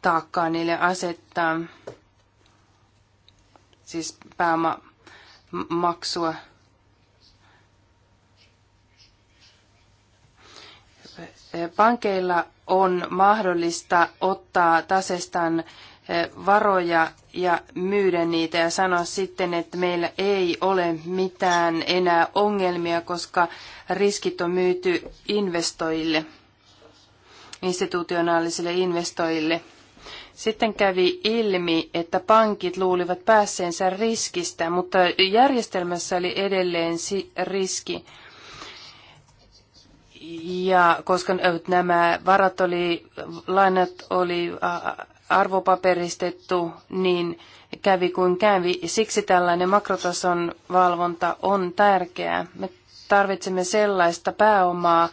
taakkaa niille asettaa, siis pääomamaksua. maksua Pankeilla on mahdollista ottaa tasestaan eh, varoja ja myydä niitä ja sanoa sitten, että meillä ei ole mitään enää ongelmia, koska riskit on myyty investoijille, institutionaalisille investoijille. Sitten kävi ilmi, että pankit luulivat päässeensä riskistä, mutta järjestelmässä oli edelleen riski. Ja koska nämä varat oli, lainat oli arvopaperistettu, niin kävi kuin kävi. Siksi tällainen makrotason valvonta on tärkeää. Me tarvitsemme sellaista pääomaa,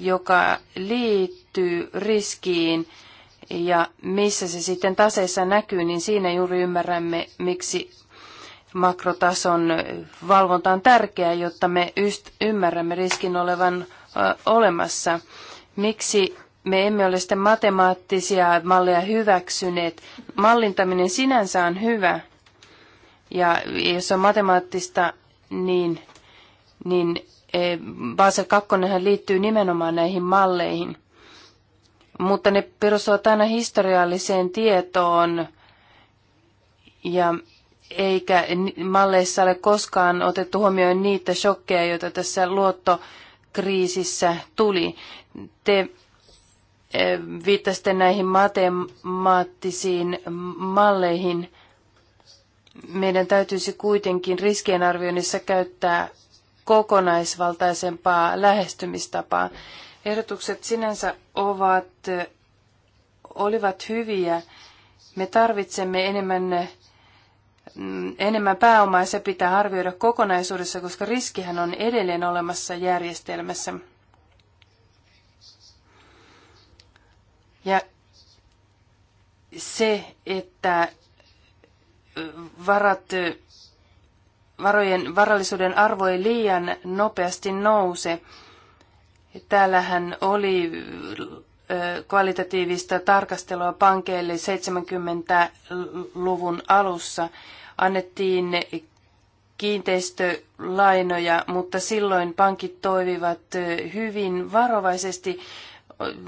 joka liittyy riskiin ja missä se sitten taseessa näkyy, niin siinä juuri ymmärrämme, miksi makrotason valvonta on tärkeää, jotta me ymmärrämme riskin olevan olemassa. Miksi me emme ole sitä matemaattisia malleja hyväksyneet? Mallintaminen sinänsä on hyvä. Ja jos on matemaattista, niin, niin e, Basel 2 liittyy nimenomaan näihin malleihin. Mutta ne perustuvat aina historialliseen tietoon ja eikä malleissa ole koskaan otettu huomioon niitä shokkeja, joita tässä luotto kriisissä tuli. Te eh, viittasitte näihin matemaattisiin malleihin. Meidän täytyisi kuitenkin arvioinnissa käyttää kokonaisvaltaisempaa lähestymistapaa. Ehdotukset sinänsä ovat, eh, olivat hyviä. Me tarvitsemme enemmän Mm, enemmän pääomaa ja se pitää arvioida kokonaisuudessa, koska riskihän on edelleen olemassa järjestelmässä. Ja se, että varat, varojen, varallisuuden arvo ei liian nopeasti nouse. Täällähän oli kvalitatiivista tarkastelua pankeille 70-luvun alussa. Annettiin kiinteistölainoja, mutta silloin pankit toivivat hyvin varovaisesti.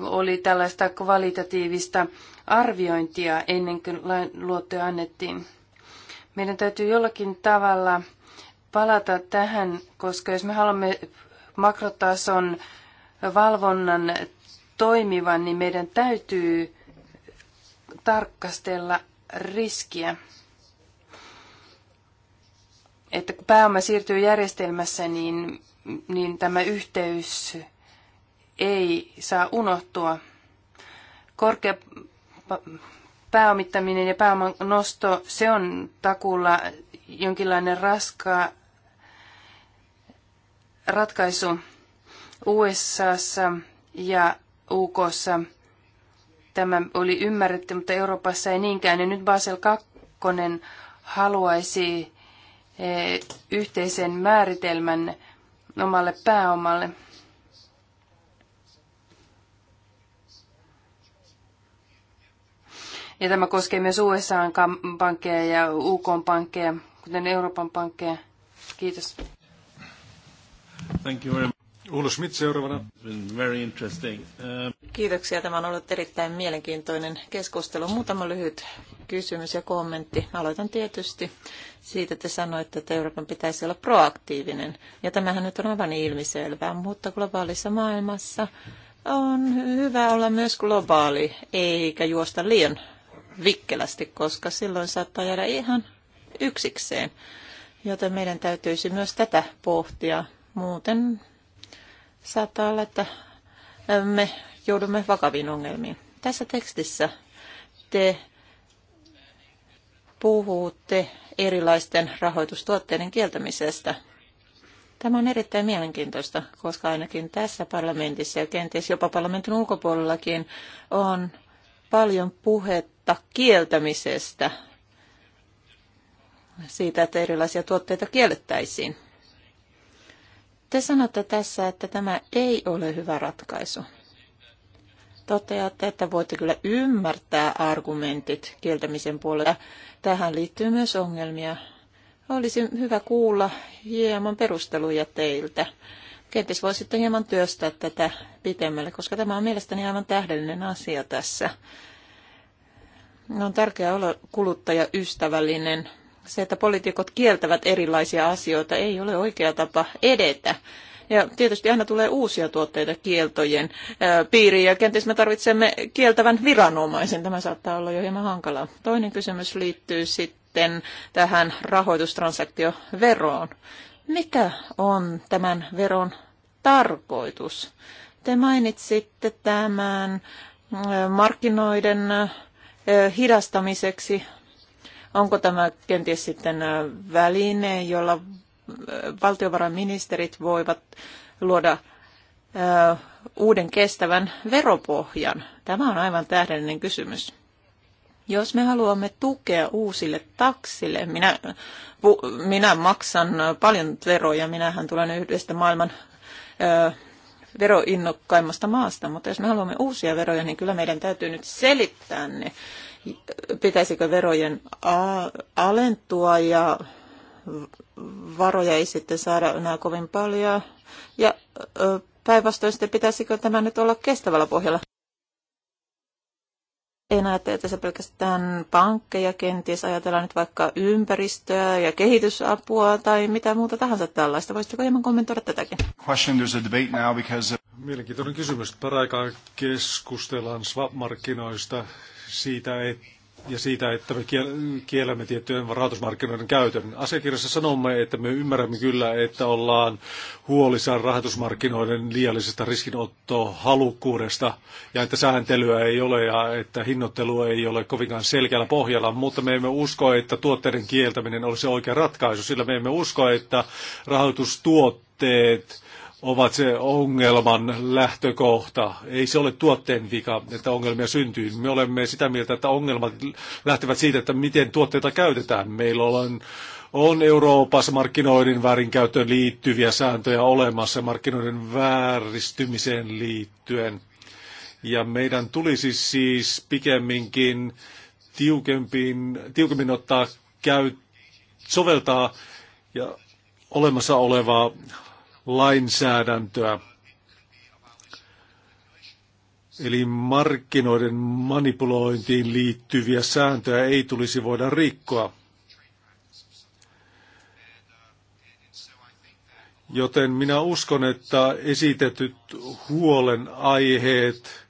Oli tällaista kvalitatiivista arviointia ennen kuin luottoja annettiin. Meidän täytyy jollakin tavalla palata tähän, koska jos me haluamme makrotason valvonnan toimivan, niin meidän täytyy tarkastella riskiä. Että kun pääoma siirtyy järjestelmässä, niin, niin tämä yhteys ei saa unohtua. Korkea pääomittaminen ja pääoman nosto, se on takulla jonkinlainen raskaa ratkaisu USAssa ja UK tämä oli ymmärretty, mutta Euroopassa ei niinkään. Ja nyt Basel II haluaisi eh, yhteisen määritelmän omalle pääomalle. Ja tämä koskee myös USA-pankkeja ja UK-pankkeja, kuten Euroopan pankkeja. Kiitos. Thank you very Ulla Schmidt seuraavana. Um, Kiitoksia. Tämä on ollut erittäin mielenkiintoinen keskustelu. Muutama lyhyt kysymys ja kommentti. Aloitan tietysti siitä, että sanoitte, että Euroopan pitäisi olla proaktiivinen. Ja tämähän nyt on aivan ilmiselvää, mutta globaalissa maailmassa on hyvä olla myös globaali, eikä juosta liian vikkelästi, koska silloin saattaa jäädä ihan yksikseen. Joten meidän täytyisi myös tätä pohtia. Muuten saattaa olla, että me joudumme vakaviin ongelmiin. Tässä tekstissä te puhutte erilaisten rahoitustuotteiden kieltämisestä. Tämä on erittäin mielenkiintoista, koska ainakin tässä parlamentissa ja kenties jopa parlamentin ulkopuolellakin on paljon puhetta kieltämisestä siitä, että erilaisia tuotteita kiellettäisiin. Te sanotte tässä, että tämä ei ole hyvä ratkaisu. Toteatte, että voitte kyllä ymmärtää argumentit kieltämisen puolella. Tähän liittyy myös ongelmia. Olisi hyvä kuulla hieman perusteluja teiltä. Kenties voisitte hieman työstää tätä pitemmälle, koska tämä on mielestäni aivan tähdellinen asia tässä. On tärkeää olla kuluttajaystävällinen se, että poliitikot kieltävät erilaisia asioita, ei ole oikea tapa edetä. Ja tietysti aina tulee uusia tuotteita kieltojen piiriin ja kenties me tarvitsemme kieltävän viranomaisen. Tämä saattaa olla jo hieman hankalaa. Toinen kysymys liittyy sitten tähän rahoitustransaktioveroon. Mikä on tämän veron tarkoitus? Te mainitsitte tämän markkinoiden hidastamiseksi Onko tämä kenties sitten äh, väline, jolla äh, valtiovarainministerit voivat luoda äh, uuden kestävän veropohjan? Tämä on aivan tähdellinen kysymys. Jos me haluamme tukea uusille taksille, minä, pu, minä maksan paljon veroja, minähän tulen yhdestä maailman ö, veroinnokkaimmasta maasta, mutta jos me haluamme uusia veroja, niin kyllä meidän täytyy nyt selittää ne pitäisikö verojen alentua ja varoja ei sitten saada enää kovin paljon. Ja päinvastoin sitten pitäisikö tämä nyt olla kestävällä pohjalla? En ajattele se pelkästään pankkeja, kenties ajatellaan nyt vaikka ympäristöä ja kehitysapua tai mitä muuta tahansa tällaista. Voisitko hieman kommentoida tätäkin? Mielenkiintoinen kysymys. Paraikaa keskustellaan swap-markkinoista siitä, et, ja siitä, että me kiellämme tiettyjen rahoitusmarkkinoiden käytön. Asiakirjassa sanomme, että me ymmärrämme kyllä, että ollaan huolissaan rahoitusmarkkinoiden liiallisesta riskinottohalukkuudesta ja että sääntelyä ei ole ja että hinnoittelu ei ole kovinkaan selkeällä pohjalla, mutta me emme usko, että tuotteiden kieltäminen olisi oikea ratkaisu, sillä me emme usko, että rahoitustuotteet ovat se ongelman lähtökohta. Ei se ole tuotteen vika, että ongelmia syntyy. Me olemme sitä mieltä, että ongelmat lähtevät siitä, että miten tuotteita käytetään. Meillä on, on Euroopassa markkinoiden väärinkäyttöön liittyviä sääntöjä olemassa markkinoiden vääristymiseen liittyen. Ja meidän tulisi siis pikemminkin tiukempiin, tiukemmin ottaa käy, soveltaa ja olemassa olevaa lainsäädäntöä. Eli markkinoiden manipulointiin liittyviä sääntöjä ei tulisi voida rikkoa. Joten minä uskon, että esitetyt huolenaiheet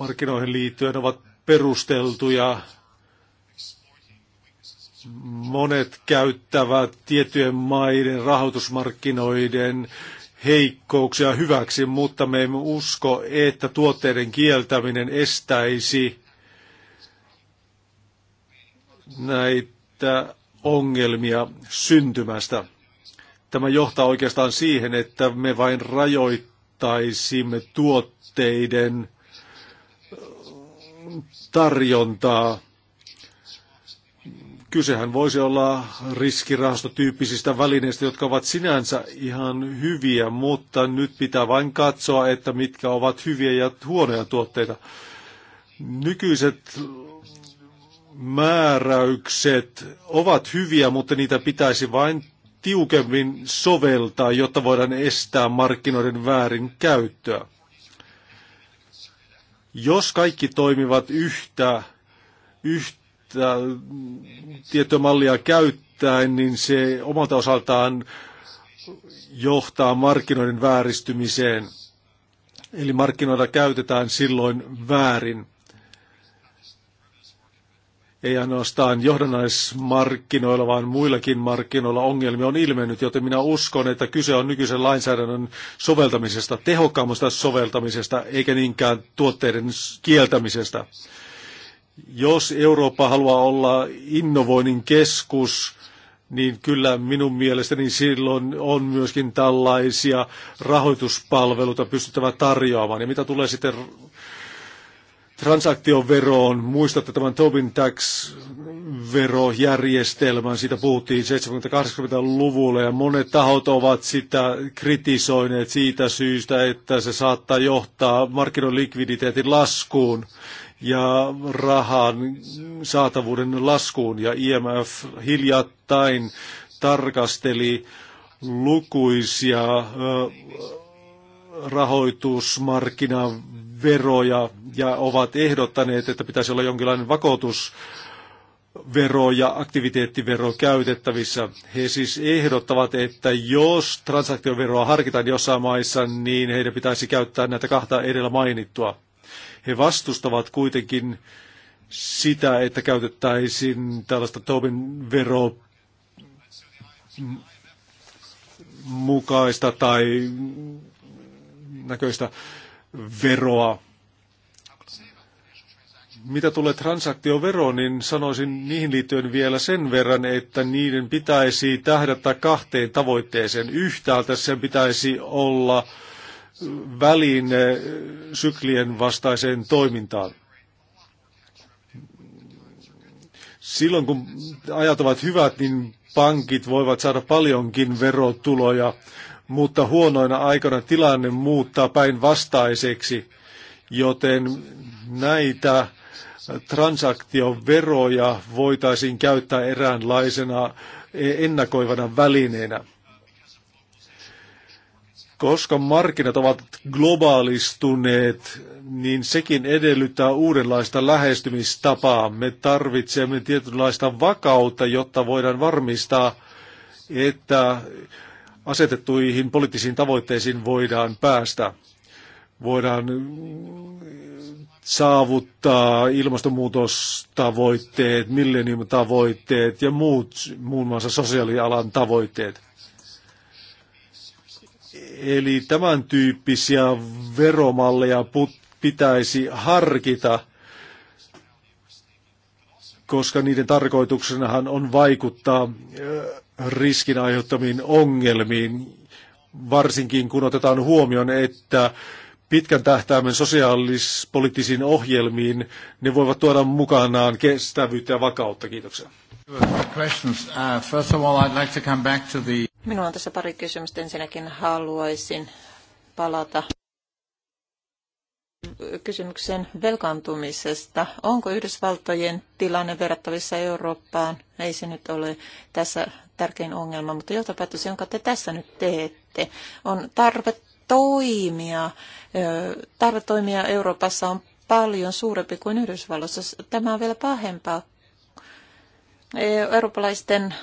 markkinoihin liittyen ovat perusteltuja Monet käyttävät tiettyjen maiden rahoitusmarkkinoiden heikkouksia hyväksi, mutta me emme usko, että tuotteiden kieltäminen estäisi näitä ongelmia syntymästä. Tämä johtaa oikeastaan siihen, että me vain rajoittaisimme tuotteiden tarjontaa Kysehän voisi olla riskirahastotyyppisistä välineistä, jotka ovat sinänsä ihan hyviä, mutta nyt pitää vain katsoa, että mitkä ovat hyviä ja huonoja tuotteita. Nykyiset määräykset ovat hyviä, mutta niitä pitäisi vain tiukemmin soveltaa, jotta voidaan estää markkinoiden väärin käyttöä. Jos kaikki toimivat yhtä, yhtä tätä tietomallia käyttäen, niin se omalta osaltaan johtaa markkinoiden vääristymiseen. Eli markkinoita käytetään silloin väärin. Ei ainoastaan johdannaismarkkinoilla, vaan muillakin markkinoilla ongelmia on ilmennyt, joten minä uskon, että kyse on nykyisen lainsäädännön soveltamisesta, tehokkaammasta soveltamisesta, eikä niinkään tuotteiden kieltämisestä. Jos Eurooppa haluaa olla innovoinnin keskus, niin kyllä minun mielestäni silloin on myöskin tällaisia rahoituspalveluita pystyttävä tarjoamaan. Ja mitä tulee sitten transaktioveroon, muistatte tämän Tobin Tax-verojärjestelmän, siitä puhuttiin 70-80-luvulla ja monet tahot ovat sitä kritisoineet siitä syystä, että se saattaa johtaa markkinoiden likviditeetin laskuun ja rahan saatavuuden laskuun. Ja IMF hiljattain tarkasteli lukuisia rahoitusmarkkinaveroja ja ovat ehdottaneet, että pitäisi olla jonkinlainen vakuutus vero ja aktiviteettivero käytettävissä. He siis ehdottavat, että jos transaktioveroa harkitaan jossain maissa, niin heidän pitäisi käyttää näitä kahta edellä mainittua. He vastustavat kuitenkin sitä, että käytettäisiin tällaista Tobin vero mukaista tai näköistä veroa. Mitä tulee transaktioveroon, niin sanoisin niihin liittyen vielä sen verran, että niiden pitäisi tähdätä kahteen tavoitteeseen. Yhtäältä sen pitäisi olla äh, väliin eh, syklien vastaiseen toimintaan. Silloin kun ajat ovat hyvät, niin pankit voivat saada paljonkin verotuloja, mutta huonoina aikana tilanne muuttaa päinvastaiseksi, joten näitä transaktioveroja voitaisiin käyttää eräänlaisena ennakoivana välineenä. Koska markkinat ovat globaalistuneet, niin sekin edellyttää uudenlaista lähestymistapaa. Me tarvitsemme tietynlaista vakautta, jotta voidaan varmistaa, että asetettuihin poliittisiin tavoitteisiin voidaan päästä. Voidaan saavuttaa ilmastonmuutostavoitteet, millennium-tavoitteet ja muut, muun muassa sosiaalialan tavoitteet. Eli tämän tyyppisiä veromalleja pitäisi harkita, koska niiden tarkoituksenahan on vaikuttaa riskin aiheuttamiin ongelmiin, varsinkin kun otetaan huomioon, että pitkän tähtäimen sosiaalispoliittisiin ohjelmiin ne voivat tuoda mukanaan kestävyyttä ja vakautta. Kiitoksia. Minulla on tässä pari kysymystä. Ensinnäkin haluaisin palata kysymykseen velkaantumisesta. Onko Yhdysvaltojen tilanne verrattavissa Eurooppaan? Ei se nyt ole tässä tärkein ongelma, mutta johtopäätös, jonka te tässä nyt teette, on tarve toimia. Tarve toimia Euroopassa on paljon suurempi kuin Yhdysvalloissa. Tämä on vielä pahempaa. Eurooppalaisten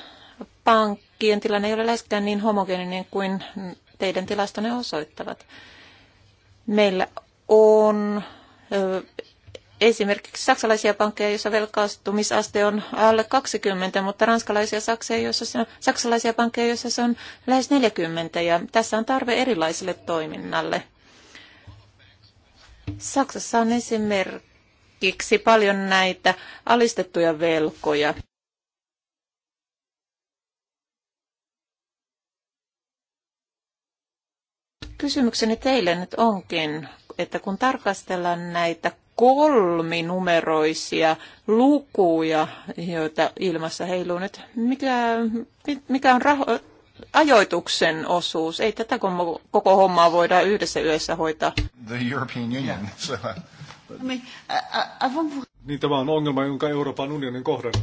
pankkien tilanne ei ole läheskään niin homogeeninen kuin teidän tilastonne osoittavat. Meillä on esimerkiksi saksalaisia pankkeja, joissa velkaastumisaste on alle 20, mutta ranskalaisia saksia, joissa se on, saksalaisia pankkeja, joissa se on lähes 40, ja tässä on tarve erilaiselle toiminnalle. Saksassa on esimerkiksi paljon näitä alistettuja velkoja. Kysymykseni teille nyt onkin, että kun tarkastellaan näitä kolminumeroisia lukuja, joita ilmassa heiluu nyt, mikä, mikä on raho- ajoituksen osuus? Ei tätä koko hommaa voida yhdessä yössä hoitaa. The European Union. So, I mean, niin tämä on ongelma, jonka Euroopan unionin kohdalla.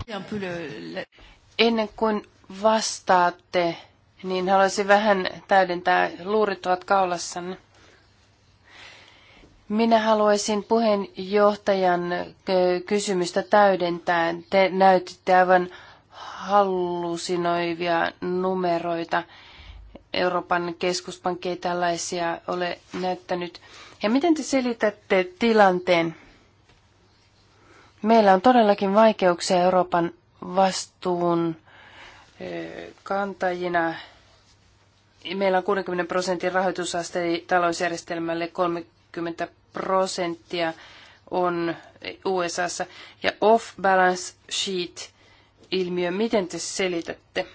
Ennen kuin vastaatte niin haluaisin vähän täydentää. Luurit ovat kaulassanne. Minä haluaisin puheenjohtajan kysymystä täydentää. Te näytitte aivan hallusinoivia numeroita. Euroopan keskuspankki ei tällaisia ole näyttänyt. Ja miten te selitätte tilanteen? Meillä on todellakin vaikeuksia Euroopan vastuun kantajina. Meillä on 60 prosentin rahoitusaste talousjärjestelmälle, 30 prosenttia on USAssa. Ja off-balance sheet ilmiö, miten te selitätte?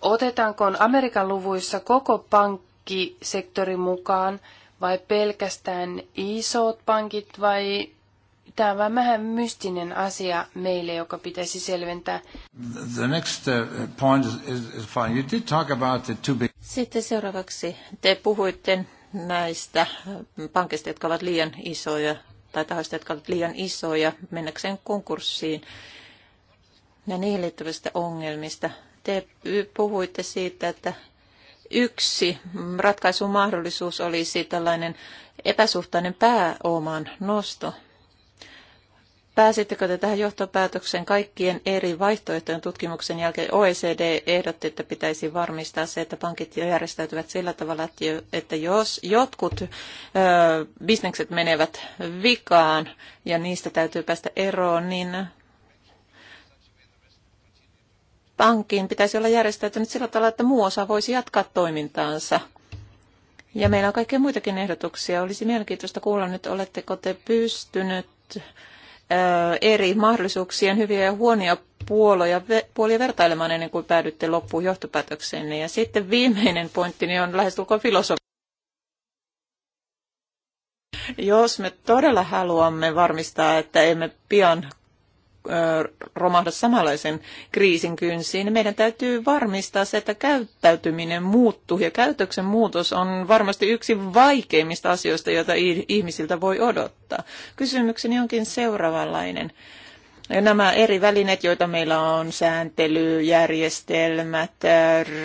Otetaanko Amerikan luvuissa koko pankkisektori mukaan vai pelkästään isot pankit vai Tämä on vähän mystinen asia meille, joka pitäisi selventää. The next uh, point is, is fine. You did talk about the two big... Sitten seuraavaksi te puhuitte näistä pankista, jotka ovat liian isoja, tai tahoista, jotka ovat liian isoja mennäkseen konkurssiin ja niihin liittyvistä ongelmista. Te puhuitte siitä, että yksi ratkaisun mahdollisuus olisi tällainen epäsuhtainen pääoman nosto. Pääsittekö te tähän johtopäätökseen kaikkien eri vaihtoehtojen tutkimuksen jälkeen? OECD ehdotti, että pitäisi varmistaa se, että pankit järjestäytyvät sillä tavalla, että jos jotkut ö, bisnekset menevät vikaan ja niistä täytyy päästä eroon, niin pankin pitäisi olla järjestäytynyt sillä tavalla, että muu osa voisi jatkaa toimintaansa. Ja meillä on kaikkea muitakin ehdotuksia. Olisi mielenkiintoista kuulla nyt, oletteko te pystynyt eri mahdollisuuksien hyviä ja huonoja puolia, puolia vertailemaan ennen kuin päädytte loppuun johtopäätökseen. Ja sitten viimeinen pointti niin on lähestulkoon filosofia. Jos me todella haluamme varmistaa, että emme pian romahda samanlaisen kriisin kynsiin. Meidän täytyy varmistaa se, että käyttäytyminen muuttuu ja käytöksen muutos on varmasti yksi vaikeimmista asioista, joita ihmisiltä voi odottaa. Kysymykseni onkin seuraavanlainen. Nämä eri välineet, joita meillä on, sääntelyjärjestelmät,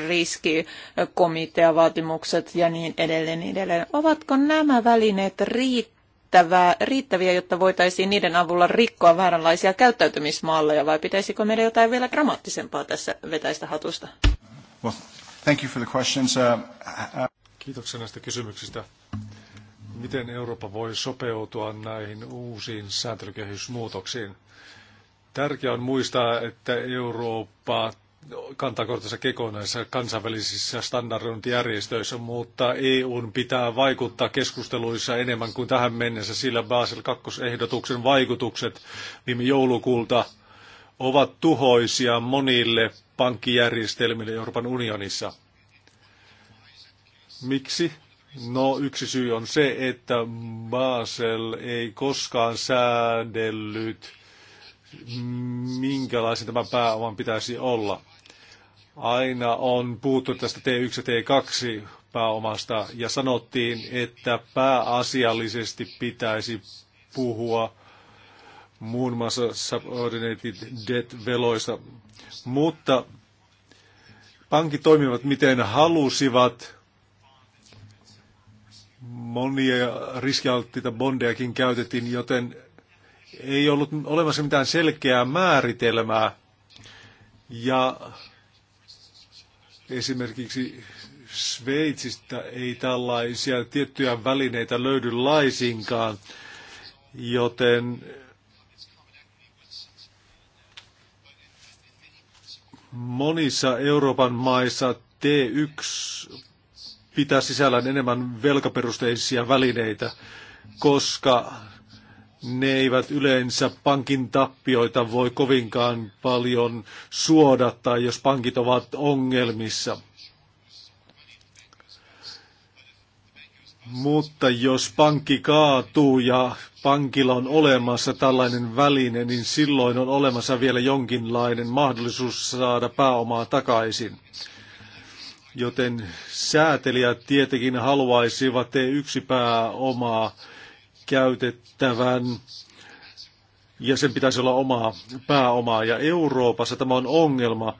riskikomiteavaatimukset ja niin edelleen, niin edelleen, ovatko nämä välineet riittävät? riittävää, riittäviä, jotta voitaisiin niiden avulla rikkoa vääränlaisia käyttäytymismalleja, vai pitäisikö meidän jotain vielä dramaattisempaa tässä vetäistä hatusta? Well, thank you for the questions. Uh, uh... uh Kiitoksia näistä kysymyksistä. Miten Eurooppa voi sopeutua näihin uusiin sääntelykehysmuutoksiin? Tärkeää on muistaa, että Eurooppa Kantakortissa kortensa kekoon näissä kansainvälisissä standardointijärjestöissä, mutta EUn pitää vaikuttaa keskusteluissa enemmän kuin tähän mennessä, sillä Basel 2-ehdotuksen vaikutukset viime joulukuulta ovat tuhoisia monille pankkijärjestelmille Euroopan unionissa. Miksi? No yksi syy on se, että Basel ei koskaan säädellyt minkälaisen tämän pääoman pitäisi olla aina on puhuttu tästä T1 ja T2 pääomasta ja sanottiin, että pääasiallisesti pitäisi puhua muun muassa subordinated debt-veloista. Mutta pankit toimivat miten halusivat. Monia riskialttiita bondejakin käytettiin, joten ei ollut olemassa mitään selkeää määritelmää. Ja Esimerkiksi Sveitsistä ei tällaisia tiettyjä välineitä löydy laisinkaan, joten monissa Euroopan maissa T1 pitää sisällään enemmän velkaperusteisia välineitä, koska ne eivät yleensä pankin tappioita voi kovinkaan paljon suodattaa, jos pankit ovat ongelmissa. Mutta jos pankki kaatuu ja pankilla on olemassa tällainen väline, niin silloin on olemassa vielä jonkinlainen mahdollisuus saada pääomaa takaisin. Joten säätelijät tietenkin haluaisivat t yksi pääomaa käytettävän ja sen pitäisi olla omaa pääomaa. Ja Euroopassa tämä on ongelma,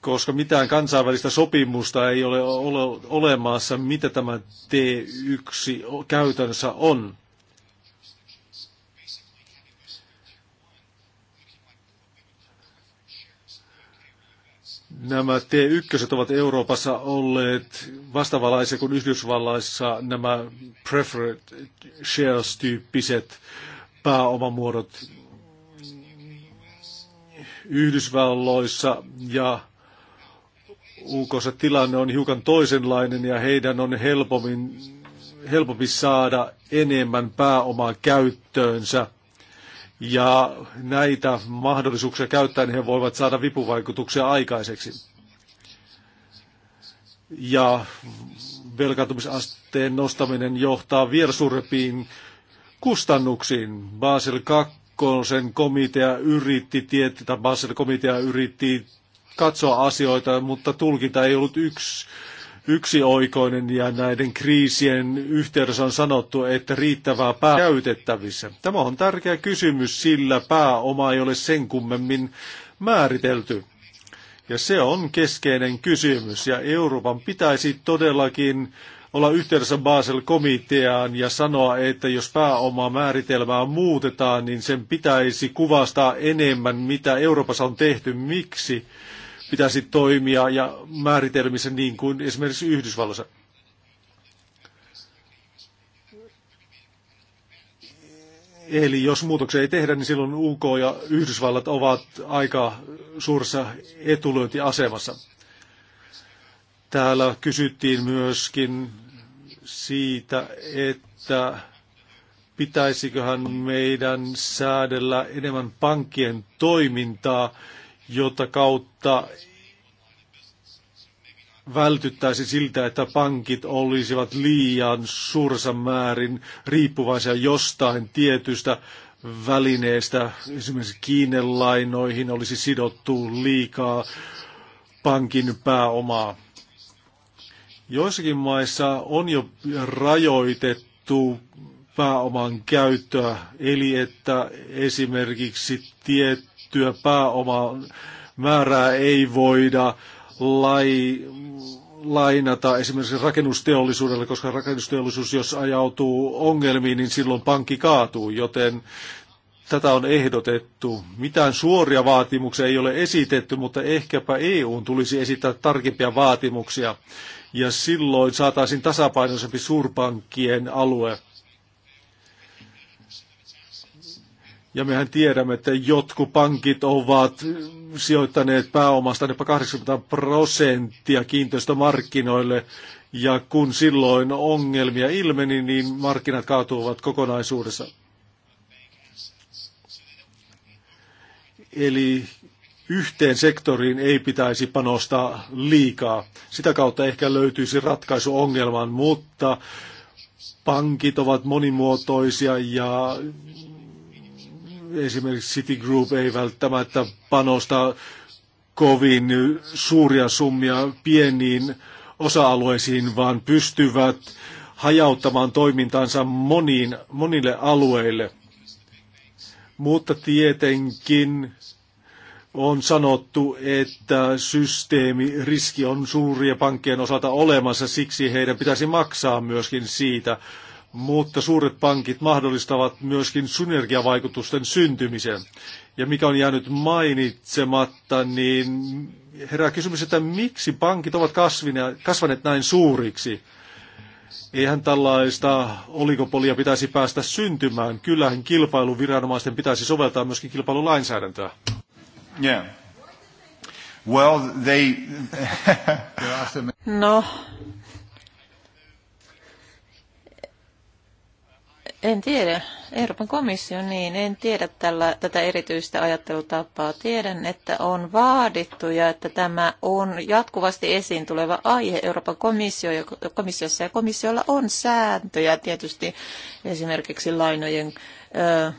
koska mitään kansainvälistä sopimusta ei ole, ole olemassa, mitä tämä T1 käytännössä on. Nämä T1 ovat Euroopassa olleet vastavalaisia kuin Yhdysvalloissa nämä preferred shares-tyyppiset pääomamuodot Yhdysvalloissa ja UKssa tilanne on hiukan toisenlainen ja heidän on helpommin, helpompi saada enemmän pääomaa käyttöönsä ja näitä mahdollisuuksia käyttäen he voivat saada vipuvaikutuksia aikaiseksi. Ja velkaantumisasteen nostaminen johtaa vielä suurempiin kustannuksiin. Basel 2 komitea yritti tietää, Basel komitea yritti katsoa asioita, mutta tulkinta ei ollut yksi yksioikoinen ja näiden kriisien yhteydessä on sanottu, että riittävää pää käytettävissä. Tämä on tärkeä kysymys, sillä pääoma ei ole sen kummemmin määritelty. Ja se on keskeinen kysymys ja Euroopan pitäisi todellakin olla yhteydessä Basel-komiteaan ja sanoa, että jos pääomaa määritelmää muutetaan, niin sen pitäisi kuvastaa enemmän, mitä Euroopassa on tehty, miksi pitäisi toimia ja määritelmissä niin kuin esimerkiksi Yhdysvalloissa. Eli jos muutoksia ei tehdä, niin silloin UK ja Yhdysvallat ovat aika suuressa etulyöntiasemassa. Täällä kysyttiin myöskin siitä, että pitäisiköhän meidän säädellä enemmän pankkien toimintaa jota kautta vältyttäisi siltä, että pankit olisivat liian suuressa määrin riippuvaisia jostain tietystä välineestä. Esimerkiksi kiinelainoihin olisi sidottu liikaa pankin pääomaa. Joissakin maissa on jo rajoitettu pääoman käyttöä, eli että esimerkiksi tietty työpääoma määrää ei voida lai, lainata esimerkiksi rakennusteollisuudelle, koska rakennusteollisuus, jos ajautuu ongelmiin, niin silloin pankki kaatuu, joten tätä on ehdotettu. Mitään suoria vaatimuksia ei ole esitetty, mutta ehkäpä EU tulisi esittää tarkempia vaatimuksia, ja silloin saataisiin tasapainoisempi suurpankkien alue. Ja mehän tiedämme, että jotkut pankit ovat sijoittaneet pääomasta jopa 80 prosenttia kiinteistömarkkinoille. Ja kun silloin ongelmia ilmeni, niin markkinat kaatuivat kokonaisuudessa. Eli yhteen sektoriin ei pitäisi panostaa liikaa. Sitä kautta ehkä löytyisi ratkaisu ongelmaan, mutta pankit ovat monimuotoisia ja esimerkiksi Citigroup ei välttämättä panosta kovin suuria summia pieniin osa-alueisiin, vaan pystyvät hajauttamaan toimintansa moniin, monille alueille. Mutta tietenkin on sanottu, että systeemiriski on suuria pankkien osalta olemassa, siksi heidän pitäisi maksaa myöskin siitä mutta suuret pankit mahdollistavat myöskin synergiavaikutusten syntymisen. Ja mikä on jäänyt mainitsematta, niin herää kysymys, että miksi pankit ovat kasvaneet näin suuriksi? Eihän tällaista oligopolia pitäisi päästä syntymään. Kyllähän kilpailuviranomaisten pitäisi soveltaa myöskin kilpailulainsäädäntöä. Yeah. Well, they... no, En tiedä. Euroopan komissio, niin en tiedä tällä, tätä erityistä ajattelutapaa. Tiedän, että on vaadittu ja että tämä on jatkuvasti esiin tuleva aihe Euroopan komissio, komissiossa ja komissiolla on sääntöjä tietysti esimerkiksi lainojen ö,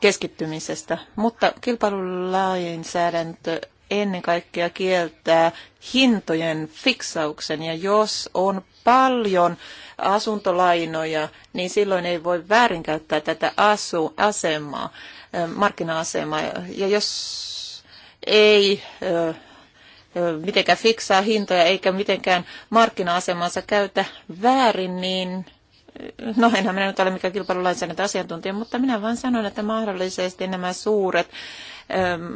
keskittymisestä, mutta kilpailulainsäädäntö ennen kaikkea kieltää hintojen fiksauksen ja jos on paljon asuntolainoja, niin silloin ei voi väärinkäyttää tätä asu, asemaa, markkina-asemaa. Ja jos ei mitenkään fiksaa hintoja eikä mitenkään markkina-asemansa käytä väärin, niin no enhän minä nyt ole mikään kilpailulainsäädäntö asiantuntija, mutta minä vain sanon, että mahdollisesti nämä suuret,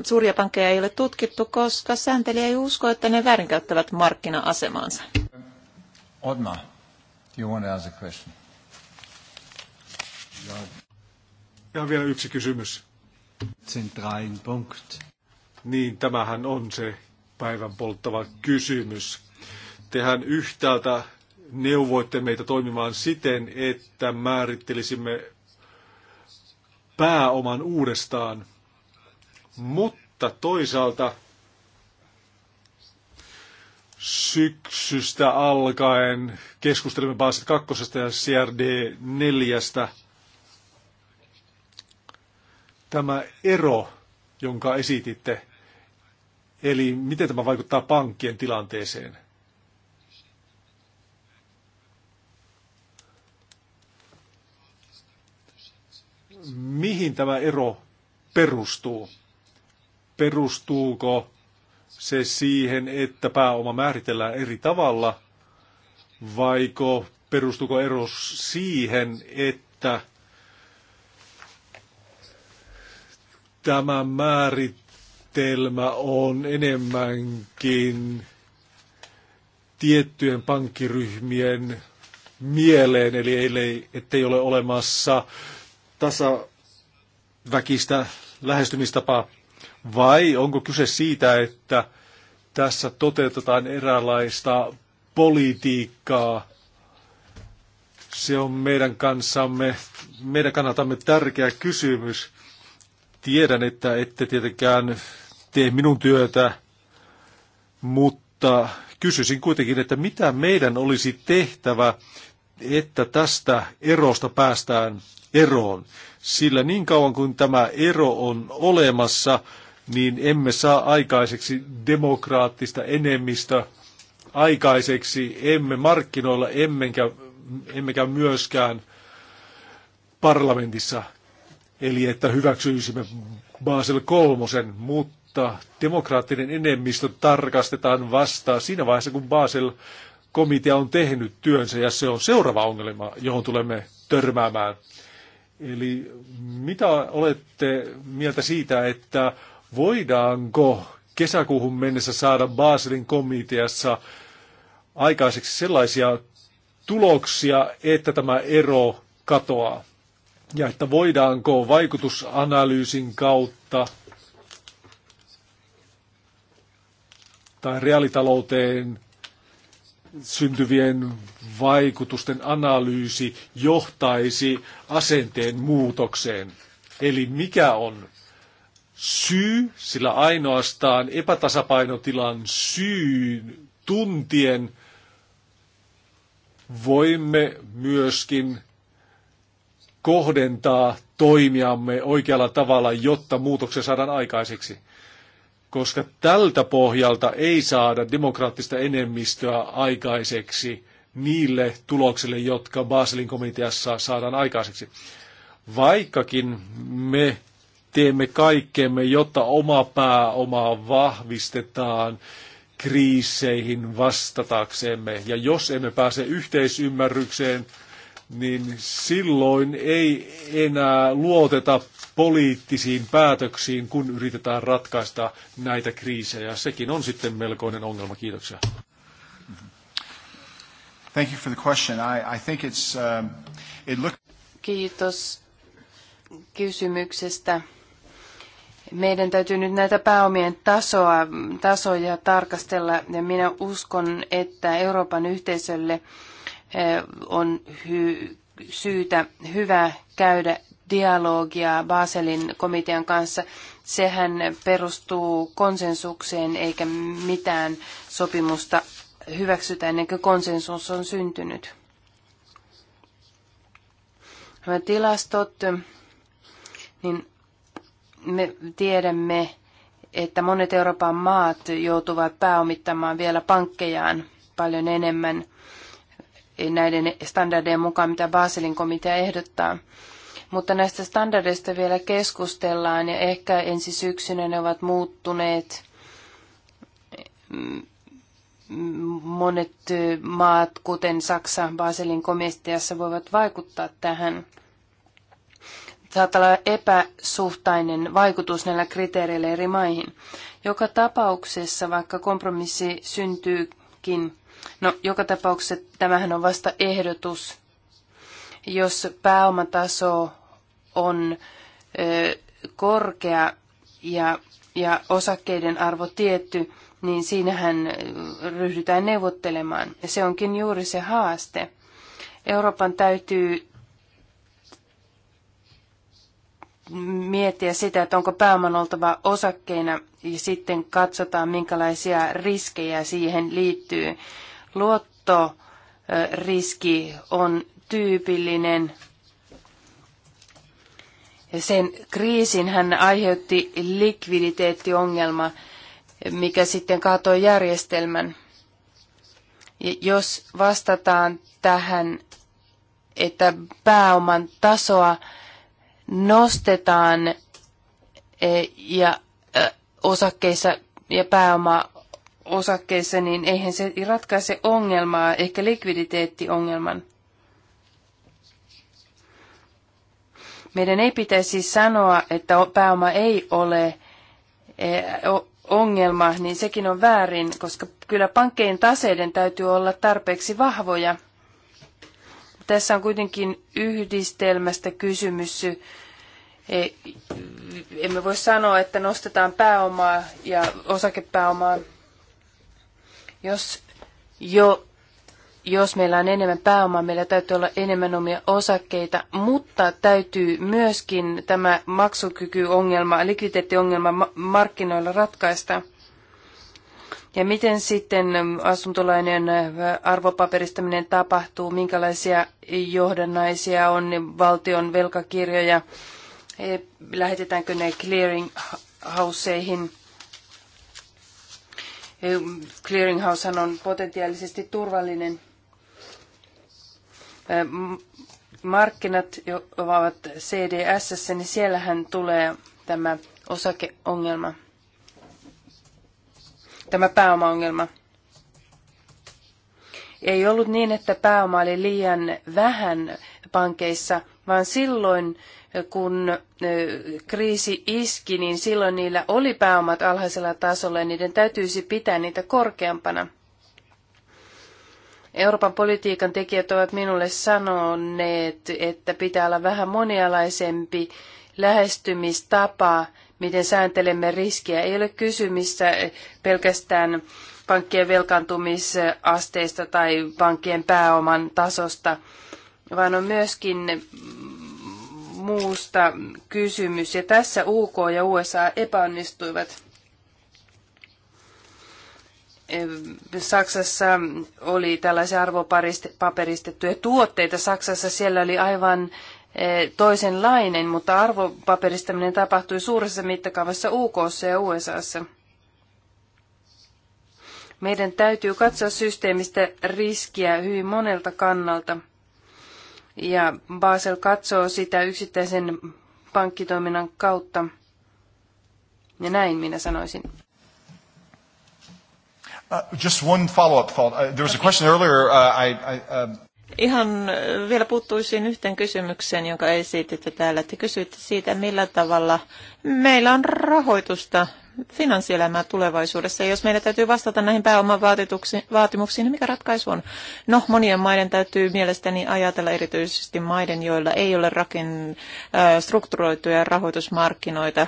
suuria pankkeja ei ole tutkittu, koska sääntelijä ei usko, että ne väärinkäyttävät markkina-asemansa. Odmah. do you want to ask a question? Ja, vielä yksi kysymys. Zentralen Punkt. Niin, tämähän on se päivän polttava kysymys. Tehän yhtäältä neuvoitte meitä toimimaan siten, että määrittelisimme pääoman uudestaan, mutta toisaalta syksystä alkaen keskustelimme Basel 2 ja CRD 4. Tämä ero, jonka esititte, eli miten tämä vaikuttaa pankkien tilanteeseen? Mihin tämä ero perustuu? Perustuuko se siihen, että pääoma määritellään eri tavalla, vaiko perustuko ero siihen, että tämä määritelmä on enemmänkin tiettyjen pankkiryhmien mieleen, eli ei, ettei ole olemassa tasaväkistä lähestymistapaa vai onko kyse siitä, että tässä toteutetaan eräänlaista politiikkaa? Se on meidän kanssamme, meidän kannatamme tärkeä kysymys. Tiedän, että ette tietenkään tee minun työtä, mutta kysyisin kuitenkin, että mitä meidän olisi tehtävä, että tästä erosta päästään eroon. Sillä niin kauan kuin tämä ero on olemassa, niin emme saa aikaiseksi demokraattista enemmistöä, aikaiseksi, emme markkinoilla, emmekä, emmekä myöskään parlamentissa. Eli että hyväksyisimme Basel kolmosen, mutta demokraattinen enemmistö tarkastetaan vasta siinä vaiheessa, kun Basel komitea on tehnyt työnsä ja se on seuraava ongelma, johon tulemme törmäämään. Eli mitä olette mieltä siitä, että voidaanko kesäkuuhun mennessä saada Baselin komiteassa aikaiseksi sellaisia tuloksia, että tämä ero katoaa. Ja että voidaanko vaikutusanalyysin kautta tai reaalitalouteen syntyvien vaikutusten analyysi johtaisi asenteen muutokseen. Eli mikä on syy, sillä ainoastaan epätasapainotilan syyn tuntien voimme myöskin kohdentaa toimiamme oikealla tavalla, jotta muutoksen saadaan aikaiseksi. Koska tältä pohjalta ei saada demokraattista enemmistöä aikaiseksi niille tuloksille, jotka Baselin komiteassa saadaan aikaiseksi. Vaikkakin me teemme kaikkemme, jotta oma pääoma vahvistetaan kriiseihin vastataksemme. Ja jos emme pääse yhteisymmärrykseen, niin silloin ei enää luoteta poliittisiin päätöksiin, kun yritetään ratkaista näitä kriisejä. Sekin on sitten melkoinen ongelma. Kiitoksia. Thank you for the question. I, I think it's, um, it look... Kiitos kysymyksestä meidän täytyy nyt näitä pääomien tasoa, tasoja tarkastella ja minä uskon, että Euroopan yhteisölle eh, on hy, syytä hyvä käydä dialogia Baselin komitean kanssa. Sehän perustuu konsensukseen eikä mitään sopimusta hyväksytä ennen kuin konsensus on syntynyt. tilastot, niin me tiedämme, että monet Euroopan maat joutuvat pääomittamaan vielä pankkejaan paljon enemmän näiden standardien mukaan, mitä Baselin komitea ehdottaa. Mutta näistä standardeista vielä keskustellaan ja ehkä ensi syksynä ne ovat muuttuneet. Monet maat, kuten Saksa Baselin komiteassa, voivat vaikuttaa tähän – saattaa olla epäsuhtainen vaikutus näillä kriteereillä eri maihin. Joka tapauksessa, vaikka kompromissi syntyykin, no joka tapauksessa tämähän on vasta ehdotus, jos pääomataso on ö, korkea ja, ja osakkeiden arvo tietty, niin siinähän ryhdytään neuvottelemaan. Ja se onkin juuri se haaste. Euroopan täytyy miettiä sitä, että onko pääoman oltava osakkeina ja sitten katsotaan, minkälaisia riskejä siihen liittyy. Luottoriski on tyypillinen. Sen kriisin hän aiheutti likviditeettiongelma, mikä sitten kaatoi järjestelmän. Ja jos vastataan tähän, että pääoman tasoa nostetaan e, ja osakkeissa ja pääoma osakkeissa, niin eihän se ratkaise ongelmaa, ehkä likviditeettiongelman. Meidän ei pitäisi sanoa, että pääoma ei ole e, ongelma, niin sekin on väärin, koska kyllä pankkeen taseiden täytyy olla tarpeeksi vahvoja – tässä on kuitenkin yhdistelmästä kysymys. E, emme voi sanoa, että nostetaan pääomaa ja osakepääomaa. Jos, jo, jos meillä on enemmän pääomaa, meillä täytyy olla enemmän omia osakkeita, mutta täytyy myöskin tämä maksukykyongelma, likviditeettiongelma markkinoilla ratkaista. Ja miten sitten asuntolainen arvopaperistaminen tapahtuu, minkälaisia johdannaisia on valtion velkakirjoja, e, lähetetäänkö ne clearinghouseihin? E, Clearinghouse on potentiaalisesti turvallinen. E, markkinat ovat CDS, niin siellähän tulee tämä osakeongelma tämä pääomaongelma. Ei ollut niin, että pääoma oli liian vähän pankeissa, vaan silloin kun kriisi iski, niin silloin niillä oli pääomat alhaisella tasolla ja niiden täytyisi pitää niitä korkeampana. Euroopan politiikan tekijät ovat minulle sanoneet, että pitää olla vähän monialaisempi lähestymistapa miten sääntelemme riskiä. Ei ole kysymistä pelkästään pankkien velkaantumisasteista tai pankkien pääoman tasosta, vaan on myöskin muusta kysymys. Ja tässä UK ja USA epäonnistuivat. Saksassa oli tällaisia arvopaperistettuja tuotteita. Saksassa siellä oli aivan toisenlainen, mutta arvopaperistaminen tapahtui suuressa mittakaavassa UK ja USAssa. Meidän täytyy katsoa systeemistä riskiä hyvin monelta kannalta. Ja Basel katsoo sitä yksittäisen pankkitoiminnan kautta. Ja näin minä sanoisin. Uh, just one follow-up thought. Uh, there was a question earlier. Uh, I, I, uh... Ihan vielä puuttuisin yhteen kysymykseen, jonka esititte täällä. Te kysyitte siitä, millä tavalla meillä on rahoitusta finanssielämää tulevaisuudessa. jos meidän täytyy vastata näihin pääoman vaatimuksiin, niin mikä ratkaisu on? No, monien maiden täytyy mielestäni ajatella erityisesti maiden, joilla ei ole raken, strukturoituja rahoitusmarkkinoita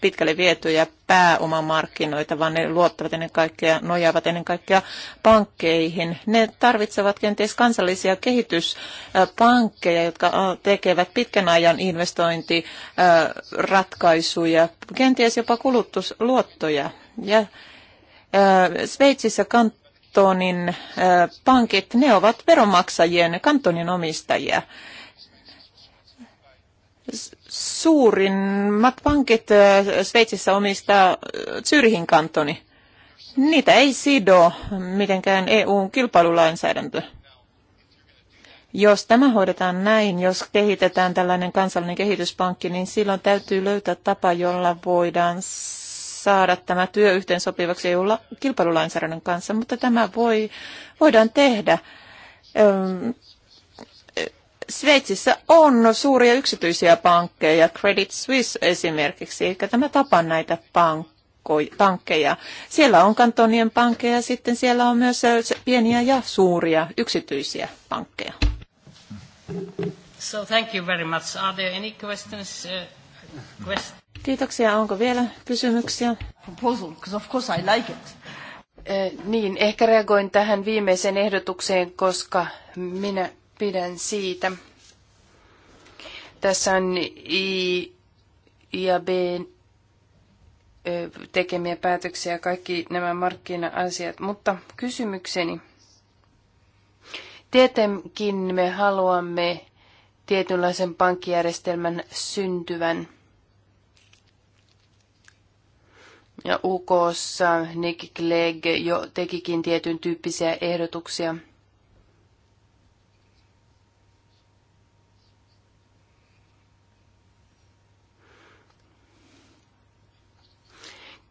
pitkälle vietyjä pääomamarkkinoita, vaan ne luottavat ennen kaikkea, nojaavat ennen kaikkea pankkeihin. Ne tarvitsevat kenties kansallisia kehityspankkeja, jotka tekevät pitkän ajan investointiratkaisuja, kenties jopa kulutusluottoja. Ja Sveitsissä kantonin pankit, ne ovat veronmaksajien, kantonin omistajia suurimmat pankit Sveitsissä omistaa Zyrihin kantoni. Niitä ei sido mitenkään EUn kilpailulainsäädäntö. Jos tämä hoidetaan näin, jos kehitetään tällainen kansallinen kehityspankki, niin silloin täytyy löytää tapa, jolla voidaan saada tämä työ yhteen sopivaksi EU-kilpailulainsäädännön kanssa, mutta tämä voi, voidaan tehdä Sveitsissä on suuria yksityisiä pankkeja, Credit Suisse esimerkiksi, eli tämä tapa näitä pankkeja. Siellä on kantonien pankkeja, sitten siellä on myös pieniä ja suuria yksityisiä pankkeja. So thank you very much. Are there any questions? Uh, quest- Kiitoksia. Onko vielä kysymyksiä? Proposal, because of course I like it. Eh, niin, ehkä reagoin tähän viimeiseen ehdotukseen, koska minä pidän siitä. Tässä on I ja B tekemiä päätöksiä, kaikki nämä markkina-asiat. Mutta kysymykseni. Tietenkin me haluamme tietynlaisen pankkijärjestelmän syntyvän. Ja UKssa Nick Clegg jo tekikin tietyn tyyppisiä ehdotuksia –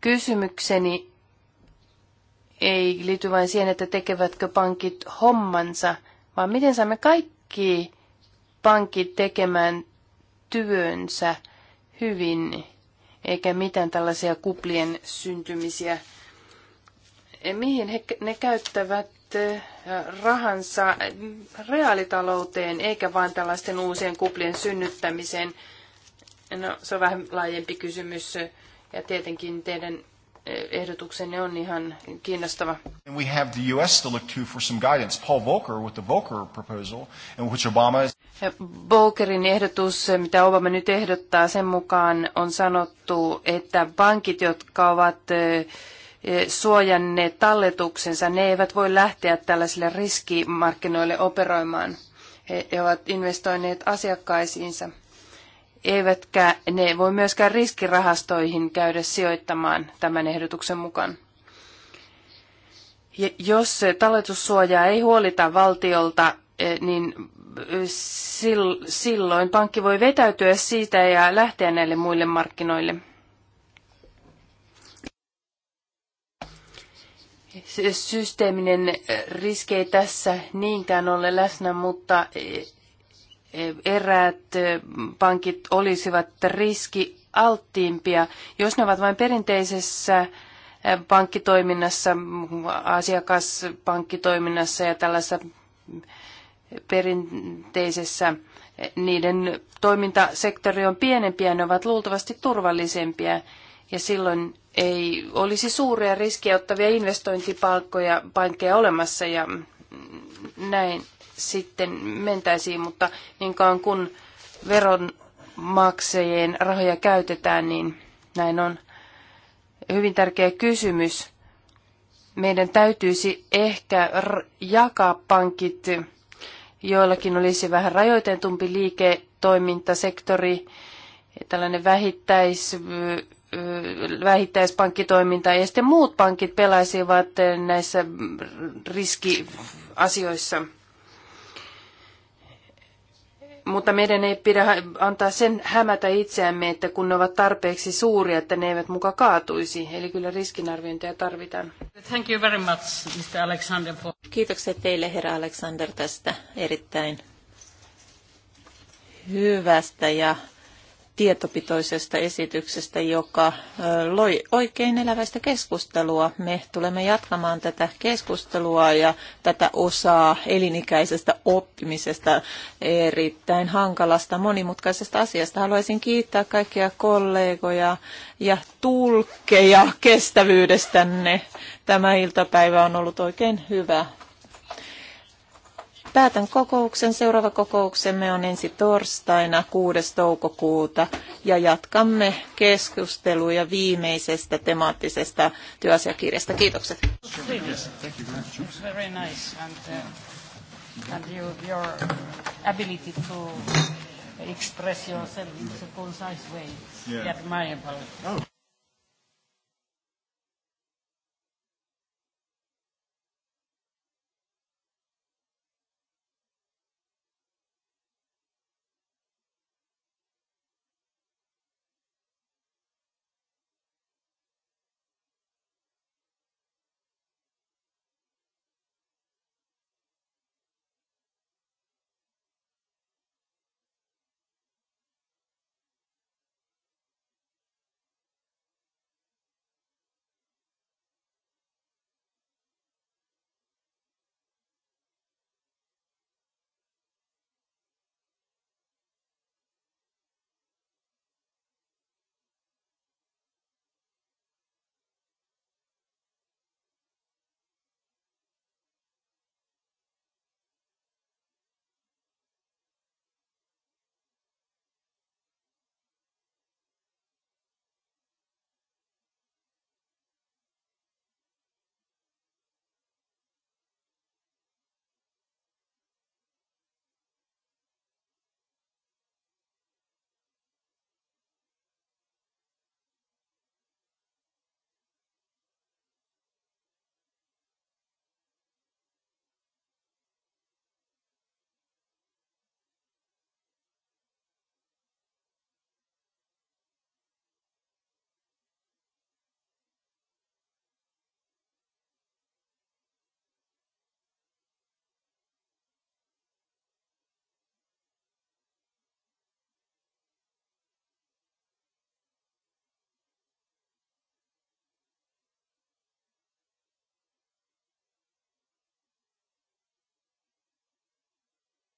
Kysymykseni ei liity vain siihen, että tekevätkö pankit hommansa, vaan miten saamme kaikki pankit tekemään työnsä hyvin, eikä mitään tällaisia kuplien syntymisiä. Eh, mihin he, ne käyttävät eh, rahansa eh, reaalitalouteen, eikä vain tällaisten uusien kuplien synnyttämiseen? No, se on vähän laajempi kysymys. Ja tietenkin teidän eh, ehdotuksenne on ihan kiinnostava. And we have the US to look to for some guidance. Paul Volcker with the Volcker proposal, in which Obama is... Eh, Volckerin ehdotus, eh, mitä Obama nyt ehdottaa, sen mukaan on sanottu, että pankit, jotka ovat suojanneet talletuksensa, ne eivät voi lähteä tällaisille riskimarkkinoille operoimaan. He ovat investoineet asiakkaisiinsa eivätkä ne voi myöskään riskirahastoihin käydä sijoittamaan tämän ehdotuksen mukaan. Ja jos talletussuojaa ei huolita valtiolta, eh, niin eh, silloin pankki voi vetäytyä siitä ja lähteä näille muille markkinoille. Systeeminen eh, riski ei tässä niinkään ole läsnä, mutta eräät eh, pankit olisivat riskialttiimpia, jos ne ovat vain perinteisessä eh, pankkitoiminnassa, asiakaspankkitoiminnassa ja tällaisessa perinteisessä niiden toimintasektori on pienempiä ja ne ovat luultavasti turvallisempia ja silloin ei olisi suuria riskiä ottavia investointipalkkoja pankkeja olemassa ja näin sitten mentäisiin, mutta niin kauan kun veronmaksajien rahoja käytetään, niin näin on hyvin tärkeä kysymys. Meidän täytyisi ehkä jakaa pankit, joillakin olisi vähän rajoitetumpi liiketoimintasektori, tällainen vähittäis vähittäispankkitoiminta ja sitten muut pankit pelaisivat näissä riskiasioissa mutta meidän ei pidä antaa sen hämätä itseämme, että kun ne ovat tarpeeksi suuria, että ne eivät muka kaatuisi. Eli kyllä riskinarviointia tarvitaan. Thank you very much, Mr. Alexander. Kiitokset teille, herra Alexander, tästä erittäin hyvästä ja tietopitoisesta esityksestä, joka loi oikein eläväistä keskustelua. Me tulemme jatkamaan tätä keskustelua ja tätä osaa elinikäisestä oppimisesta erittäin hankalasta, monimutkaisesta asiasta. Haluaisin kiittää kaikkia kollegoja ja tulkkeja kestävyydestänne. Tämä iltapäivä on ollut oikein hyvä Päätän kokouksen. Seuraava kokouksemme on ensi torstaina 6. toukokuuta ja jatkamme keskusteluja viimeisestä temaattisesta työasiakirjasta. Kiitokset. Uh, express yourself in a concise way. Yeah. Admirable. Oh.